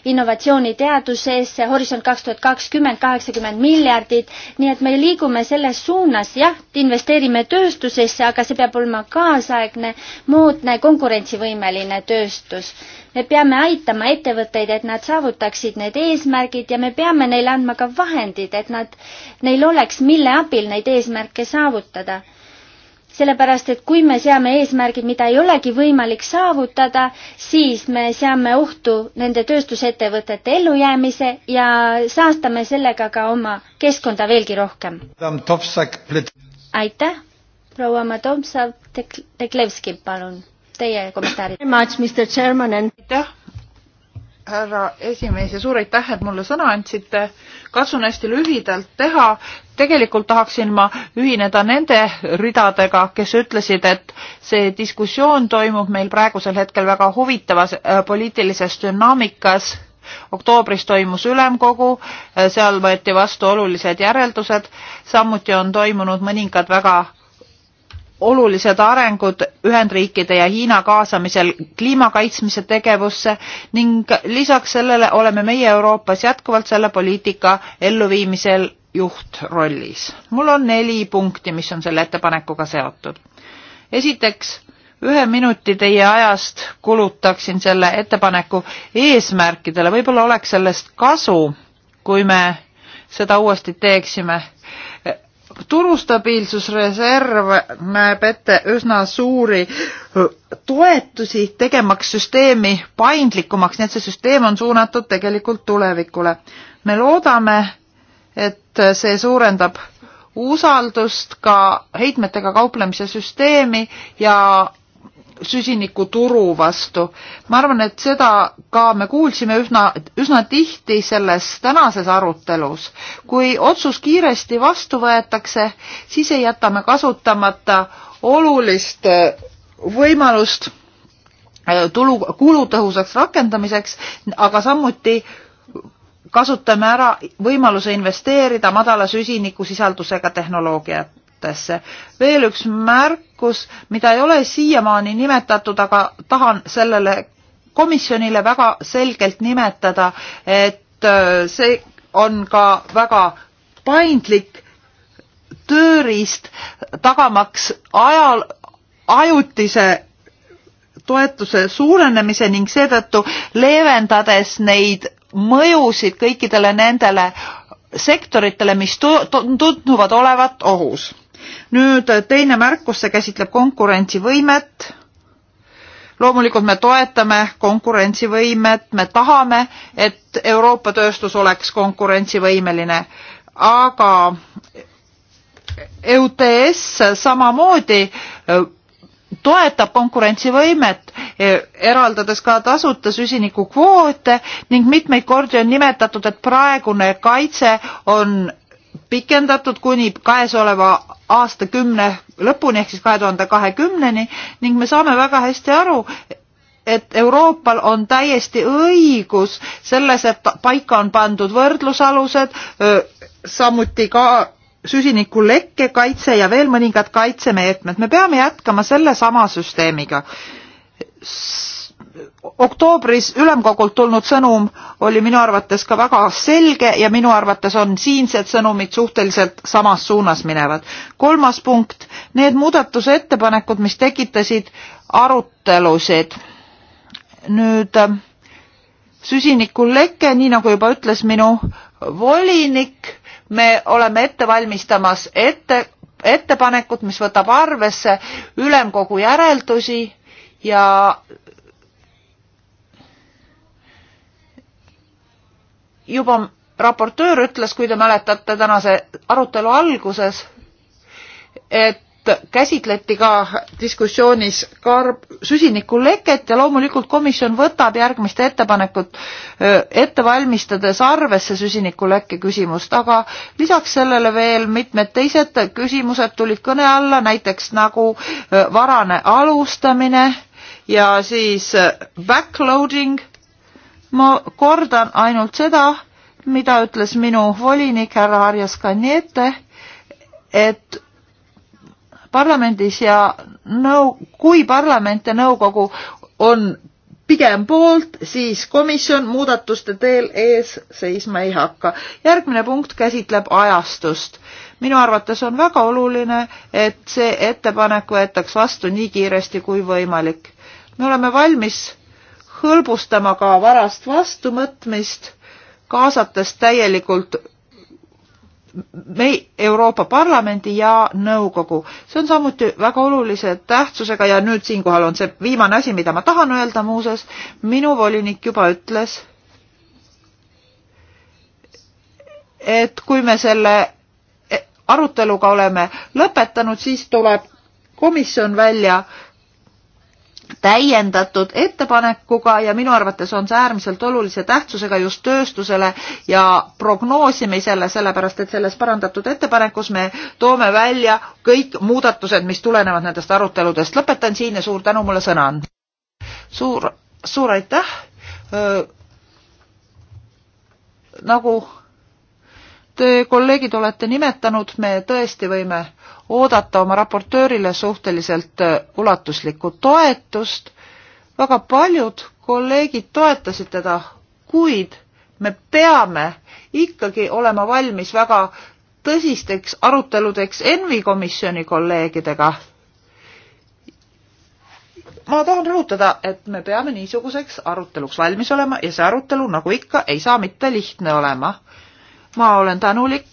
innovatsiooni teadusesse, Horisont kaks tuhat kakskümmend, kaheksakümmend miljardit, nii et me liigume selles suunas, jah, investeerime tööstusesse, aga see peab olema kaasaegne, moodne, konkurentsivõimeline tööstus. me peame aitama ettevõtteid, et nad saavutaksid need eesmärgid ja me peame neile andma ka vahendid, et nad, neil oleks, mille abil neid eesmärke saavutada sellepärast, et kui me seame eesmärgid, mida ei olegi võimalik saavutada, siis me seame ohtu nende tööstusettevõtete ellujäämise ja saastame sellega ka oma keskkonda veelgi rohkem. aitäh, proua Madomtsav Teklevski, palun, teie kommentaarid. aitäh härra esimees ja suur aitäh, et mulle sõna andsite. katsun hästi lühidalt teha. tegelikult tahaksin ma ühineda nende ridadega, kes ütlesid, et see diskussioon toimub meil praegusel hetkel väga huvitavas äh, poliitilises dünaamikas. oktoobris toimus ülemkogu, äh, seal võeti vastu olulised järeldused, samuti on toimunud mõningad väga olulised arengud Ühendriikide ja Hiina kaasamisel kliima kaitsmise tegevusse ning lisaks sellele oleme meie Euroopas jätkuvalt selle poliitika elluviimisel juhtrollis. mul on neli punkti, mis on selle ettepanekuga seotud. esiteks, ühe minuti teie ajast kulutaksin selle ettepaneku eesmärkidele, võib-olla oleks sellest kasu, kui me seda uuesti teeksime turustabiilsusreserv näeb ette üsna suuri toetusi, tegemaks süsteemi paindlikumaks, nii et see süsteem on suunatud tegelikult tulevikule. me loodame, et see suurendab usaldust ka heitmetega kauplemise süsteemi ja süsinikuturu vastu. ma arvan, et seda ka me kuulsime üsna, üsna tihti selles tänases arutelus. kui otsus kiiresti vastu võetakse, siis ei jäta me kasutamata olulist eh, võimalust eh, tulu, kulutõhusaks rakendamiseks, aga samuti kasutame ära võimaluse investeerida madala süsinikusisaldusega tehnoloogiat mõttesse. veel üks märkus, mida ei ole siiamaani nimetatud, aga tahan sellele komisjonile väga selgelt nimetada, et äh, see on ka väga paindlik tööriist tagamaks ajal ajutise toetuse suurenemise ning seetõttu leevendades neid mõjusid kõikidele nendele sektoritele, mis tunduvad olevat ohus nüüd äh, teine märkus, see käsitleb konkurentsivõimet. loomulikult me toetame konkurentsivõimet, me tahame, et Euroopa tööstus oleks konkurentsivõimeline, aga EUTS samamoodi äh, toetab konkurentsivõimet, e, eraldades ka tasuta süsinikukvoote ning mitmeid kordi on nimetatud, et praegune kaitse on pikendatud kuni käesoleva aastakümne lõpuni ehk siis kahe tuhande kahekümneni ning me saame väga hästi aru, et Euroopal on täiesti õigus selles, et paika on pandud võrdlusalused, samuti ka süsinikulekke kaitse ja veel mõningad kaitsemeetmed. me peame jätkama sellesama süsteemiga S oktoobris ülemkogult tulnud sõnum oli minu arvates ka väga selge ja minu arvates on siinsed sõnumid suhteliselt samas suunas minevad. kolmas punkt, need muudatusettepanekud, mis tekitasid arutelusid. nüüd äh, süsinikuleke, nii nagu juba ütles minu volinik, me oleme ette valmistamas ette, ettepanekut, mis võtab arvesse ülemkogu järeldusi ja juba raportöör ütles, kui te mäletate tänase arutelu alguses, et käsitleti ka diskussioonis karb, süsinikuleket ja loomulikult komisjon võtab järgmist ettepanekut ette valmistades arvesse süsinikulekke küsimust, aga lisaks sellele veel mitmed teised küsimused tulid kõne alla, näiteks nagu varane alustamine ja siis backloading ma kordan ainult seda, mida ütles minu volinik härra Harjas Kanjete, et parlamendis ja nõu-, kui parlament ja nõukogu on pigem poolt, siis komisjon muudatuste teel ees seisma ei hakka. järgmine punkt käsitleb ajastust. minu arvates on väga oluline, et see ettepanek võetaks vastu nii kiiresti kui võimalik. me oleme valmis hõlbustama ka varast vastuvõtmist, kaasates täielikult mei-, Euroopa Parlamendi ja nõukogu. see on samuti väga olulise tähtsusega ja nüüd siinkohal on see viimane asi, mida ma tahan öelda muuseas, minu volinik juba ütles, et kui me selle aruteluga oleme lõpetanud, siis tuleb komisjon välja äh, täiendatud ettepanekuga ja minu arvates on see äärmiselt olulise tähtsusega just tööstusele ja prognoosimisele, sellepärast et selles parandatud ettepanekus me toome välja kõik muudatused, mis tulenevad nendest aruteludest. lõpetan siin ja suur tänu mulle sõna andmast. suur, suur aitäh. nagu te kolleegid olete nimetanud, me tõesti võime oodata oma raportöörile suhteliselt äh, ulatuslikku toetust. väga paljud kolleegid toetasid teda, kuid me peame ikkagi olema valmis väga tõsisteks aruteludeks ENVI komisjoni kolleegidega. ma tahan rõhutada, et me peame niisuguseks aruteluks valmis olema ja see arutelu, nagu ikka, ei saa mitte lihtne olema. ma olen tänulik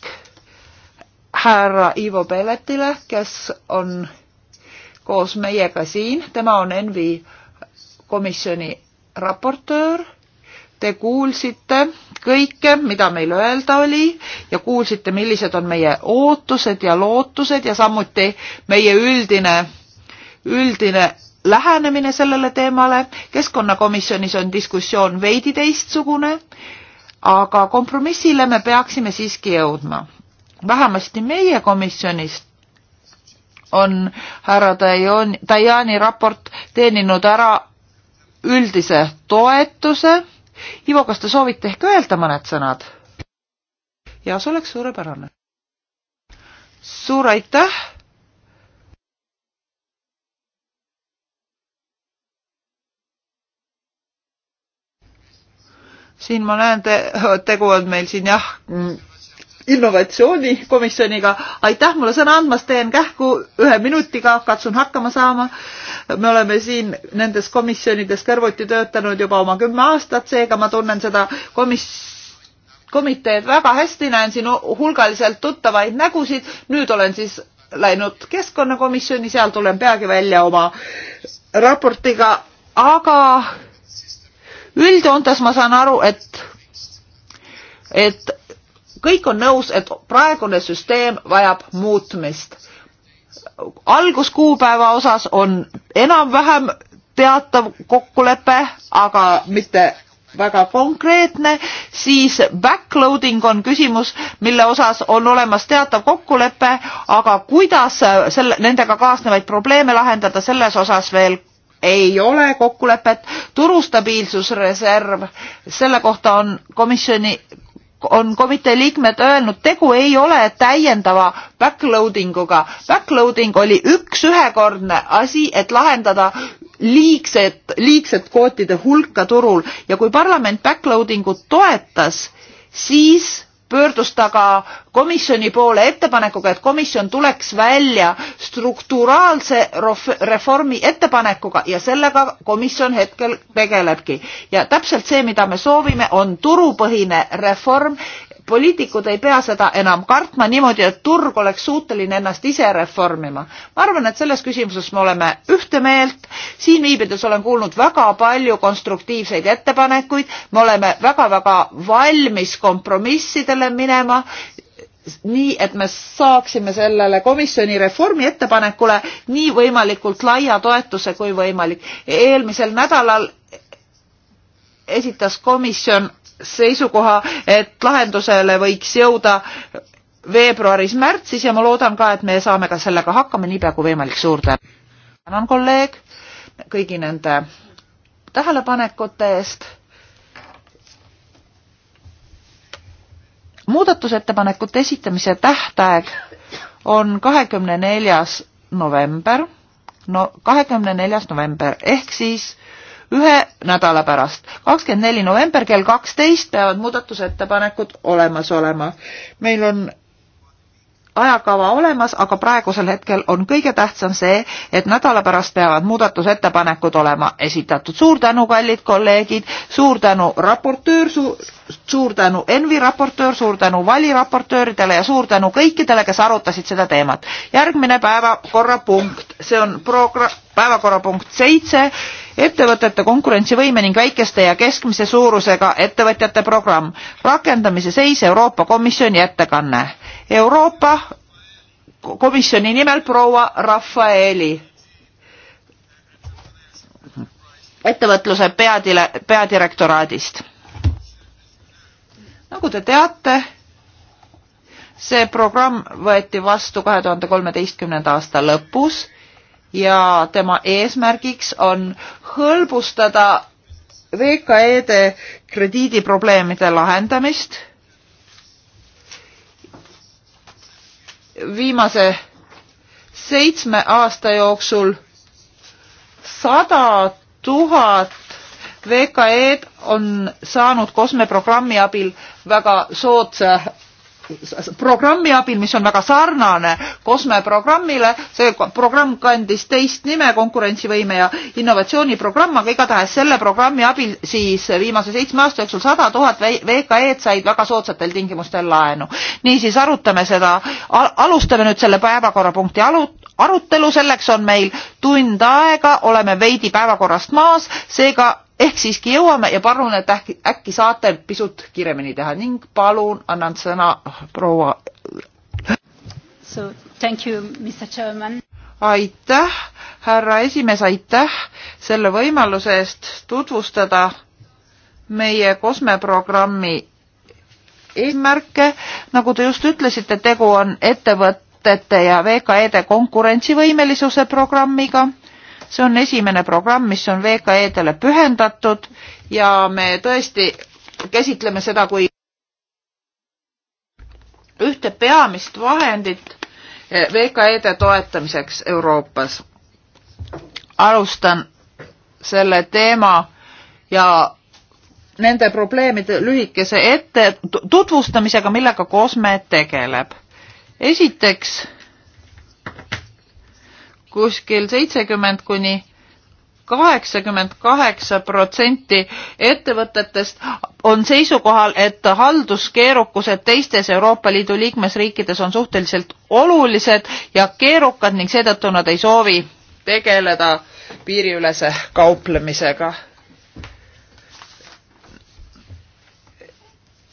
härra Ivo Pelletile, kes on koos meiega siin, tema on Envi komisjoni raportöör. Te kuulsite kõike, mida meil öelda oli ja kuulsite, millised on meie ootused ja lootused ja samuti meie üldine, üldine lähenemine sellele teemale. keskkonnakomisjonis on diskussioon veidi teistsugune, aga kompromissile me peaksime siiski jõudma vähemasti meie komisjonist on härra Tajani raport teeninud ära üldise toetuse. Ivo, kas te soovite ehk öelda mõned sõnad? ja see oleks suurepärane. suur aitäh siin ma näen te, tegu on meil siin jah, innovatsioonikomisjoniga. aitäh mulle sõna andmast, teen kähku ühe minutiga, katsun hakkama saama. me oleme siin nendes komisjonides kõrvuti töötanud juba oma kümme aastat, seega ma tunnen seda komis-, komiteed väga hästi, näen siin hulgaliselt tuttavaid nägusid. nüüd olen siis läinud keskkonnakomisjoni, seal tulen peagi välja oma raportiga, aga üldjoontes ma saan aru, et, et kõik on nõus, et praegune süsteem vajab muutmist. alguskuupäeva osas on enam-vähem teatav kokkulepe, aga mitte väga konkreetne, siis backloading on küsimus, mille osas on olemas teatav kokkulepe, aga kuidas selle, nendega kaasnevaid probleeme lahendada, selles osas veel ei ole kokkulepet. turustabiilsusreserv, selle kohta on komisjoni on komitee liikmed öelnud, tegu ei ole täiendava backloading uga. Backloading oli üks ühekordne asi, et lahendada liigset, liigset kvootide hulka turul ja kui parlament backloadingut toetas, siis pöördus ta ka komisjoni poole ettepanekuga, et komisjon tuleks välja strukturaalse reformi ettepanekuga ja sellega komisjon hetkel tegelebki. ja täpselt see, mida me soovime, on turupõhine reform poliitikud ei pea seda enam kartma niimoodi, et turg oleks suuteline ennast ise reformima. ma arvan, et selles küsimuses me oleme ühte meelt. siin viibides olen kuulnud väga palju konstruktiivseid ettepanekuid, me oleme väga-väga valmis kompromissidele minema nii, et me saaksime sellele komisjoni reformi ettepanekule nii võimalikult laia toetuse kui võimalik. eelmisel nädalal esitas komisjon seisukoha, et lahendusele võiks jõuda veebruaris-märtsis ja ma loodan ka, et me saame ka sellega hakkama niipea kui võimalik. suur tänu. tänan kolleeg kõigi nende tähelepanekute eest. muudatusettepanekute esitamise tähtaeg on kahekümne neljas november, no kahekümne neljas november ehk siis ühe nädala pärast. kakskümmend neli november kell kaksteist peavad muudatusettepanekud olemas olema. meil on ajakava olemas, aga praegusel hetkel on kõige tähtsam see, et nädala pärast peavad muudatusettepanekud olema esitatud. suur tänu, kallid kolleegid, suur tänu raportöör su, suur tänu Envi raportöör, suur tänu Vali raportööridele ja suur tänu kõikidele, kes arutasid seda teemat. järgmine päevakorrapunkt, see on progra-, päevakorrapunkt seitse ettevõtete konkurentsivõime ning väikeste ja keskmise suurusega ettevõtjate programm, rakendamise seis Euroopa Komisjoni ettekanne. Euroopa Komisjoni nimel proua Rafaeli. ettevõtluse peadile, peadirektoraadist. nagu te teate, see programm võeti vastu kahe tuhande kolmeteistkümnenda aasta lõpus ja tema eesmärgiks on hõlbustada VKE-de krediidiprobleemide lahendamist. viimase seitsme aasta jooksul sada tuhat VKE-d on saanud kosmeprogrammi abil väga soodsa programmi abil, mis on väga sarnane COSME programmile, see programm kandis teist nime, konkurentsivõime ja innovatsiooniprogramm, aga igatahes selle programmi abil siis viimase seitsme aasta jooksul sada tuhat VKE-d said väga soodsatel tingimustel laenu. niisiis arutame seda, alustame nüüd selle päevakorrapunkti alu-, arutelu, selleks on meil tund aega, oleme veidi päevakorrast maas, seega ehk siiski jõuame ja palun, et äkki, äkki saate pisut kiiremini teha ning palun annan sõna proua. aitäh, härra esimees, aitäh selle võimaluse eest tutvustada meie kosmeprogrammi eesmärke. nagu te just ütlesite, tegu on ettevõtete ja VKE-de konkurentsivõimelisuse programmiga see on esimene programm, mis on VKE-dele pühendatud ja me tõesti käsitleme seda kui ühte peamist vahendit VKE-de toetamiseks Euroopas. alustan selle teema ja nende probleemide lühikese ette tutvustamisega, millega COSME tegeleb. esiteks kuskil seitsekümmend kuni kaheksakümmend kaheksa protsenti ettevõtetest on seisukohal, et halduskeerukused teistes Euroopa Liidu liikmesriikides on suhteliselt olulised ja keerukad ning seetõttu nad ei soovi tegeleda piiriülese kauplemisega.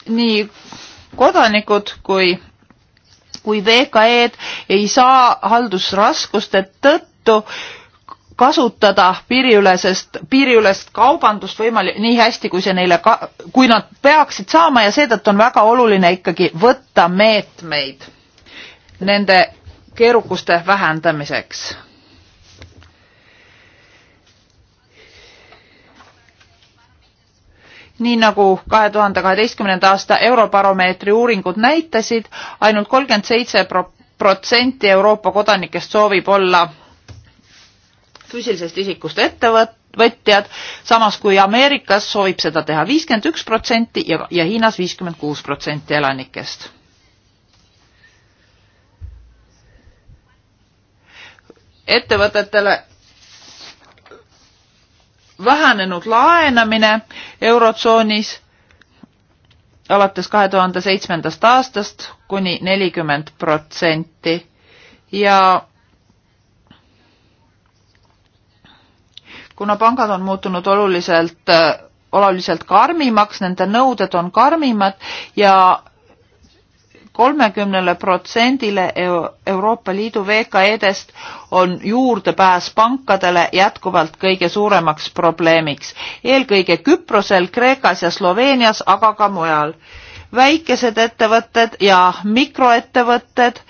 nii kodanikud kui kui VKE-d ei saa haldusraskuste tõttu kasutada piiriülesest, piiriülest kaubandust võimalik, nii hästi, kui see neile ka, kui nad peaksid saama ja seetõttu on väga oluline ikkagi võtta meetmeid nende keerukuste vähendamiseks nii nagu kahe tuhande kaheteistkümnenda aasta Eurobaromeetri uuringud näitasid ainult, ainult kolmkümmend seitse protsenti Euroopa kodanikest soovib olla füüsilisest isikust ettevõtjad, samas kui Ameerikas soovib seda teha viiskümmend üks protsenti ja, ja Hiinas viiskümmend kuus protsenti elanikest. ettevõtetele vähenenud laenamine Eurotsoonis alates kahe tuhande seitsmendast aastast kuni nelikümmend protsenti ja kuna pangad on muutunud oluliselt, oluliselt karmimaks, nende nõuded on karmimad ja kolmekümnele protsendile Euroopa Liidu VKE-dest on juurdepääs pankadele jätkuvalt kõige suuremaks probleemiks, eelkõige Küprosel, Kreekas ja Sloveenias, aga ka mujal. väikesed ettevõtted ja mikroettevõtted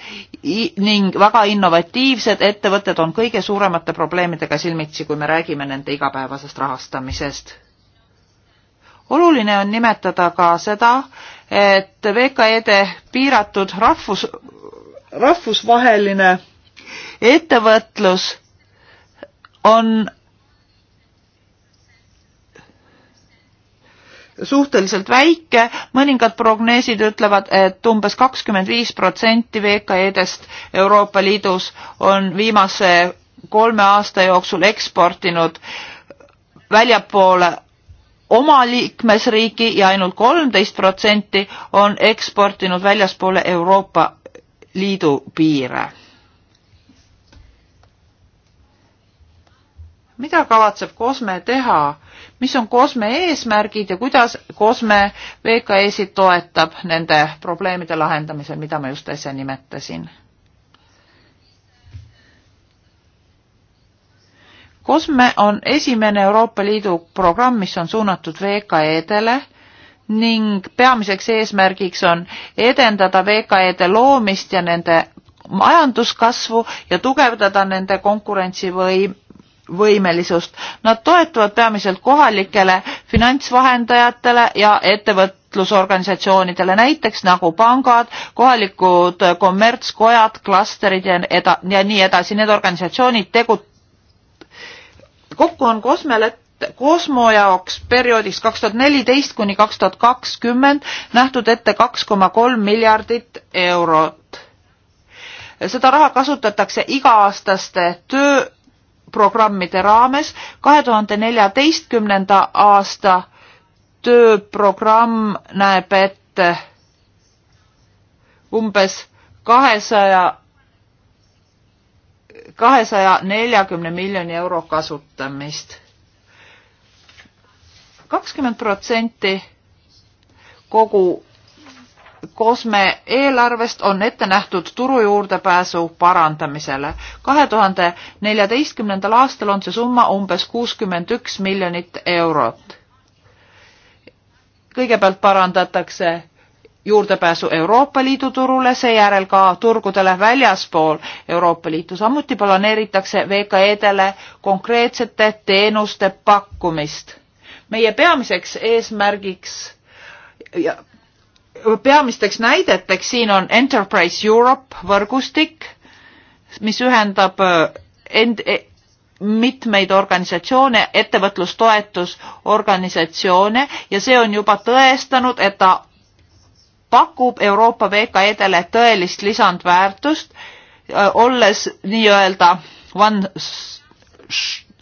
ning väga innovatiivsed ettevõtted on kõige suuremate probleemidega silmitsi, kui me räägime nende igapäevasest rahastamisest. oluline on nimetada ka seda, et VKE-de piiratud rahvus, rahvusvaheline ettevõtlus on suhteliselt väike, mõningad prognoosid ütlevad, et umbes kakskümmend viis protsenti VKE-dest Euroopa Liidus on viimase kolme aasta jooksul eksportinud väljapoole oma liikmesriigi ja ainult kolmteist protsenti on eksportinud väljaspoole Euroopa Liidu piire mida kavatseb Kosme teha, mis on Kosme eesmärgid ja kuidas Kosme VKE-sid toetab nende probleemide lahendamisel, mida ma just äsja nimetasin? Kosme on esimene Euroopa Liidu programm, mis on suunatud VKE-dele ning peamiseks eesmärgiks on edendada VKE-de loomist ja nende majanduskasvu ja tugevdada nende konkurentsivõim-, võimelisust. Nad toetuvad peamiselt kohalikele finantsvahendajatele ja ettevõtlusorganisatsioonidele, näiteks nagu pangad, kohalikud kommertskojad, klastrid ja, eda, ja nii edasi. Need organisatsioonid tegu-, kokku on Kosmelet Kosmo jaoks perioodiks kaks tuhat neliteist kuni kaks tuhat kakskümmend nähtud ette kaks koma kolm miljardit eurot. seda raha kasutatakse iga-aastaste töö programmide raames. kahe tuhande neljateistkümnenda aasta tööprogramm näeb ette umbes kahesaja, kahesaja neljakümne miljoni euro kasutamist. kakskümmend protsenti kogu kosme eelarvest on ette nähtud turu juurdepääsu parandamisele. kahe tuhande neljateistkümnendal aastal on see summa umbes kuuskümmend üks miljonit eurot. kõigepealt parandatakse juurdepääsu Euroopa Liidu turule, seejärel ka turgudele väljaspool Euroopa Liitu. samuti planeeritakse VKE-dele konkreetsete teenuste pakkumist. meie peamiseks eesmärgiks ja peamisteks näideteks siin on Enterprise Europe võrgustik, mis ühendab äh, end, e-, mitmeid organisatsioone, ettevõtlustoetusorganisatsioone ja see on juba tõestanud, et ta pakub Euroopa VKE-dele tõelist lisandväärtust, äh, olles nii-öelda one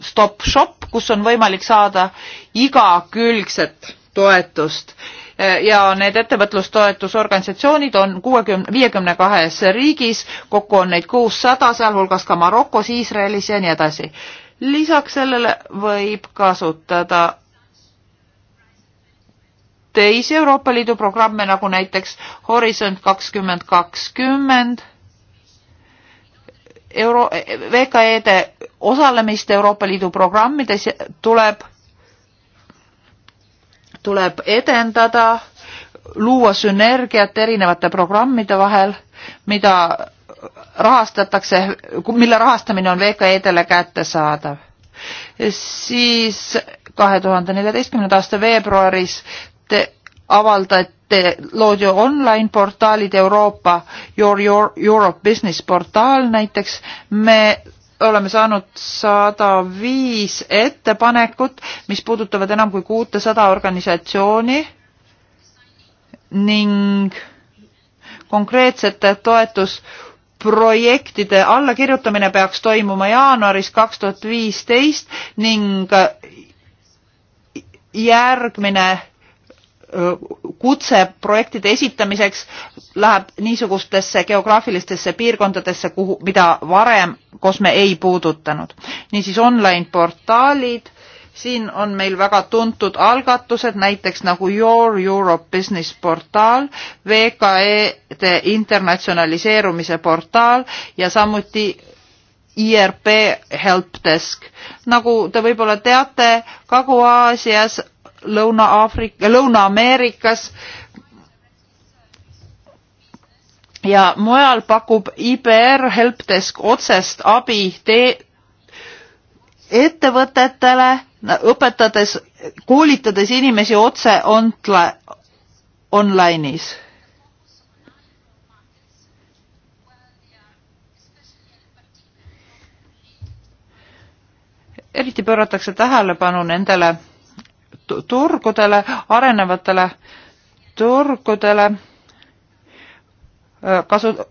stop shop, kus on võimalik saada igakülgset toetust ja need ettevõtlustoetusorganisatsioonid on kuuekümne, viiekümne kahes riigis, kokku on neid kuussada, sealhulgas ka Marokos, Iisraelis ja nii edasi. lisaks sellele võib kasutada teisi Euroopa Liidu programme, nagu näiteks Horisont kakskümmend kakskümmend, euro, VKE-de osalemist Euroopa Liidu programmides tuleb tuleb edendada, luua sünergiat erinevate programmide vahel, mida rahastatakse, mille rahastamine on VKE-dele kättesaadav. siis kahe tuhande neljateistkümnenda aasta veebruaris te avaldate, loodi online portaalid Euroopa Your, Your Europe Business portaal näiteks. me oleme saanud sada viis ettepanekut, mis puudutavad enam kui kuutesada organisatsiooni ning konkreetsete toetusprojektide allakirjutamine peaks toimuma jaanuaris kaks tuhat viisteist ning järgmine kutse projektide esitamiseks läheb niisugustesse geograafilistesse piirkondadesse, kuhu, mida varem Kosme ei puudutanud. niisiis online portaalid, siin on meil väga tuntud algatused, näiteks nagu Your Europe Business portaal, VKE-de internatsionaliseerumise portaal ja samuti IRP helpdesk. nagu te võib-olla teate, Kagu-Aasias Lõuna-Aafrika, Lõuna-Ameerikas ja mujal pakub IBR Helpdesk otsest abi tee ettevõtetele, õpetades, koolitades inimesi otse onla-, online'is. eriti pööratakse tähelepanu nendele turgudele, arenevatele turgudele äh, kasu-,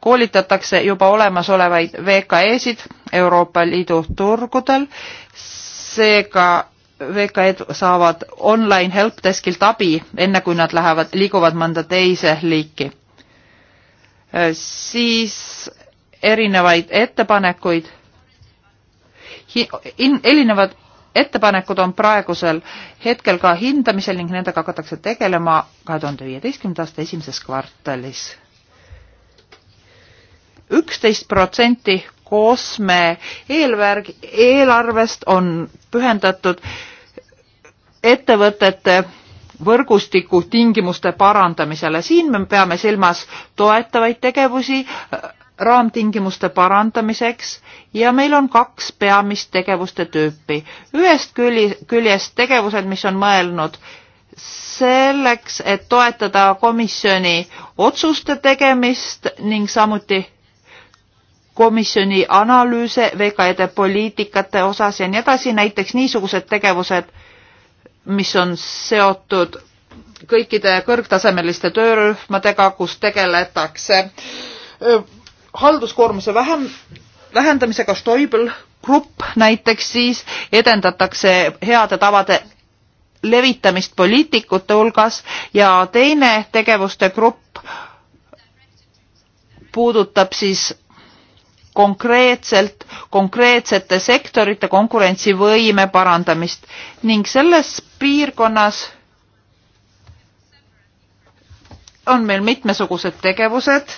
koolitatakse juba olemasolevaid VKE-sid Euroopa Liidu turgudel, seega VKE-d saavad online helpdeskilt abi, enne kui nad lähevad, liiguvad mõnda teise liiki. Äh, siis erinevaid ettepanekuid, erinevad ettepanekud on praegusel hetkel ka hindamisel ning nendega hakatakse tegelema kahe tuhande viieteistkümnenda aasta esimeses kvartalis. üksteist protsenti koosme eelvärg, eelarvest on pühendatud ettevõtete võrgustiku tingimuste parandamisele. siin me peame silmas toetavaid tegevusi, raamtingimuste parandamiseks ja meil on kaks peamist tegevuste tüüpi. ühest küljest tegevused, mis on mõelnud selleks, et toetada komisjoni otsuste tegemist ning samuti komisjoni analüüse VKD poliitikate osas ja nii edasi, näiteks niisugused tegevused, mis on seotud kõikide kõrgtasemeliste töörühmadega, kus tegeletakse halduskoormuse vähem, vähendamisega Stoibel Grupp näiteks siis edendatakse heade tavade levitamist poliitikute hulgas ja teine tegevuste grupp puudutab siis konkreetselt konkreetsete sektorite konkurentsivõime parandamist ning selles piirkonnas on meil mitmesugused tegevused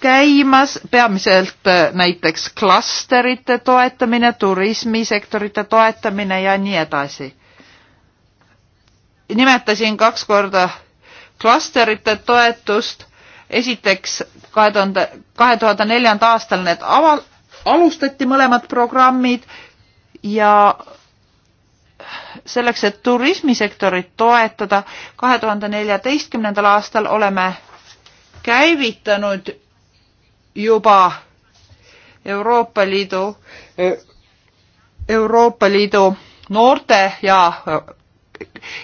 käimas, peamiselt äh, näiteks klasterite toetamine, turismisektorite toetamine ja nii edasi. nimetasin kaks korda klasterite toetust, esiteks kahe tuhande, kahe tuhande neljanda aastal need aval-, alustati mõlemad programmid ja selleks, et turismisektorit toetada, kahe tuhande neljateistkümnendal aastal oleme käivitanud juba Euroopa Liidu, Euroopa Liidu noorte ja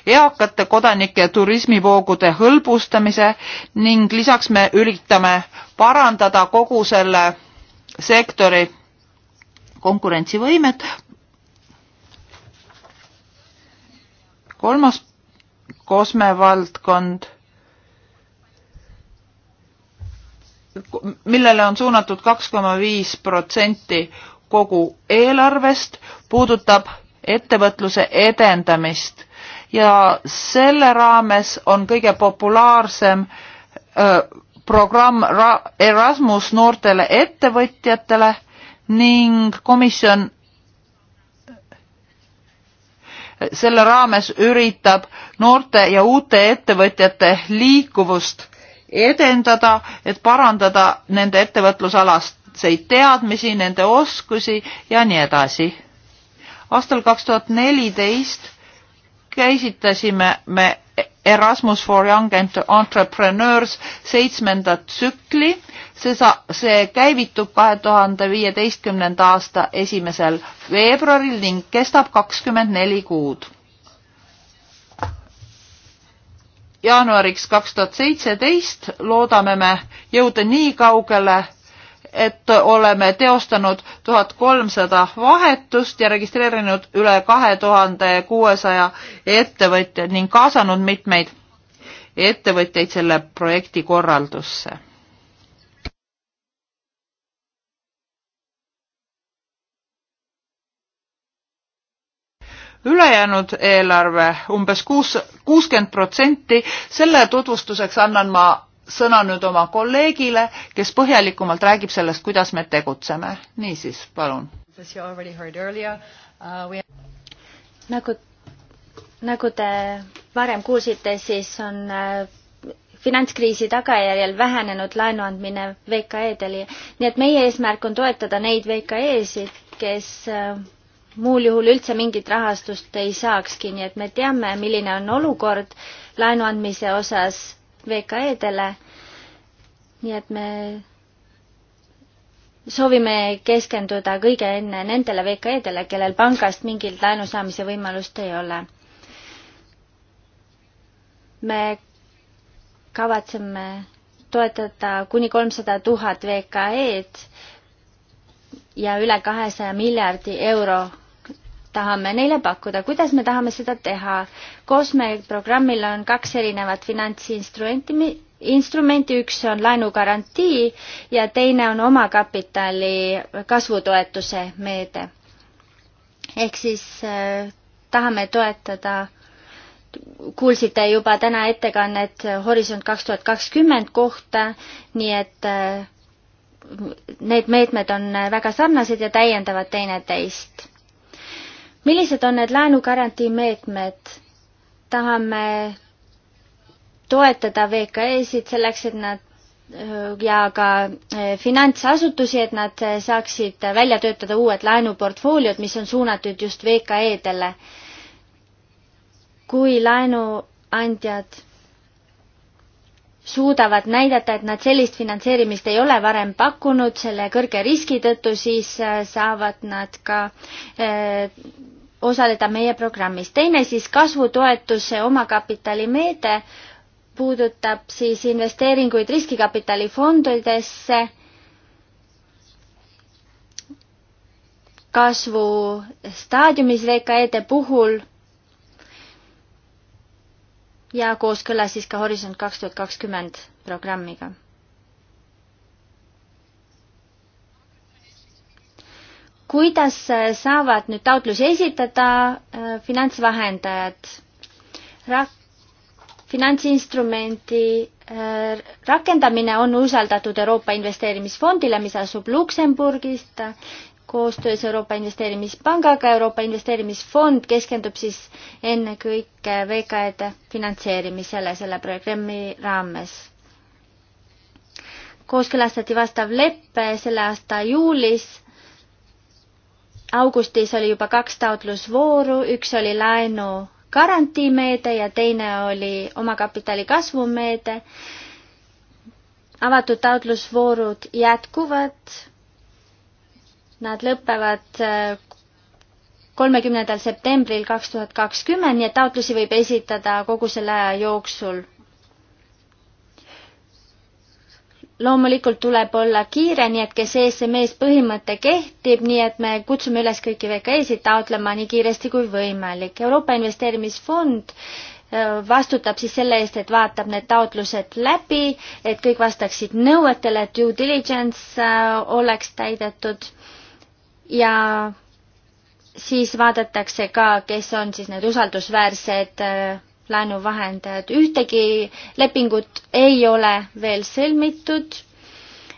eakate kodanike turismivoogude hõlbustamise ning lisaks me üritame parandada kogu selle sektori konkurentsivõimet. kolmas kosmevaldkond millele on suunatud kaks koma viis protsenti kogu eelarvest, puudutab ettevõtluse edendamist ja selle raames on kõige populaarsem öö, programm Erasmus noortele ettevõtjatele ning komisjon selle raames üritab noorte ja uute ettevõtjate liikuvust edendada, et parandada nende ettevõtlusalaseid teadmisi, nende oskusi ja nii edasi. aastal kaks tuhat neliteist käisitasime me Erasmus for Young Entrepreneurs seitsmenda tsükli, see sa-, see käivitub kahe tuhande viieteistkümnenda aasta esimesel veebruaril ning kestab kakskümmend neli kuud jaanuariks kaks tuhat seitseteist loodame me jõuda nii kaugele, et oleme teostanud tuhat kolmsada vahetust ja registreerinud üle kahe tuhande kuuesaja ettevõtja ning kaasanud mitmeid ettevõtjaid selle projekti korraldusse ülejäänud eelarve umbes kuus, kuuskümmend protsenti, selle tutvustuseks annan ma sõna nüüd oma kolleegile, kes põhjalikumalt räägib sellest, kuidas me tegutseme. niisiis, palun. Uh, nagu, nagu te varem kuulsite, siis on uh, finantskriisi tagajärjel vähenenud laenu andmine VKE-dele, nii et meie eesmärk on toetada neid VKE-sid, kes uh, muul juhul üldse mingit rahastust ei saakski, nii et me teame, milline on olukord laenu andmise osas VKE-dele. nii et me soovime keskenduda kõige enne nendele VKE-dele, kellel pangast mingit laenu saamise võimalust ei ole. me kavatseme toetada kuni kolmsada tuhat VKE-d ja üle kahesaja miljardi euro tahame neile pakkuda, kuidas me tahame seda teha. COSME programmil on kaks erinevat finantsinstrumenti, instrumenti, üks on laenugarantii ja teine on omakapitali kasvutoetuse meede. ehk siis äh, tahame toetada kuulsite juba täna ettekannet Horisont kaks tuhat kakskümmend kohta, nii et äh, need meetmed on väga sarnased ja täiendavad teineteist millised on need laenugarantii meetmed? tahame toetada VKE-sid selleks, et nad ja ka eh, finantsasutusi, et nad eh, saaksid välja töötada uued laenuportfooliod, mis on suunatud just VKE-dele. kui laenuandjad suudavad näidata, et nad sellist finantseerimist ei ole varem pakkunud selle kõrge riski tõttu, siis eh, saavad nad ka osaleda meie programmis. teine siis kasvutoetuse omakapitalimeede puudutab siis investeeringuid riskikapitalifondidesse, kasvustaadiumis VKE-de puhul ja kooskõlas siis ka Horisont kaks tuhat kakskümmend programmiga kuidas äh, saavad nüüd taotlusi esitada äh, finantsvahendajad? finantsinstrumendi äh, rakendamine on usaldatud Euroopa Investeerimisfondile, mis asub Luksemburgist koostöös Euroopa Investeerimispangaga. Euroopa Investeerimisfond keskendub siis ennekõike VKE-de finantseerimisele selle programmi raames. kooskõlastati vastav lepe selle aasta juulis augustis oli juba kaks taotlusvooru, üks oli laenu garantiimeede ja teine oli omakapitali kasvumeede. avatud taotlusvoorud jätkuvad. Nad lõpevad äh, kolmekümnendal septembril kaks tuhat kakskümmend, nii et taotlusi võib esitada kogu selle aja jooksul loomulikult tuleb olla kiire, nii et kes e ESM-is põhimõte kehtib, nii et me kutsume üles kõiki VKE-sid taotlema nii kiiresti kui võimalik. Euroopa Investeerimisfond äh, vastutab siis selle eest, et vaatab need taotlused läbi, et kõik vastaksid nõuetele, et due diligence äh, oleks täidetud ja siis vaadatakse ka, kes on siis need usaldusväärsed äh, laenuvahendajad. ühtegi lepingut ei ole veel sõlmitud.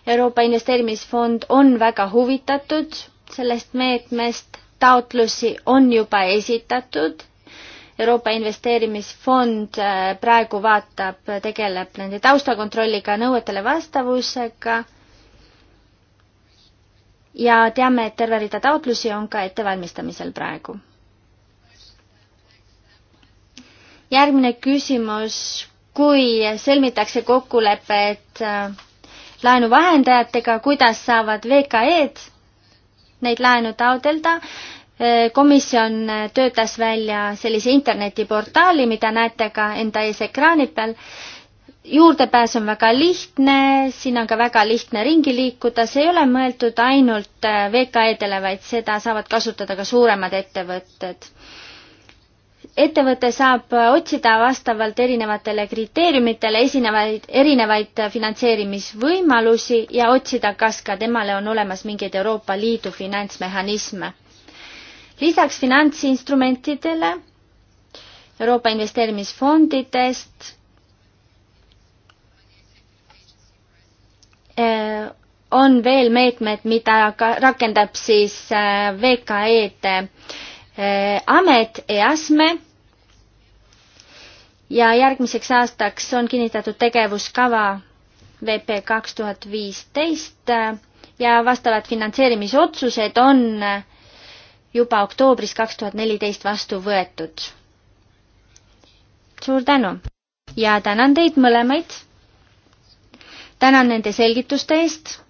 Euroopa Investeerimisfond on väga huvitatud sellest meetmest, taotlusi on juba esitatud. Euroopa Investeerimisfond äh, praegu vaatab, tegeleb nende taustakontrolliga, nõuetele vastavusega. ja teame, et terve rida taotlusi on ka ettevalmistamisel praegu järgmine küsimus, kui sõlmitakse kokkulepped äh, laenuvahendajatega, kuidas saavad VKE-d neid laenu taodelda? Äh, komisjon äh, töötas välja sellise internetiportaali, mida näete ka enda ees ekraani peal juurdepääs on väga lihtne, siin on ka väga lihtne ringi liikuda, see ei ole mõeldud ainult VKE-dele, vaid seda saavad kasutada ka suuremad ettevõtted ettevõte saab otsida vastavalt erinevatele kriteeriumitele esinevaid, erinevaid finantseerimisvõimalusi ja otsida, kas ka temale on olemas mingeid Euroopa Liidu finantsmehhanisme. lisaks finantsinstrumentidele Euroopa investeerimisfondidest eh, on veel meetmed, mida ka rakendab siis eh, VKE-de eh, amet EASME ja järgmiseks aastaks on kinnitatud tegevuskava VP kaks tuhat viisteist ja vastavad finantseerimisotsused on juba oktoobris kaks tuhat neliteist vastu võetud. suur tänu ja tänan teid mõlemaid. tänan nende selgituste eest.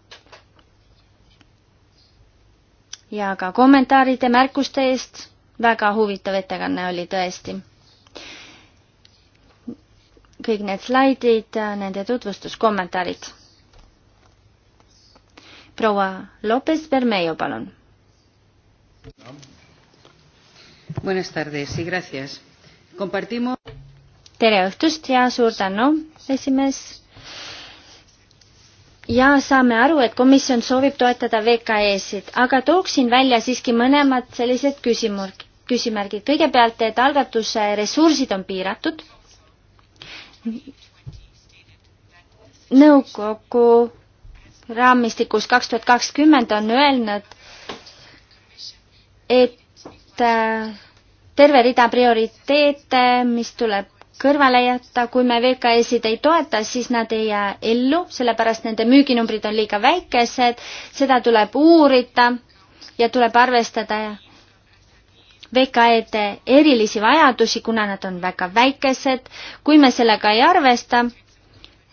ja ka kommentaaride, märkuste eest. väga huvitav ettekanne oli tõesti kõik need slaidid, nende tutvustuskommentaarid. proua Lopez Bermejo, palun. tere õhtust ja suur tänu, esimees ja saame aru, et komisjon soovib toetada VKE-sid, aga tooksin välja siiski mõlemad sellised küsimärk-, küsimärgid. kõigepealt, et algatuse ressursid on piiratud nõukogu raamistikus kaks tuhat kakskümmend on öelnud, et äh, terve rida prioriteete, mis tuleb kõrvale jätta, kui me VKS-id ei toeta, siis nad ei jää ellu, sellepärast nende müüginumbrid on liiga väikesed, seda tuleb uurida ja tuleb arvestada VKE-de erilisi vajadusi, kuna nad on väga väikesed. kui me sellega ei arvesta,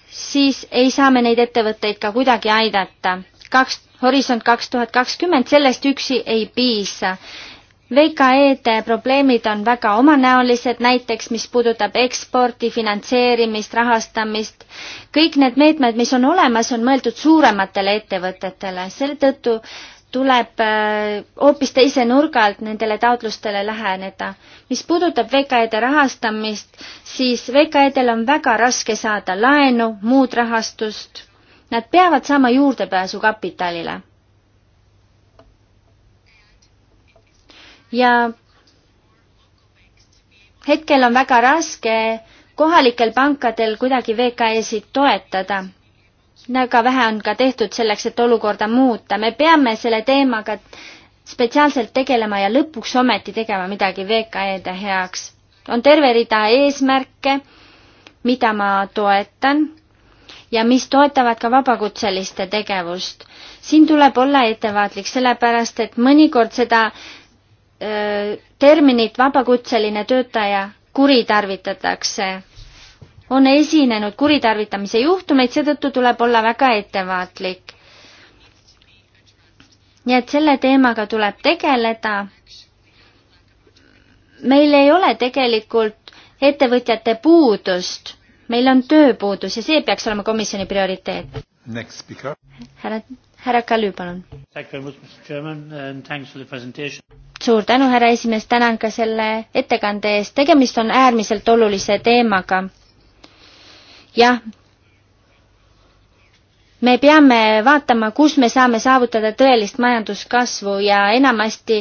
siis ei saa me neid ettevõtteid ka kuidagi aidata. kaks, Horisont kaks tuhat kakskümmend, sellest üksi ei piisa. VKE-de probleemid on väga omanäolised, näiteks mis puudutab eksporti, finantseerimist, rahastamist. kõik need meetmed, mis on olemas, on mõeldud suurematele ettevõtetele, selle tõttu tuleb äh, hoopis teise nurga alt nendele taotlustele läheneda. mis puudutab VKE-de rahastamist, siis VKE-del on väga raske saada laenu, muud rahastust. Nad peavad saama juurdepääsu kapitalile. ja hetkel on väga raske kohalikel pankadel kuidagi VKE-sid toetada väga vähe on ka tehtud selleks, et olukorda muuta. me peame selle teemaga spetsiaalselt tegelema ja lõpuks ometi tegema midagi VKE-de heaks. on terve rida eesmärke, mida ma toetan ja mis toetavad ka vabakutseliste tegevust. siin tuleb olla ettevaatlik, sellepärast et mõnikord seda öö, terminit vabakutseline töötaja kuritarvitatakse on esinenud kuritarvitamise juhtumeid, seetõttu tuleb olla väga ettevaatlik. nii et selle teemaga tuleb tegeleda. meil ei ole tegelikult ettevõtjate puudust, meil on tööpuudus ja see peaks olema komisjoni prioriteet. härra härra Kalju, palun. suur tänu, härra esimees, tänan ka selle ettekande eest, tegemist on äärmiselt olulise teemaga jah, me peame vaatama, kus me saame saavutada tõelist majanduskasvu ja enamasti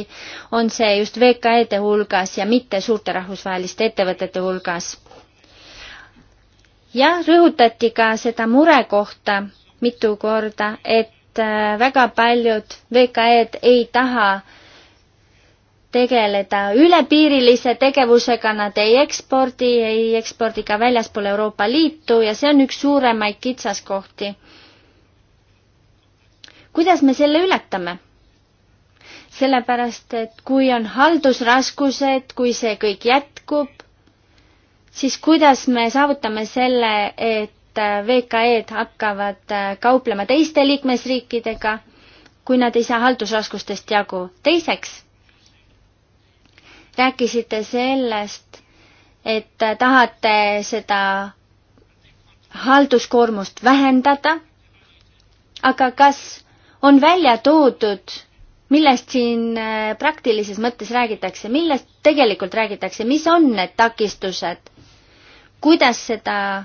on see just VKE-de hulgas ja mitte suurte rahvusvaheliste ettevõtete hulgas. jah, rõhutati ka seda murekohta mitu korda, et äh, väga paljud VKE-d ei taha äh, tegeleda ülepiirilise tegevusega, nad ei ekspordi, ei ekspordi ka väljaspool Euroopa Liitu ja see on üks suuremaid kitsaskohti. kuidas me selle ületame? sellepärast, et kui on haldusraskused, kui see kõik jätkub, siis kuidas me saavutame selle, et VKE-d hakkavad kauplema teiste liikmesriikidega, kui nad ei saa haldusraskustest jagu. teiseks, rääkisite sellest, et tahate seda halduskoormust vähendada, aga kas on välja toodud, millest siin äh, praktilises mõttes räägitakse, millest tegelikult räägitakse, mis on need takistused, kuidas seda,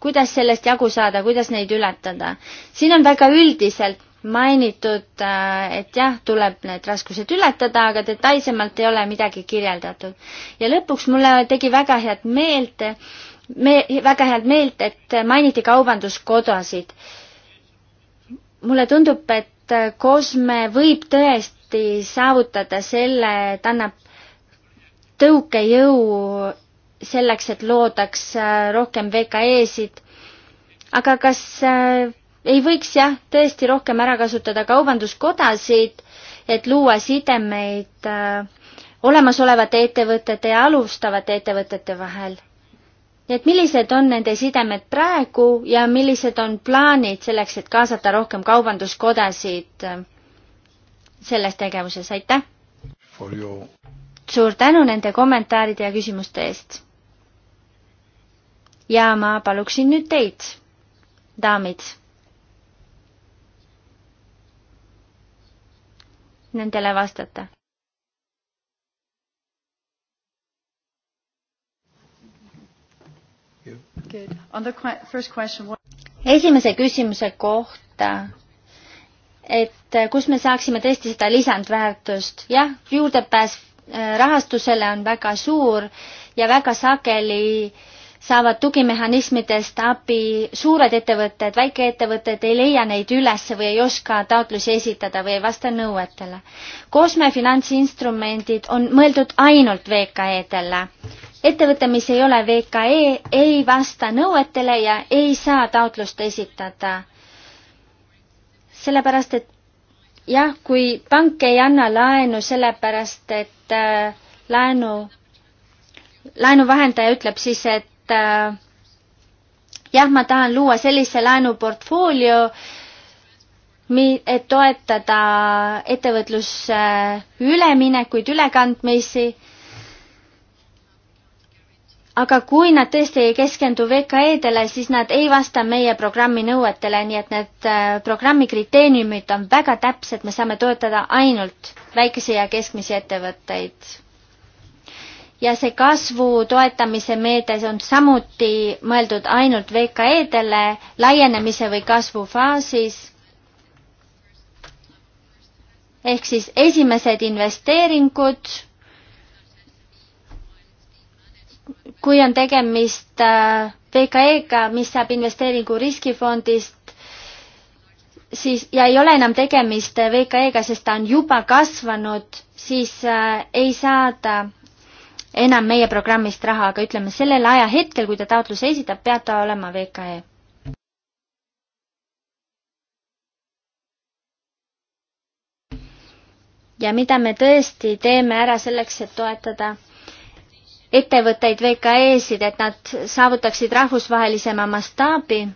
kuidas sellest jagu saada, kuidas neid ületada? siin on väga üldiselt mainitud, äh, et jah, tuleb need raskused ületada, aga detailsemalt ei ole midagi kirjeldatud. ja lõpuks mulle tegi väga head meelt, me, väga head meelt, et mainiti kaubanduskodasid. mulle tundub, et Kosme võib tõesti saavutada selle, et annab tõukejõu selleks, et loodaks rohkem VKE-sid. aga kas äh, ei võiks jah, tõesti rohkem ära kasutada kaubanduskodasid, et luua sidemeid äh, olemasolevate ettevõtete ja alustavate ettevõtete vahel. nii et millised on nende sidemed praegu ja millised on plaanid selleks, et kaasata rohkem kaubanduskodasid äh, selles tegevuses, aitäh! suur tänu nende kommentaaride ja küsimuste eest! ja ma paluksin nüüd teid, daamid nendele vastata? esimese küsimuse kohta, et äh, kus me saaksime tõesti seda lisandväärtust, jah, juurdepääs äh, rahastusele on väga suur ja väga sageli äh, saavad tugimehhanismidest abi, suured ettevõtted, väikeettevõtted ei leia neid üles või ei oska taotlusi esitada või ei vasta nõuetele. Kosme finantsinstrumendid on mõeldud ainult VKE-dele. ettevõte, mis ei ole VKE, ei vasta nõuetele ja ei saa taotlust esitada. sellepärast, et jah, kui pank ei anna laenu sellepärast, et äh, laenu laenuvahendaja ütleb siis, et et äh, jah, ma tahan luua sellise laenuportfoolio, et toetada ettevõtluse üleminekuid, ülekandmisi aga kui nad tõesti ei keskendu VKE-dele, siis nad ei vasta meie programmi nõuetele, nii et need äh, programmi kriteeriumid on väga täpsed, me saame toetada ainult väikese ja keskmisi ettevõtteid ja see kasvu toetamise meede, see on samuti mõeldud ainult VKE-dele laienemise või kasvu faasis. ehk siis esimesed investeeringud, kui on tegemist äh, VKE-ga, mis saab investeeringu riskifondist, siis ja ei ole enam tegemist VKE-ga, sest ta on juba kasvanud, siis äh, ei saada enam meie programmist raha, aga ütleme, sellel ajahetkel, kui ta taotluse esitab, peab ta olema VKE ja mida me tõesti teeme ära selleks, et toetada ettevõtteid, VKE-sid, et nad saavutaksid rahvusvahelisema mastaabi.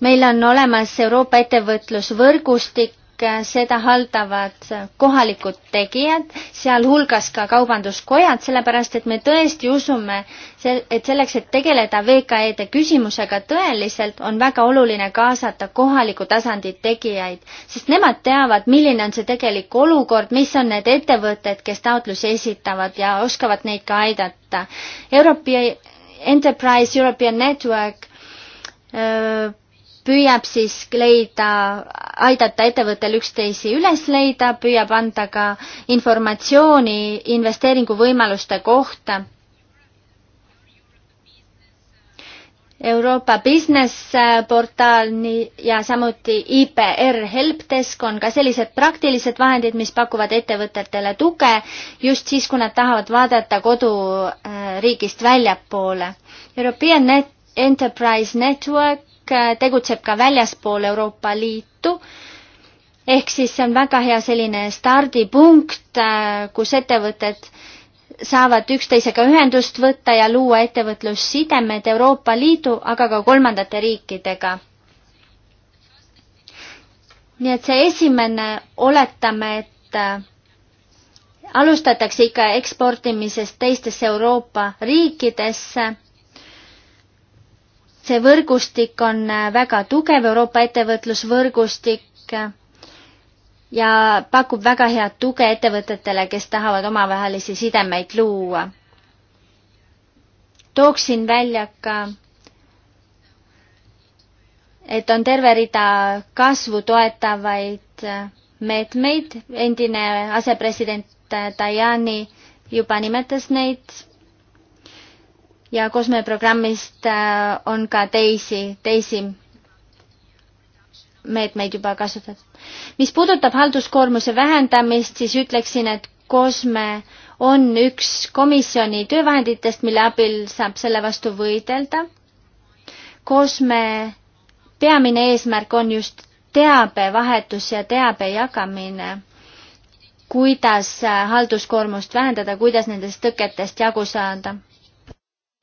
meil on olemas Euroopa ettevõtlusvõrgustik, ning seda haldavad kohalikud tegijad, sealhulgas ka kaubanduskojad, sellepärast et me tõesti usume, et selleks, et tegeleda VKE-de küsimusega tõeliselt, on väga oluline kaasata kohaliku tasandi tegijaid, sest nemad teavad, milline on see tegelik olukord, mis on need ettevõtted, kes taotlusi esitavad ja oskavad neid ka aidata. European Enterprise European Network öö, püüab siis leida, aidata ettevõttel üksteisi üles leida, püüab anda ka informatsiooni investeeringuvõimaluste kohta. Euroopa Business portaal ja samuti IPR Helpdesk on ka sellised praktilised vahendid, mis pakuvad ettevõtetele tuge just siis, kui nad tahavad vaadata koduriigist äh, väljapoole. European Net Enterprise Network Äh, tegutseb ka väljaspool Euroopa Liitu, ehk siis see on väga hea selline stardipunkt, äh, kus ettevõtted saavad üksteisega ühendust võtta ja luua ettevõtlussidemed Euroopa Liidu, aga ka kolmandate riikidega. nii et see esimene, oletame, et äh, alustatakse ikka eksportimisest teistesse Euroopa riikidesse see võrgustik on äh, väga tugev, Euroopa ettevõtlusvõrgustik äh, ja pakub väga head tuge ettevõtetele, kes tahavad omavahelisi sidemeid luua. tooksin välja ka, et on terve rida kasvu toetavaid äh, meetmeid, endine asepresident Tajani juba nimetas neid ja COSME programmist äh, on ka teisi, teisi meetmeid juba kasutatud. mis puudutab halduskoormuse vähendamist, siis ütleksin, et COSME on üks komisjoni töövahenditest, mille abil saab selle vastu võidelda. COSME peamine eesmärk on just teabevahetus ja teabe jagamine, kuidas halduskoormust vähendada, kuidas nendest tõketest jagu saada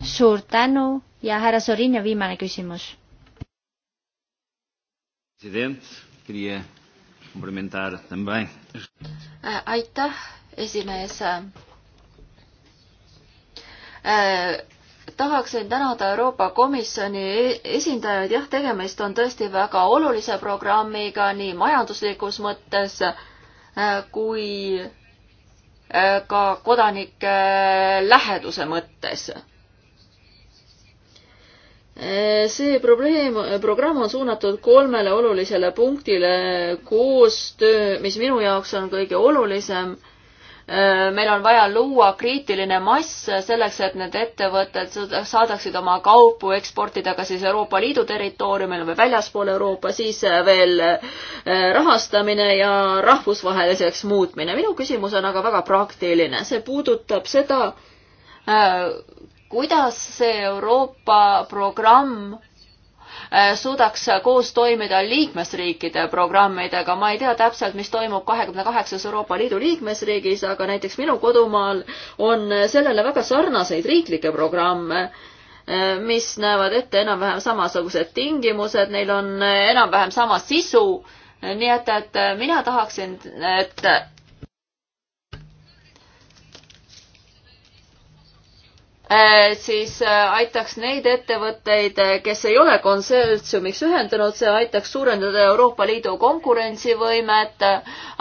suur tänu ja härra Sorin ja viimane küsimus. aitäh, esimees äh, tahaksin tänada Euroopa Komisjoni esindajaid, jah, tegemist on tõesti väga olulise programmiga nii majanduslikus mõttes äh, kui äh, ka kodanike äh, läheduse mõttes Äh, see probleem, äh, programm on suunatud kolmele olulisele punktile, koostöö, mis minu jaoks on kõige olulisem. Äh, meil on vaja luua kriitiline mass selleks, et need ettevõtted saadaksid oma kaupu eksportida kas siis Euroopa Liidu territooriumil või väljaspool Euroopa, siis veel rahastamine ja rahvusvaheliseks muutmine. minu küsimus on aga väga praktiline, see puudutab seda, kuidas see Euroopa programm äh, suudaks koos toimida liikmesriikide programmidega. ma ei tea täpselt, mis toimub kahekümne kaheksas Euroopa Liidu liikmesriigis, aga näiteks minu kodumaal on sellele väga sarnaseid riiklikke programme, äh, mis näevad ette enam-vähem samasugused tingimused, neil on enam-vähem sama sisu, nii et, et mina tahaksin, et Äh, siis äh, aitaks neid ettevõtteid, äh, kes ei ole konsortsiumiks ühendunud, see aitaks suurendada Euroopa Liidu konkurentsivõimet,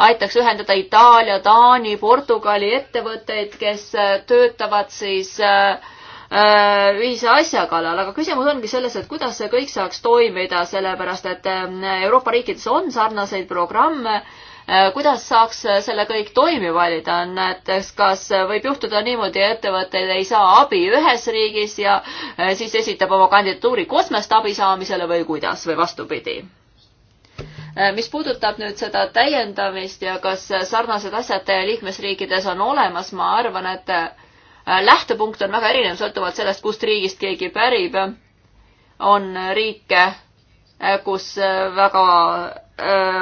aitaks ühendada Itaalia, Taani, Portugali ettevõtteid, kes töötavad siis ühise asja kallal, aga küsimus ongi selles, et kuidas see kõik saaks toimida, sellepärast et Euroopa riikides on sarnaseid programme Äh, kuidas saaks äh, selle kõik toimima valida, näiteks kas äh, võib juhtuda niimoodi, ettevõtted ei saa abi ühes riigis ja siis esitab oma kandidatuuri kosmest abi saamisele või kuidas või vastupidi? mis puudutab nüüd seda täiendamist ja kas sarnased asjad liikmesriikides on olemas, ma arvan, et lähtepunkt on väga erinev, sõltuvalt sellest, kust riigist keegi pärib. on riike, kus väga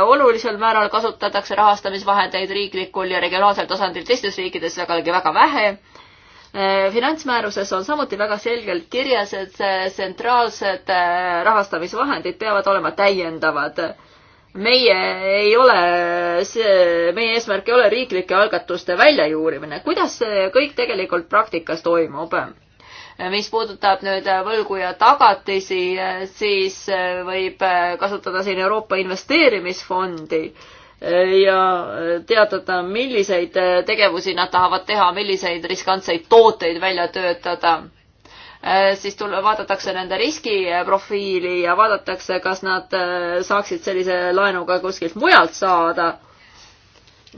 olulisel määral kasutatakse rahastamisvahendeid riiklikul ja regionaalsel tasandil teistes riikides vägagi väga vähe. finantsmääruses on samuti väga selgelt kirjas, et tsentraalsed rahastamisvahendid peavad olema täiendavad. meie ei ole, see, meie eesmärk ei ole riiklike algatuste väljajuurimine. kuidas see kõik tegelikult praktikas toimub? mis puudutab nüüd äh, võlgu ja tagatisi, äh, siis äh, võib kasutada siin Euroopa Investeerimisfondi ja teatada, milliseid tegevusi nad tahavad teha, milliseid riskantseid tooteid välja töötada siis tule, vaadatakse nende riskiprofiili ja vaadatakse, kas nad saaksid sellise laenuga kuskilt mujalt saada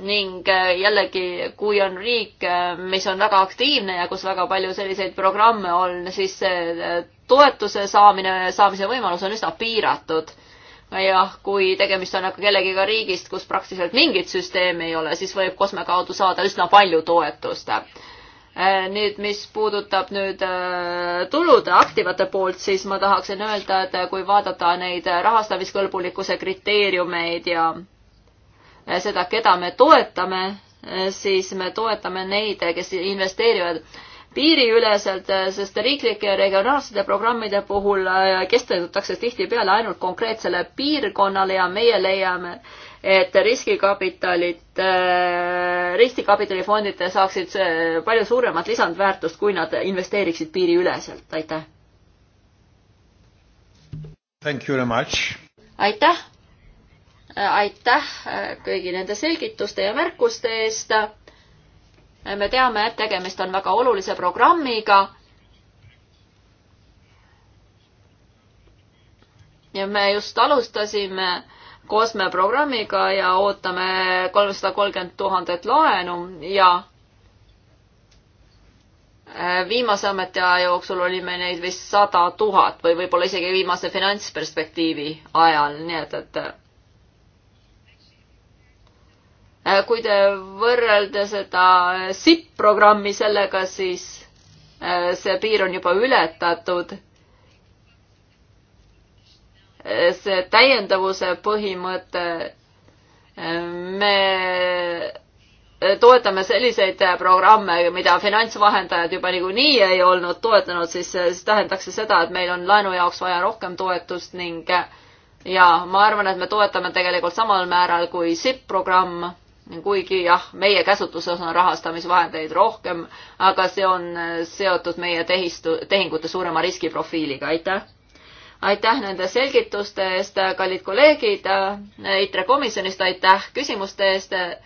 ning äh, jällegi, kui on riik, äh, mis on väga aktiivne ja kus väga palju selliseid programme on, siis äh, toetuse saamine, saamise võimalus on üsna piiratud. jah, kui tegemist on aga kellegiga riigist, kus praktiliselt mingit süsteemi ei ole, siis võib kosme kaudu saada üsna palju toetust. nüüd, mis puudutab nüüd tulude aktivate poolt, siis ma tahaksin öelda, et kui vaadata neid rahastamiskõlbulikkuse kriteeriumeid ja seda, keda me toetame, siis me toetame neid, kes investeerivad piiriüleselt, sest riiklike ja regionaalsete programmide puhul äh, keskendutakse tihtipeale ainult konkreetsele piirkonnale ja meie leiame, et riskikapitalid, äh, riskikapitalifondid saaksid äh, palju suuremat lisandväärtust, kui nad investeeriksid piiriüleselt, aitäh. aitäh aitäh äh, kõigi nende selgituste ja märkuste eest. Äh, me teame, et tegemist on väga olulise programmiga. ja me just alustasime Kosme programmiga ja ootame kolmsada kolmkümmend tuhandet laenu ja äh, viimase ametiaja jooksul oli meil neid vist sada tuhat või võib-olla isegi viimase finantsperspektiivi ajal, nii et, et Äh, kui te võrrelda seda äh, SIP-programmi sellega, siis äh, see piir on juba ületatud. see täiendavuse põhimõte, me toetame selliseid programme, mida finantsvahendajad juba niikuinii ei olnud toetanud, siis, siis tähendaks see seda, et meil on laenu jaoks vaja rohkem toetust ning ja ma arvan, et me toetame tegelikult samal määral kui SIP-programm kuigi jah, meie käsutuses on rahastamisvahendeid rohkem, aga see on äh, seotud meie tehistu, tehingute suurema riskiprofiiliga, aitäh! aitäh nende selgituste eest, kallid kolleegid, äh, ITRE komisjonist aitäh küsimuste eest. Äh,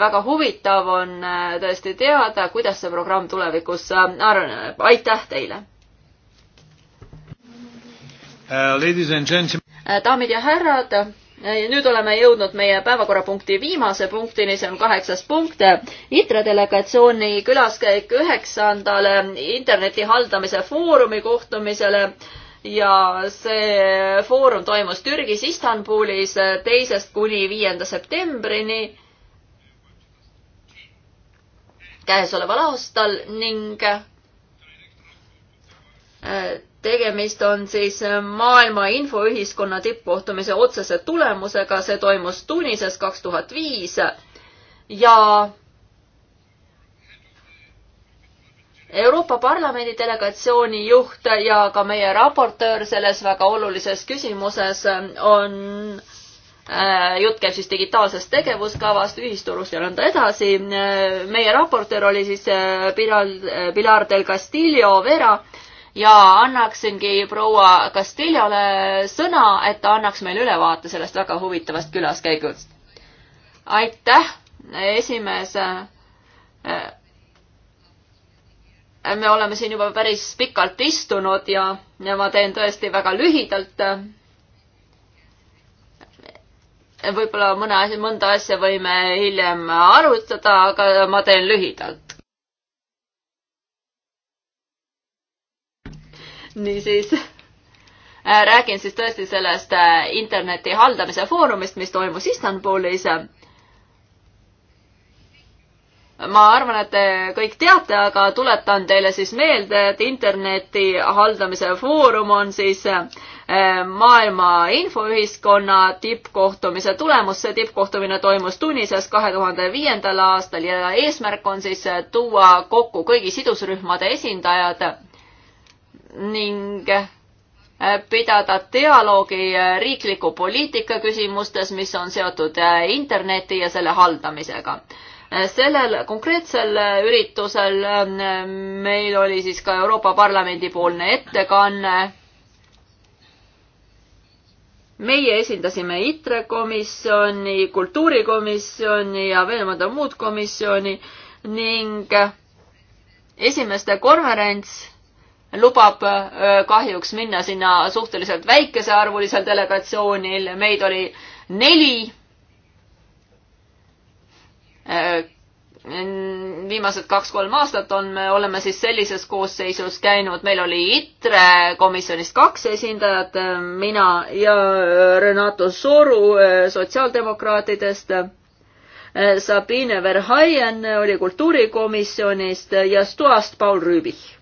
väga huvitav on tõesti teada, kuidas see programm tulevikus areneb, aitäh teile uh,! daamid ja härrad nüüd oleme jõudnud meie päevakorrapunkti viimase punktini, see on kaheksas punkt. ITRE delegatsiooni külaskäik üheksandale interneti haldamise foorumi kohtumisele ja see foorum toimus Türgis Istanbulis teisest kuni viienda septembrini käesoleval aastal ning äh, tegemist on siis äh, maailma infoühiskonna tippkohtumise otsese tulemusega, see toimus Tunises kaks tuhat viis ja Euroopa Parlamendi delegatsiooni juht ja ka meie raportöör selles väga olulises küsimuses on, äh, jutt käib siis digitaalsest tegevuskavast, ühisturust ja nõnda edasi. Äh, meie raportöör oli siis Pilar, Pilar del Castillo Vera ja annaksingi proua Castiljole sõna, et ta annaks meile ülevaate sellest väga huvitavast külaskäigust. aitäh, esimees. me oleme siin juba päris pikalt istunud ja, ja ma teen tõesti väga lühidalt. võib-olla mõne asja, mõnda asja võime hiljem arutada, aga ma teen lühidalt niisiis äh, räägin siis tõesti sellest äh, interneti haldamise foorumist, mis toimus Istanbulis. ma arvan, et te kõik teate, aga tuletan teile siis meelde, et interneti haldamise foorum on siis äh, maailma infoühiskonna tippkohtumise tulemus. see tippkohtumine toimus Tunises kahe tuhande viiendal aastal ja eesmärk on siis tuua kokku kõigi sidusrühmade esindajad ning äh, pidada dialoogi äh, riikliku poliitika küsimustes, mis on seotud äh, interneti ja selle haldamisega. sellel konkreetsel üritusel ähm, meil oli siis ka Euroopa Parlamendi poolne ettekanne. meie esindasime ITRE komisjoni, kultuurikomisjoni ja veel mõnda muud komisjoni ning esimeste konverents lubab kahjuks minna sinna suhteliselt väikesearvulisel delegatsioonil, meid oli neli. viimased kaks-kolm aastat on, me oleme siis sellises koosseisus käinud, meil oli ITRE komisjonist kaks esindajat, mina ja Renato Soru sotsiaaldemokraatidest Sabine Verhaien oli kultuurikomisjonist ja Stuast Paul Rüübich.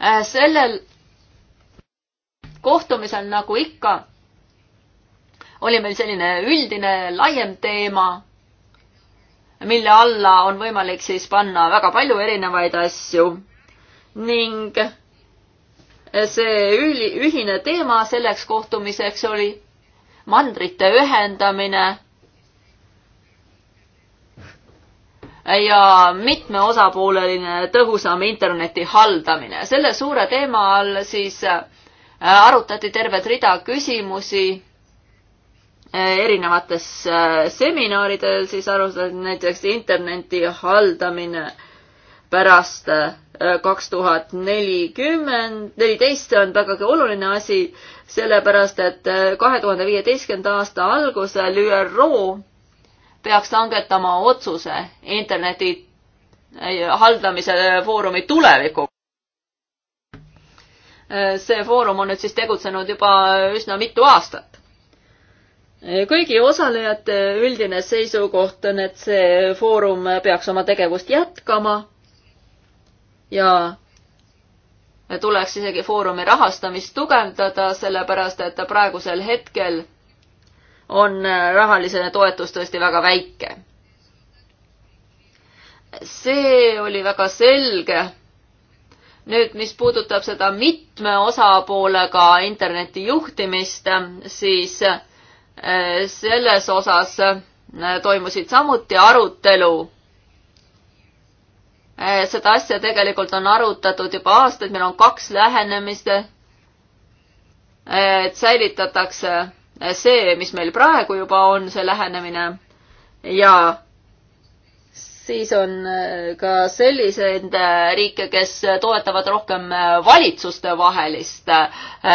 Äh, sellel kohtumisel, nagu ikka, oli meil selline üldine laiem teema, mille alla on võimalik siis panna väga palju erinevaid asju ning see ühine teema selleks kohtumiseks oli mandrite ühendamine ja mitme osapooleline tõhusam interneti haldamine. selle suure teema all siis äh, arutati tervet rida küsimusi äh, erinevates äh, seminaridel, siis arutati näiteks interneti haldamine pärast kaks tuhat nelikümmend, neliteist, see on vägagi oluline asi, sellepärast et kahe tuhande viieteistkümnenda aasta algusel ÜRO peaks langetama otsuse interneti eh, haldamise foorumi tuleviku. Eh, see foorum on nüüd siis tegutsenud juba üsna mitu aastat. Eh, kõigi osalejate üldine seisukoht on, et see foorum peaks oma tegevust jätkama ja tuleks isegi foorumi rahastamist tugevdada, sellepärast et praegusel hetkel on äh, rahaline toetus tõesti väga väike. see oli väga selge. nüüd, mis puudutab seda mitme osapoolega interneti juhtimist, siis äh, selles osas äh, toimusid samuti arutelu. seda asja tegelikult on arutatud juba aastaid, meil on kaks lähenemist. et säilitatakse see, mis meil praegu juba on, see lähenemine ja siis on äh, ka selliseid äh, riike, kes toetavad rohkem äh, valitsustevahelist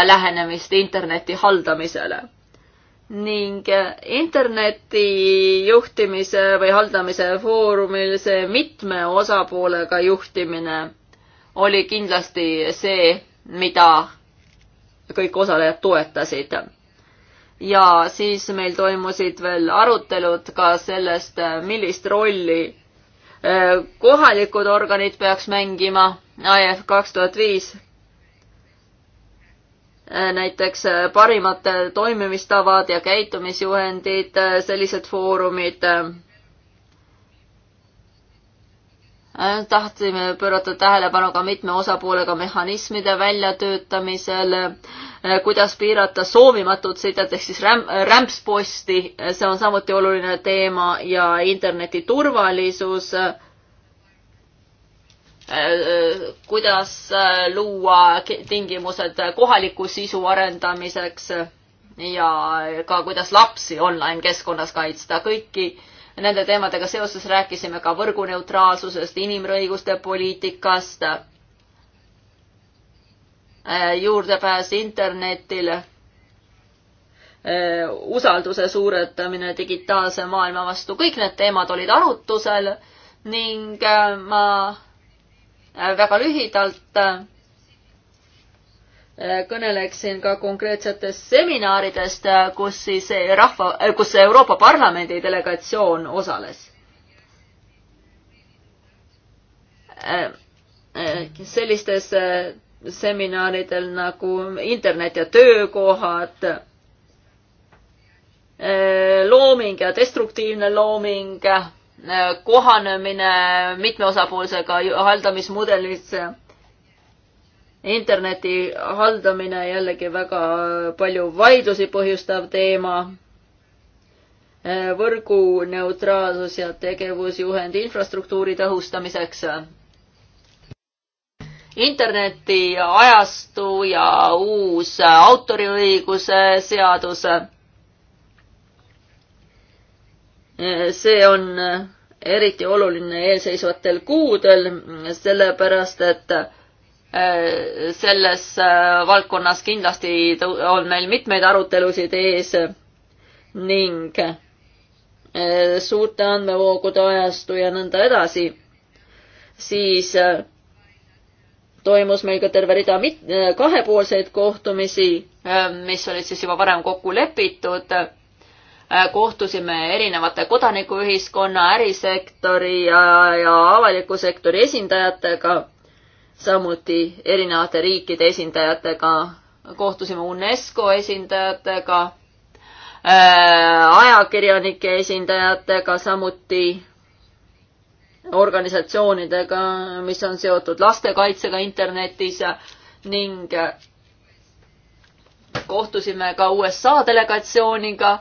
lähenemist interneti haldamisele. ning interneti juhtimise või haldamise foorumil see mitme osapoolega juhtimine oli kindlasti see, mida kõik osalejad toetasid ja siis meil toimusid veel arutelud ka sellest, millist rolli äh, kohalikud organid peaks mängima, AEF kaks tuhat viis. Äh, näiteks äh, parimad toimimistavad ja käitumisjuhendid, sellised foorumid tahtsime pöörata tähelepanu ka mitme osapoolega mehhanismide väljatöötamisele, eh, kuidas piirata soovimatut sidet ehk siis rämp, rämpsposti, see on samuti oluline teema ja interneti turvalisus. Eh, kuidas eh, luua tingimused kohaliku sisu arendamiseks ja ka kuidas lapsi online keskkonnas kaitsta, kõiki nende teemadega seoses rääkisime ka võrguneutraalsusest, inimõiguste poliitikast, äh, juurdepääs internetile, äh, usalduse suuretamine digitaalse maailma vastu, kõik need teemad olid arutusel ning äh, ma väga lühidalt Äh, kõneleksin ka konkreetsetest seminaridest, äh, kus siis äh, rahva, kus Euroopa Parlamendi delegatsioon osales. sellistes seminaridel nagu internet ja töökohad, looming ja destruktiivne looming, kohanemine mitme osapoolsega haldamismudelisse interneti haldamine jällegi väga palju vaidlusi põhjustav teema. võrgu neutraalsus ja tegevusjuhend infrastruktuuri tõhustamiseks. interneti ajastu ja uus autoriõiguse seadus. see on eriti oluline eelseisvatel kuudel, sellepärast et Äh, selles äh, valdkonnas kindlasti on meil mitmeid arutelusid ees ning äh, suurte andmevoogude ajastu ja nõnda edasi, siis toimus meil ka terve rida mit-, kahepoolseid kohtumisi, mis olid siis juba varem kokku lepitud kohtusime erinevate kodanikuühiskonna, ärisektori ja, ja avaliku sektori esindajatega samuti erinevate riikide esindajatega, kohtusime UNESCO esindajatega, äh, ajakirjanike esindajatega, samuti organisatsioonidega, mis on seotud lastekaitsega internetis ning kohtusime ka USA delegatsiooniga.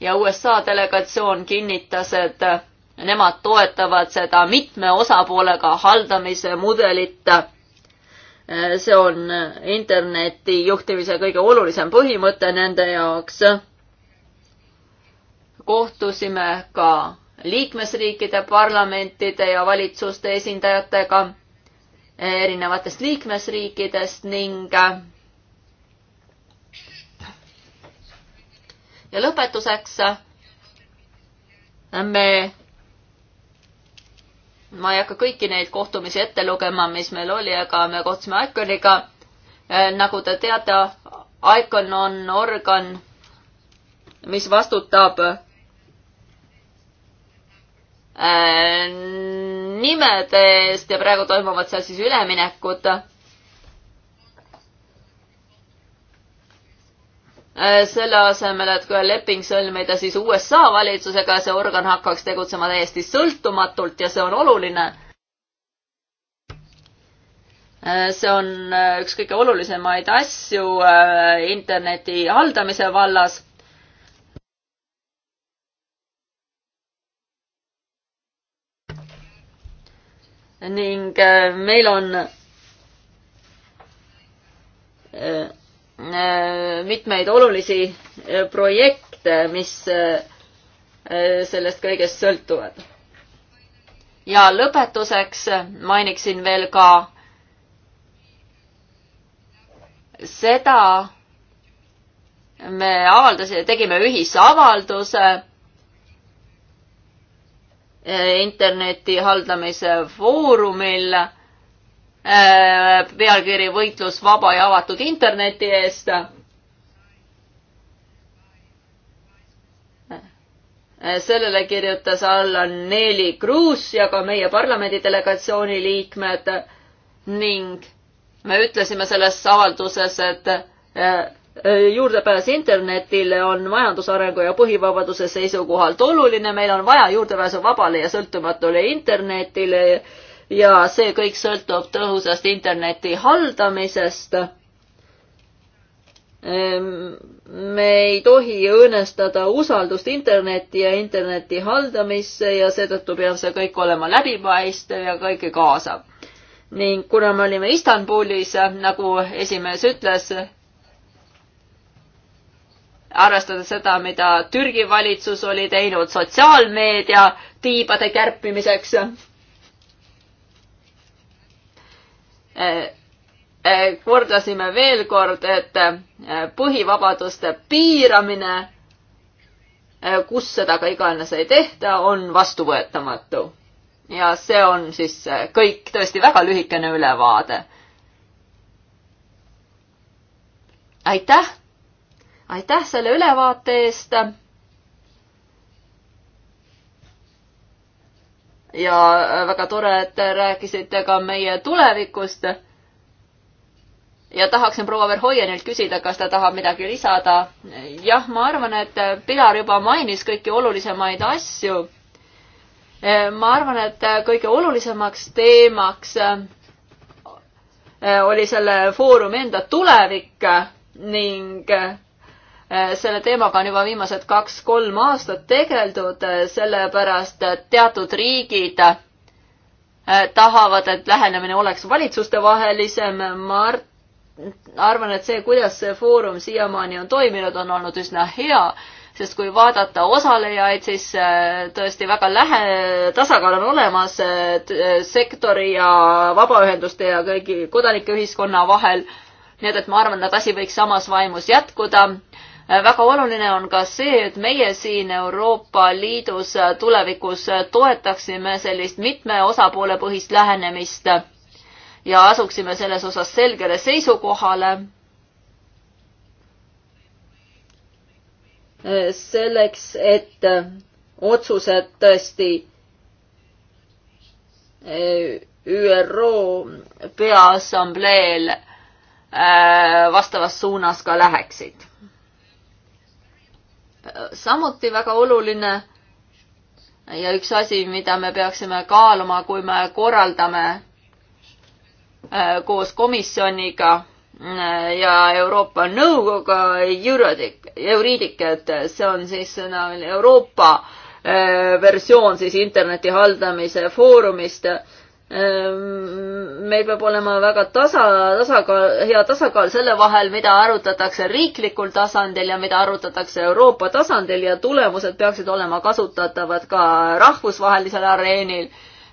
ja USA delegatsioon kinnitas, et nemad toetavad seda mitme osapoolega haldamise mudelit. see on interneti juhtimise kõige olulisem põhimõte nende jaoks. kohtusime ka liikmesriikide parlamentide ja valitsuste esindajatega erinevatest liikmesriikidest ning ja lõpetuseks me ma ei hakka kõiki neid kohtumisi ette lugema, mis meil oli, aga me kohtusime ICON-iga. Äh, nagu te teate, ICON on organ, mis vastutab äh, nimede eest ja praegu toimuvad seal siis üleminekud Äh, selle asemel, et kui leping sõlmida, siis USA valitsusega see organ hakkaks tegutsema täiesti sõltumatult ja see on oluline. Äh, see on äh, üks kõige olulisemaid asju interneti haldamise vallas ning meil on Äh, mitmeid olulisi äh, projekte, mis äh, sellest kõigest sõltuvad. ja lõpetuseks mainiksin veel ka seda, me avaldasime, tegime ühisavalduse interneti haldamise foorumil Äh, pealkiri Võitlus vaba ja avatud interneti eest. sellele kirjutas alla Neeli Kruus ja ka meie parlamendi delegatsiooni liikmed ning me ütlesime selles avalduses, et äh, juurdepääs internetile on majandusarengu ja põhivabaduse seisukohalt oluline, meil on vaja juurdepääsu vabale ja sõltumatule internetile ja see kõik sõltub tõhusast interneti haldamisest. Ehm, me ei tohi õõnestada usaldust interneti ja interneti haldamisse ja seetõttu peab see kõik olema läbipaistev ja kõike kaasav. ning kuna me olime Istanbulis, nagu esimees ütles, arvestades seda, mida Türgi valitsus oli teinud sotsiaalmeedia tiibade kärpimiseks Äh, äh, kordasime veel kord, et äh, põhivabaduste piiramine, kus seda ka iganes ei tehta, on vastuvõetamatu. ja see on siis kõik, tõesti väga lühikene ülevaade. aitäh, aitäh selle ülevaate eest ja äh, väga tore, et rääkisite ka meie tulevikust. ja tahaksin proua Verhoienilt küsida, kas ta tahab midagi lisada. jah, ma arvan, et Pilar juba mainis kõiki olulisemaid asju. Äh, ma arvan, et kõige olulisemaks teemaks äh, oli selle foorumi enda tulevik ning Äh, selle teemaga on juba viimased kaks-kolm aastat tegeldud, äh, sellepärast et teatud riigid äh, tahavad, et lähenemine oleks valitsustevahelisem. ma arvan, et see, kuidas see foorum siiamaani on toiminud, on olnud üsna hea, sest kui vaadata osalejaid, siis tõesti väga lähe, tasakaal on olemas sektori ja vabaühenduste ja kõigi kodanikeühiskonna vahel nii et, et ma arvan, et asi võiks samas vaimus jätkuda väga oluline on ka see, et meie siin Euroopa Liidus tulevikus toetaksime sellist mitme osapoole põhist lähenemist ja asuksime selles osas selgele seisukohale. selleks, et otsused tõesti ÜRO Peaassambleel vastavas suunas ka läheksid samuti väga oluline ja üks asi, mida me peaksime kaaluma, kui me korraldame äh, koos komisjoniga äh, ja Euroopa Nõukoguga Eurodik, Euridik, et see on siis no, Euroopa äh, versioon siis interneti haldamise foorumist Ehm, meil peab olema väga tasa, tasakaal, hea tasakaal selle vahel, mida arutatakse riiklikul tasandil ja mida arutatakse Euroopa tasandil ja tulemused peaksid olema kasutatavad ka rahvusvahelisel areenil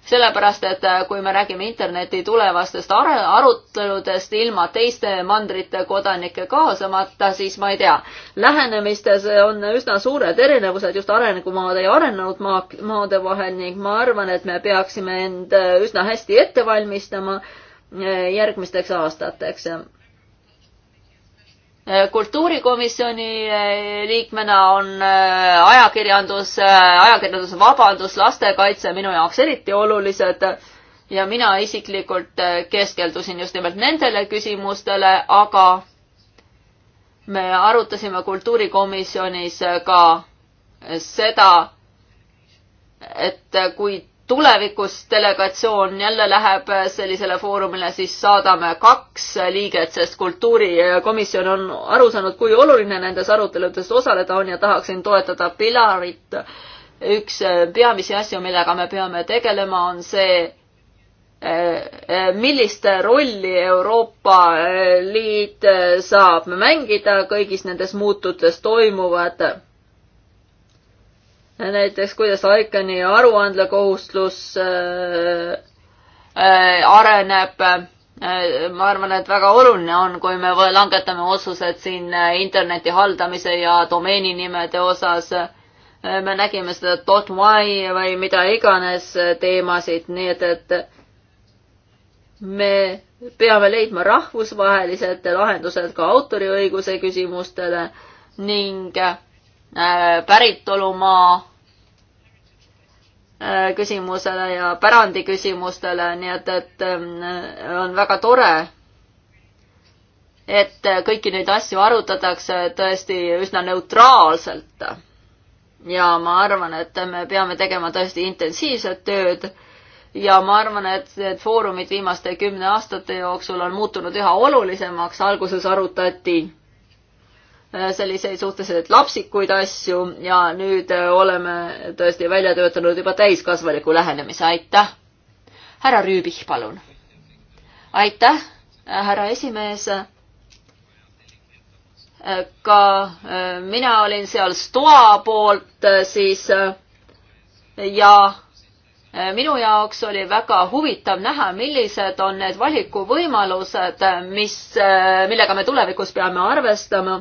sellepärast, et äh, kui me räägime interneti tulevastest aruteludest ilma teiste mandrite kodanike kaasamata, siis ma ei tea, lähenemistes on üsna suured erinevused just arengumaade ja arenenud maa, maade vahel ning ma arvan, et me peaksime end äh, üsna hästi ette valmistama äh, järgmisteks aastateks kultuurikomisjoni eh, liikmena on eh, ajakirjandus, eh, ajakirjanduse vabadus, lastekaitse minu jaoks eriti olulised ja mina isiklikult keskeldusin just nimelt nendele küsimustele, aga me arutasime kultuurikomisjonis ka seda, et kui tulevikus delegatsioon jälle läheb sellisele foorumile, siis saadame kaks liiget, sest kultuurikomisjon on aru saanud, kui oluline nendes aruteludes osaleda on ja tahaksin toetada Pilarit. üks peamisi asju, millega me peame tegelema, on see, millist rolli Euroopa Liit saab mängida kõigis nendes muutudes toimuvad näiteks kuidas ICAN-i aruandekohustus äh, äh, areneb. Äh, ma arvan, et väga oluline on, kui me langetame otsused siin interneti haldamise ja domeeninimede osas. me nägime seda dot my või mida iganes teemasid, nii et, et me peame leidma rahvusvahelised lahendused ka autoriõiguse küsimustele ning äh, Äh, päritolumaa äh, küsimusele ja pärandi küsimustele, nii et, et ähm, on väga tore, et kõiki neid asju arutatakse tõesti üsna neutraalselt. ja ma arvan, et me peame tegema tõesti intensiivset tööd ja ma arvan, et need foorumid viimaste kümne aastate jooksul on muutunud üha olulisemaks, alguses arutati Äh, selliseid suhteliselt lapsikuid asju ja nüüd äh, oleme tõesti välja töötanud juba täiskasvaliku lähenemise, aitäh. härra Rüübich, palun. aitäh, äh, härra esimees. ka mina olin seal STOA poolt siis ja minu jaoks oli väga huvitav näha, millised on need valikuvõimalused, mis, millega me tulevikus peame arvestama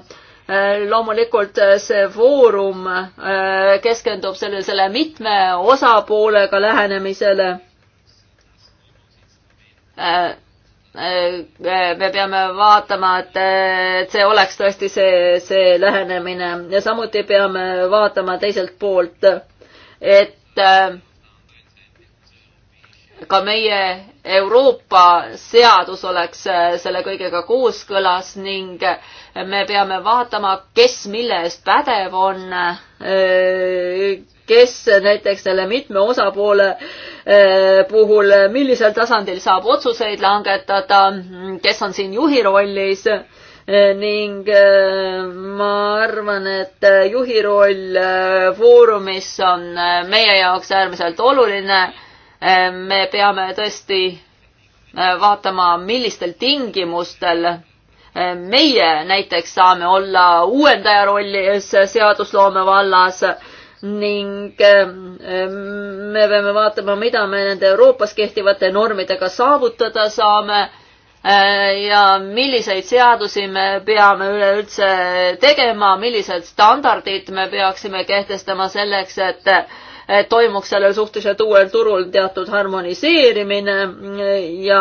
Äh, loomulikult äh, see foorum äh, keskendub sellisele mitme osapoolega lähenemisele. me peame vaatama, et, et see oleks tõesti see, see lähenemine ja samuti peame vaatama teiselt poolt, et ka meie Euroopa seadus oleks äh, selle kõigega kooskõlas ning äh, me peame vaatama, kes mille eest pädev on, äh, kes näiteks selle mitme osapoole puhul, millisel tasandil saab otsuseid langetada, kes on siin juhi rollis ning ma arvan, et juhi roll Foorumis on meie jaoks äärmiselt oluline me peame tõesti äh, vaatama, millistel tingimustel äh, meie näiteks saame olla uuendaja rollis seadusloome vallas ning äh, me peame vaatama, mida me nende Euroopas kehtivate normidega saavutada saame ja milliseid seadusi me peame üleüldse tegema, millised standardid me peaksime kehtestama selleks, et toimuks sellel suhteliselt uuel turul teatud harmoniseerimine ja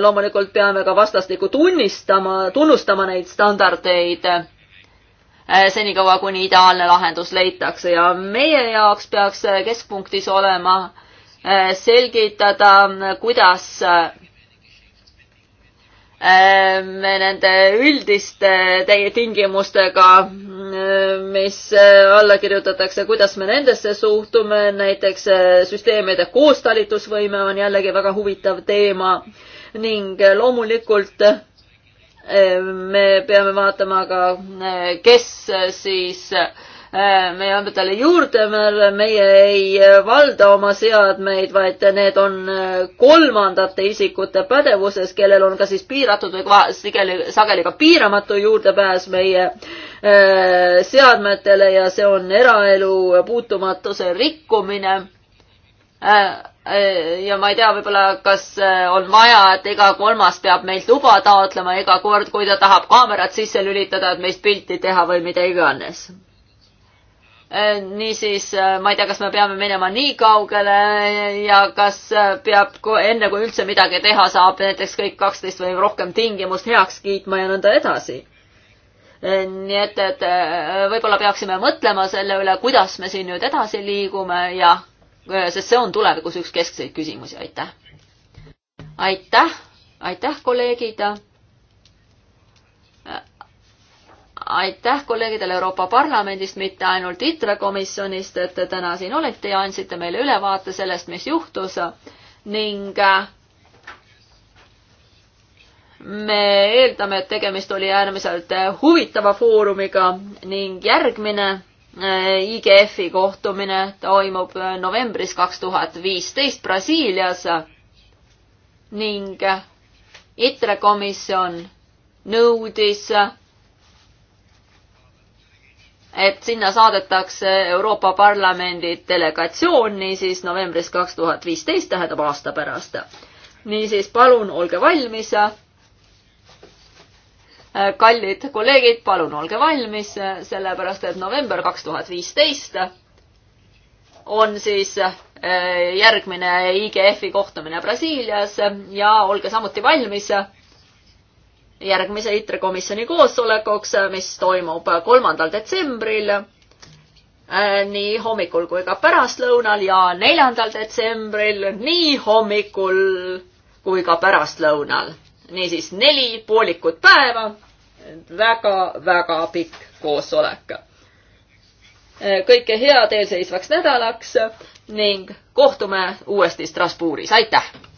loomulikult peame ka vastastikku tunnistama, tunnustama neid standardeid eh, senikaua, kuni ideaalne lahendus leitakse ja meie jaoks peaks keskpunktis olema eh, selgitada, kuidas eh, Ehm, nende üldiste tingimustega, mm, mis äh, alla kirjutatakse, kuidas me nendesse suhtume, näiteks äh, süsteemide koostalitusvõime on jällegi väga huvitav teema ning äh, loomulikult me peame vaatama ka, kes siis äh, Äh, meie andmetele juurde, meie ei äh, valda oma seadmeid, vaid need on äh, kolmandate isikute pädevuses, kellel on ka siis piiratud või sageli, sageli ka piiramatu juurdepääs meie seadmetele ja see on eraelu puutumatuse rikkumine ja ma ei tea, võib-olla kas on vaja, et iga kolmas peab meilt luba taotlema iga kord, kui ta tahab kaamerat sisse lülitada, et meist pilti teha või mida iganes Äh, niisiis äh, ma ei tea, kas me peame minema nii kaugele ja kas äh, peab, enne kui üldse midagi teha saab, näiteks kõik kaksteist või rohkem tingimust heaks kiitma ja nõnda edasi. nii et, et võib-olla peaksime mõtlema selle üle, kuidas me siin nüüd edasi liigume ja, sest see on tulevikus üks keskseid küsimusi, aitäh. aitäh, aitäh, kolleegid aitäh kolleegidele Euroopa Parlamendist, mitte ainult ITRE komisjonist, et te täna siin olite ja andsite meile ülevaate sellest, mis juhtus ning äh, me eeldame, et tegemist oli äärmiselt äh, huvitava foorumiga ning järgmine äh, IGF-i kohtumine toimub novembris kaks tuhat viisteist Brasiilias ning ITRE komisjon nõudis et sinna saadetakse Euroopa Parlamendi delegatsioon niisiis novembris kaks tuhat viisteist, tähendab aasta pärast. niisiis palun olge valmis. kallid kolleegid, palun olge valmis, sellepärast et november kaks tuhat viisteist on siis eh, järgmine IGF-i kohtumine Brasiilias ja olge samuti valmis järgmise ITRE komisjoni koosolekuks, mis toimub kolmandal detsembril äh, nii hommikul kui ka pärastlõunal ja neljandal detsembril nii hommikul kui ka pärastlõunal. niisiis neli poolikut päeva väga,. väga-väga pikk koosolek. Äh, kõike head eelseisvaks nädalaks ning kohtume uuesti Strasbourgis, aitäh!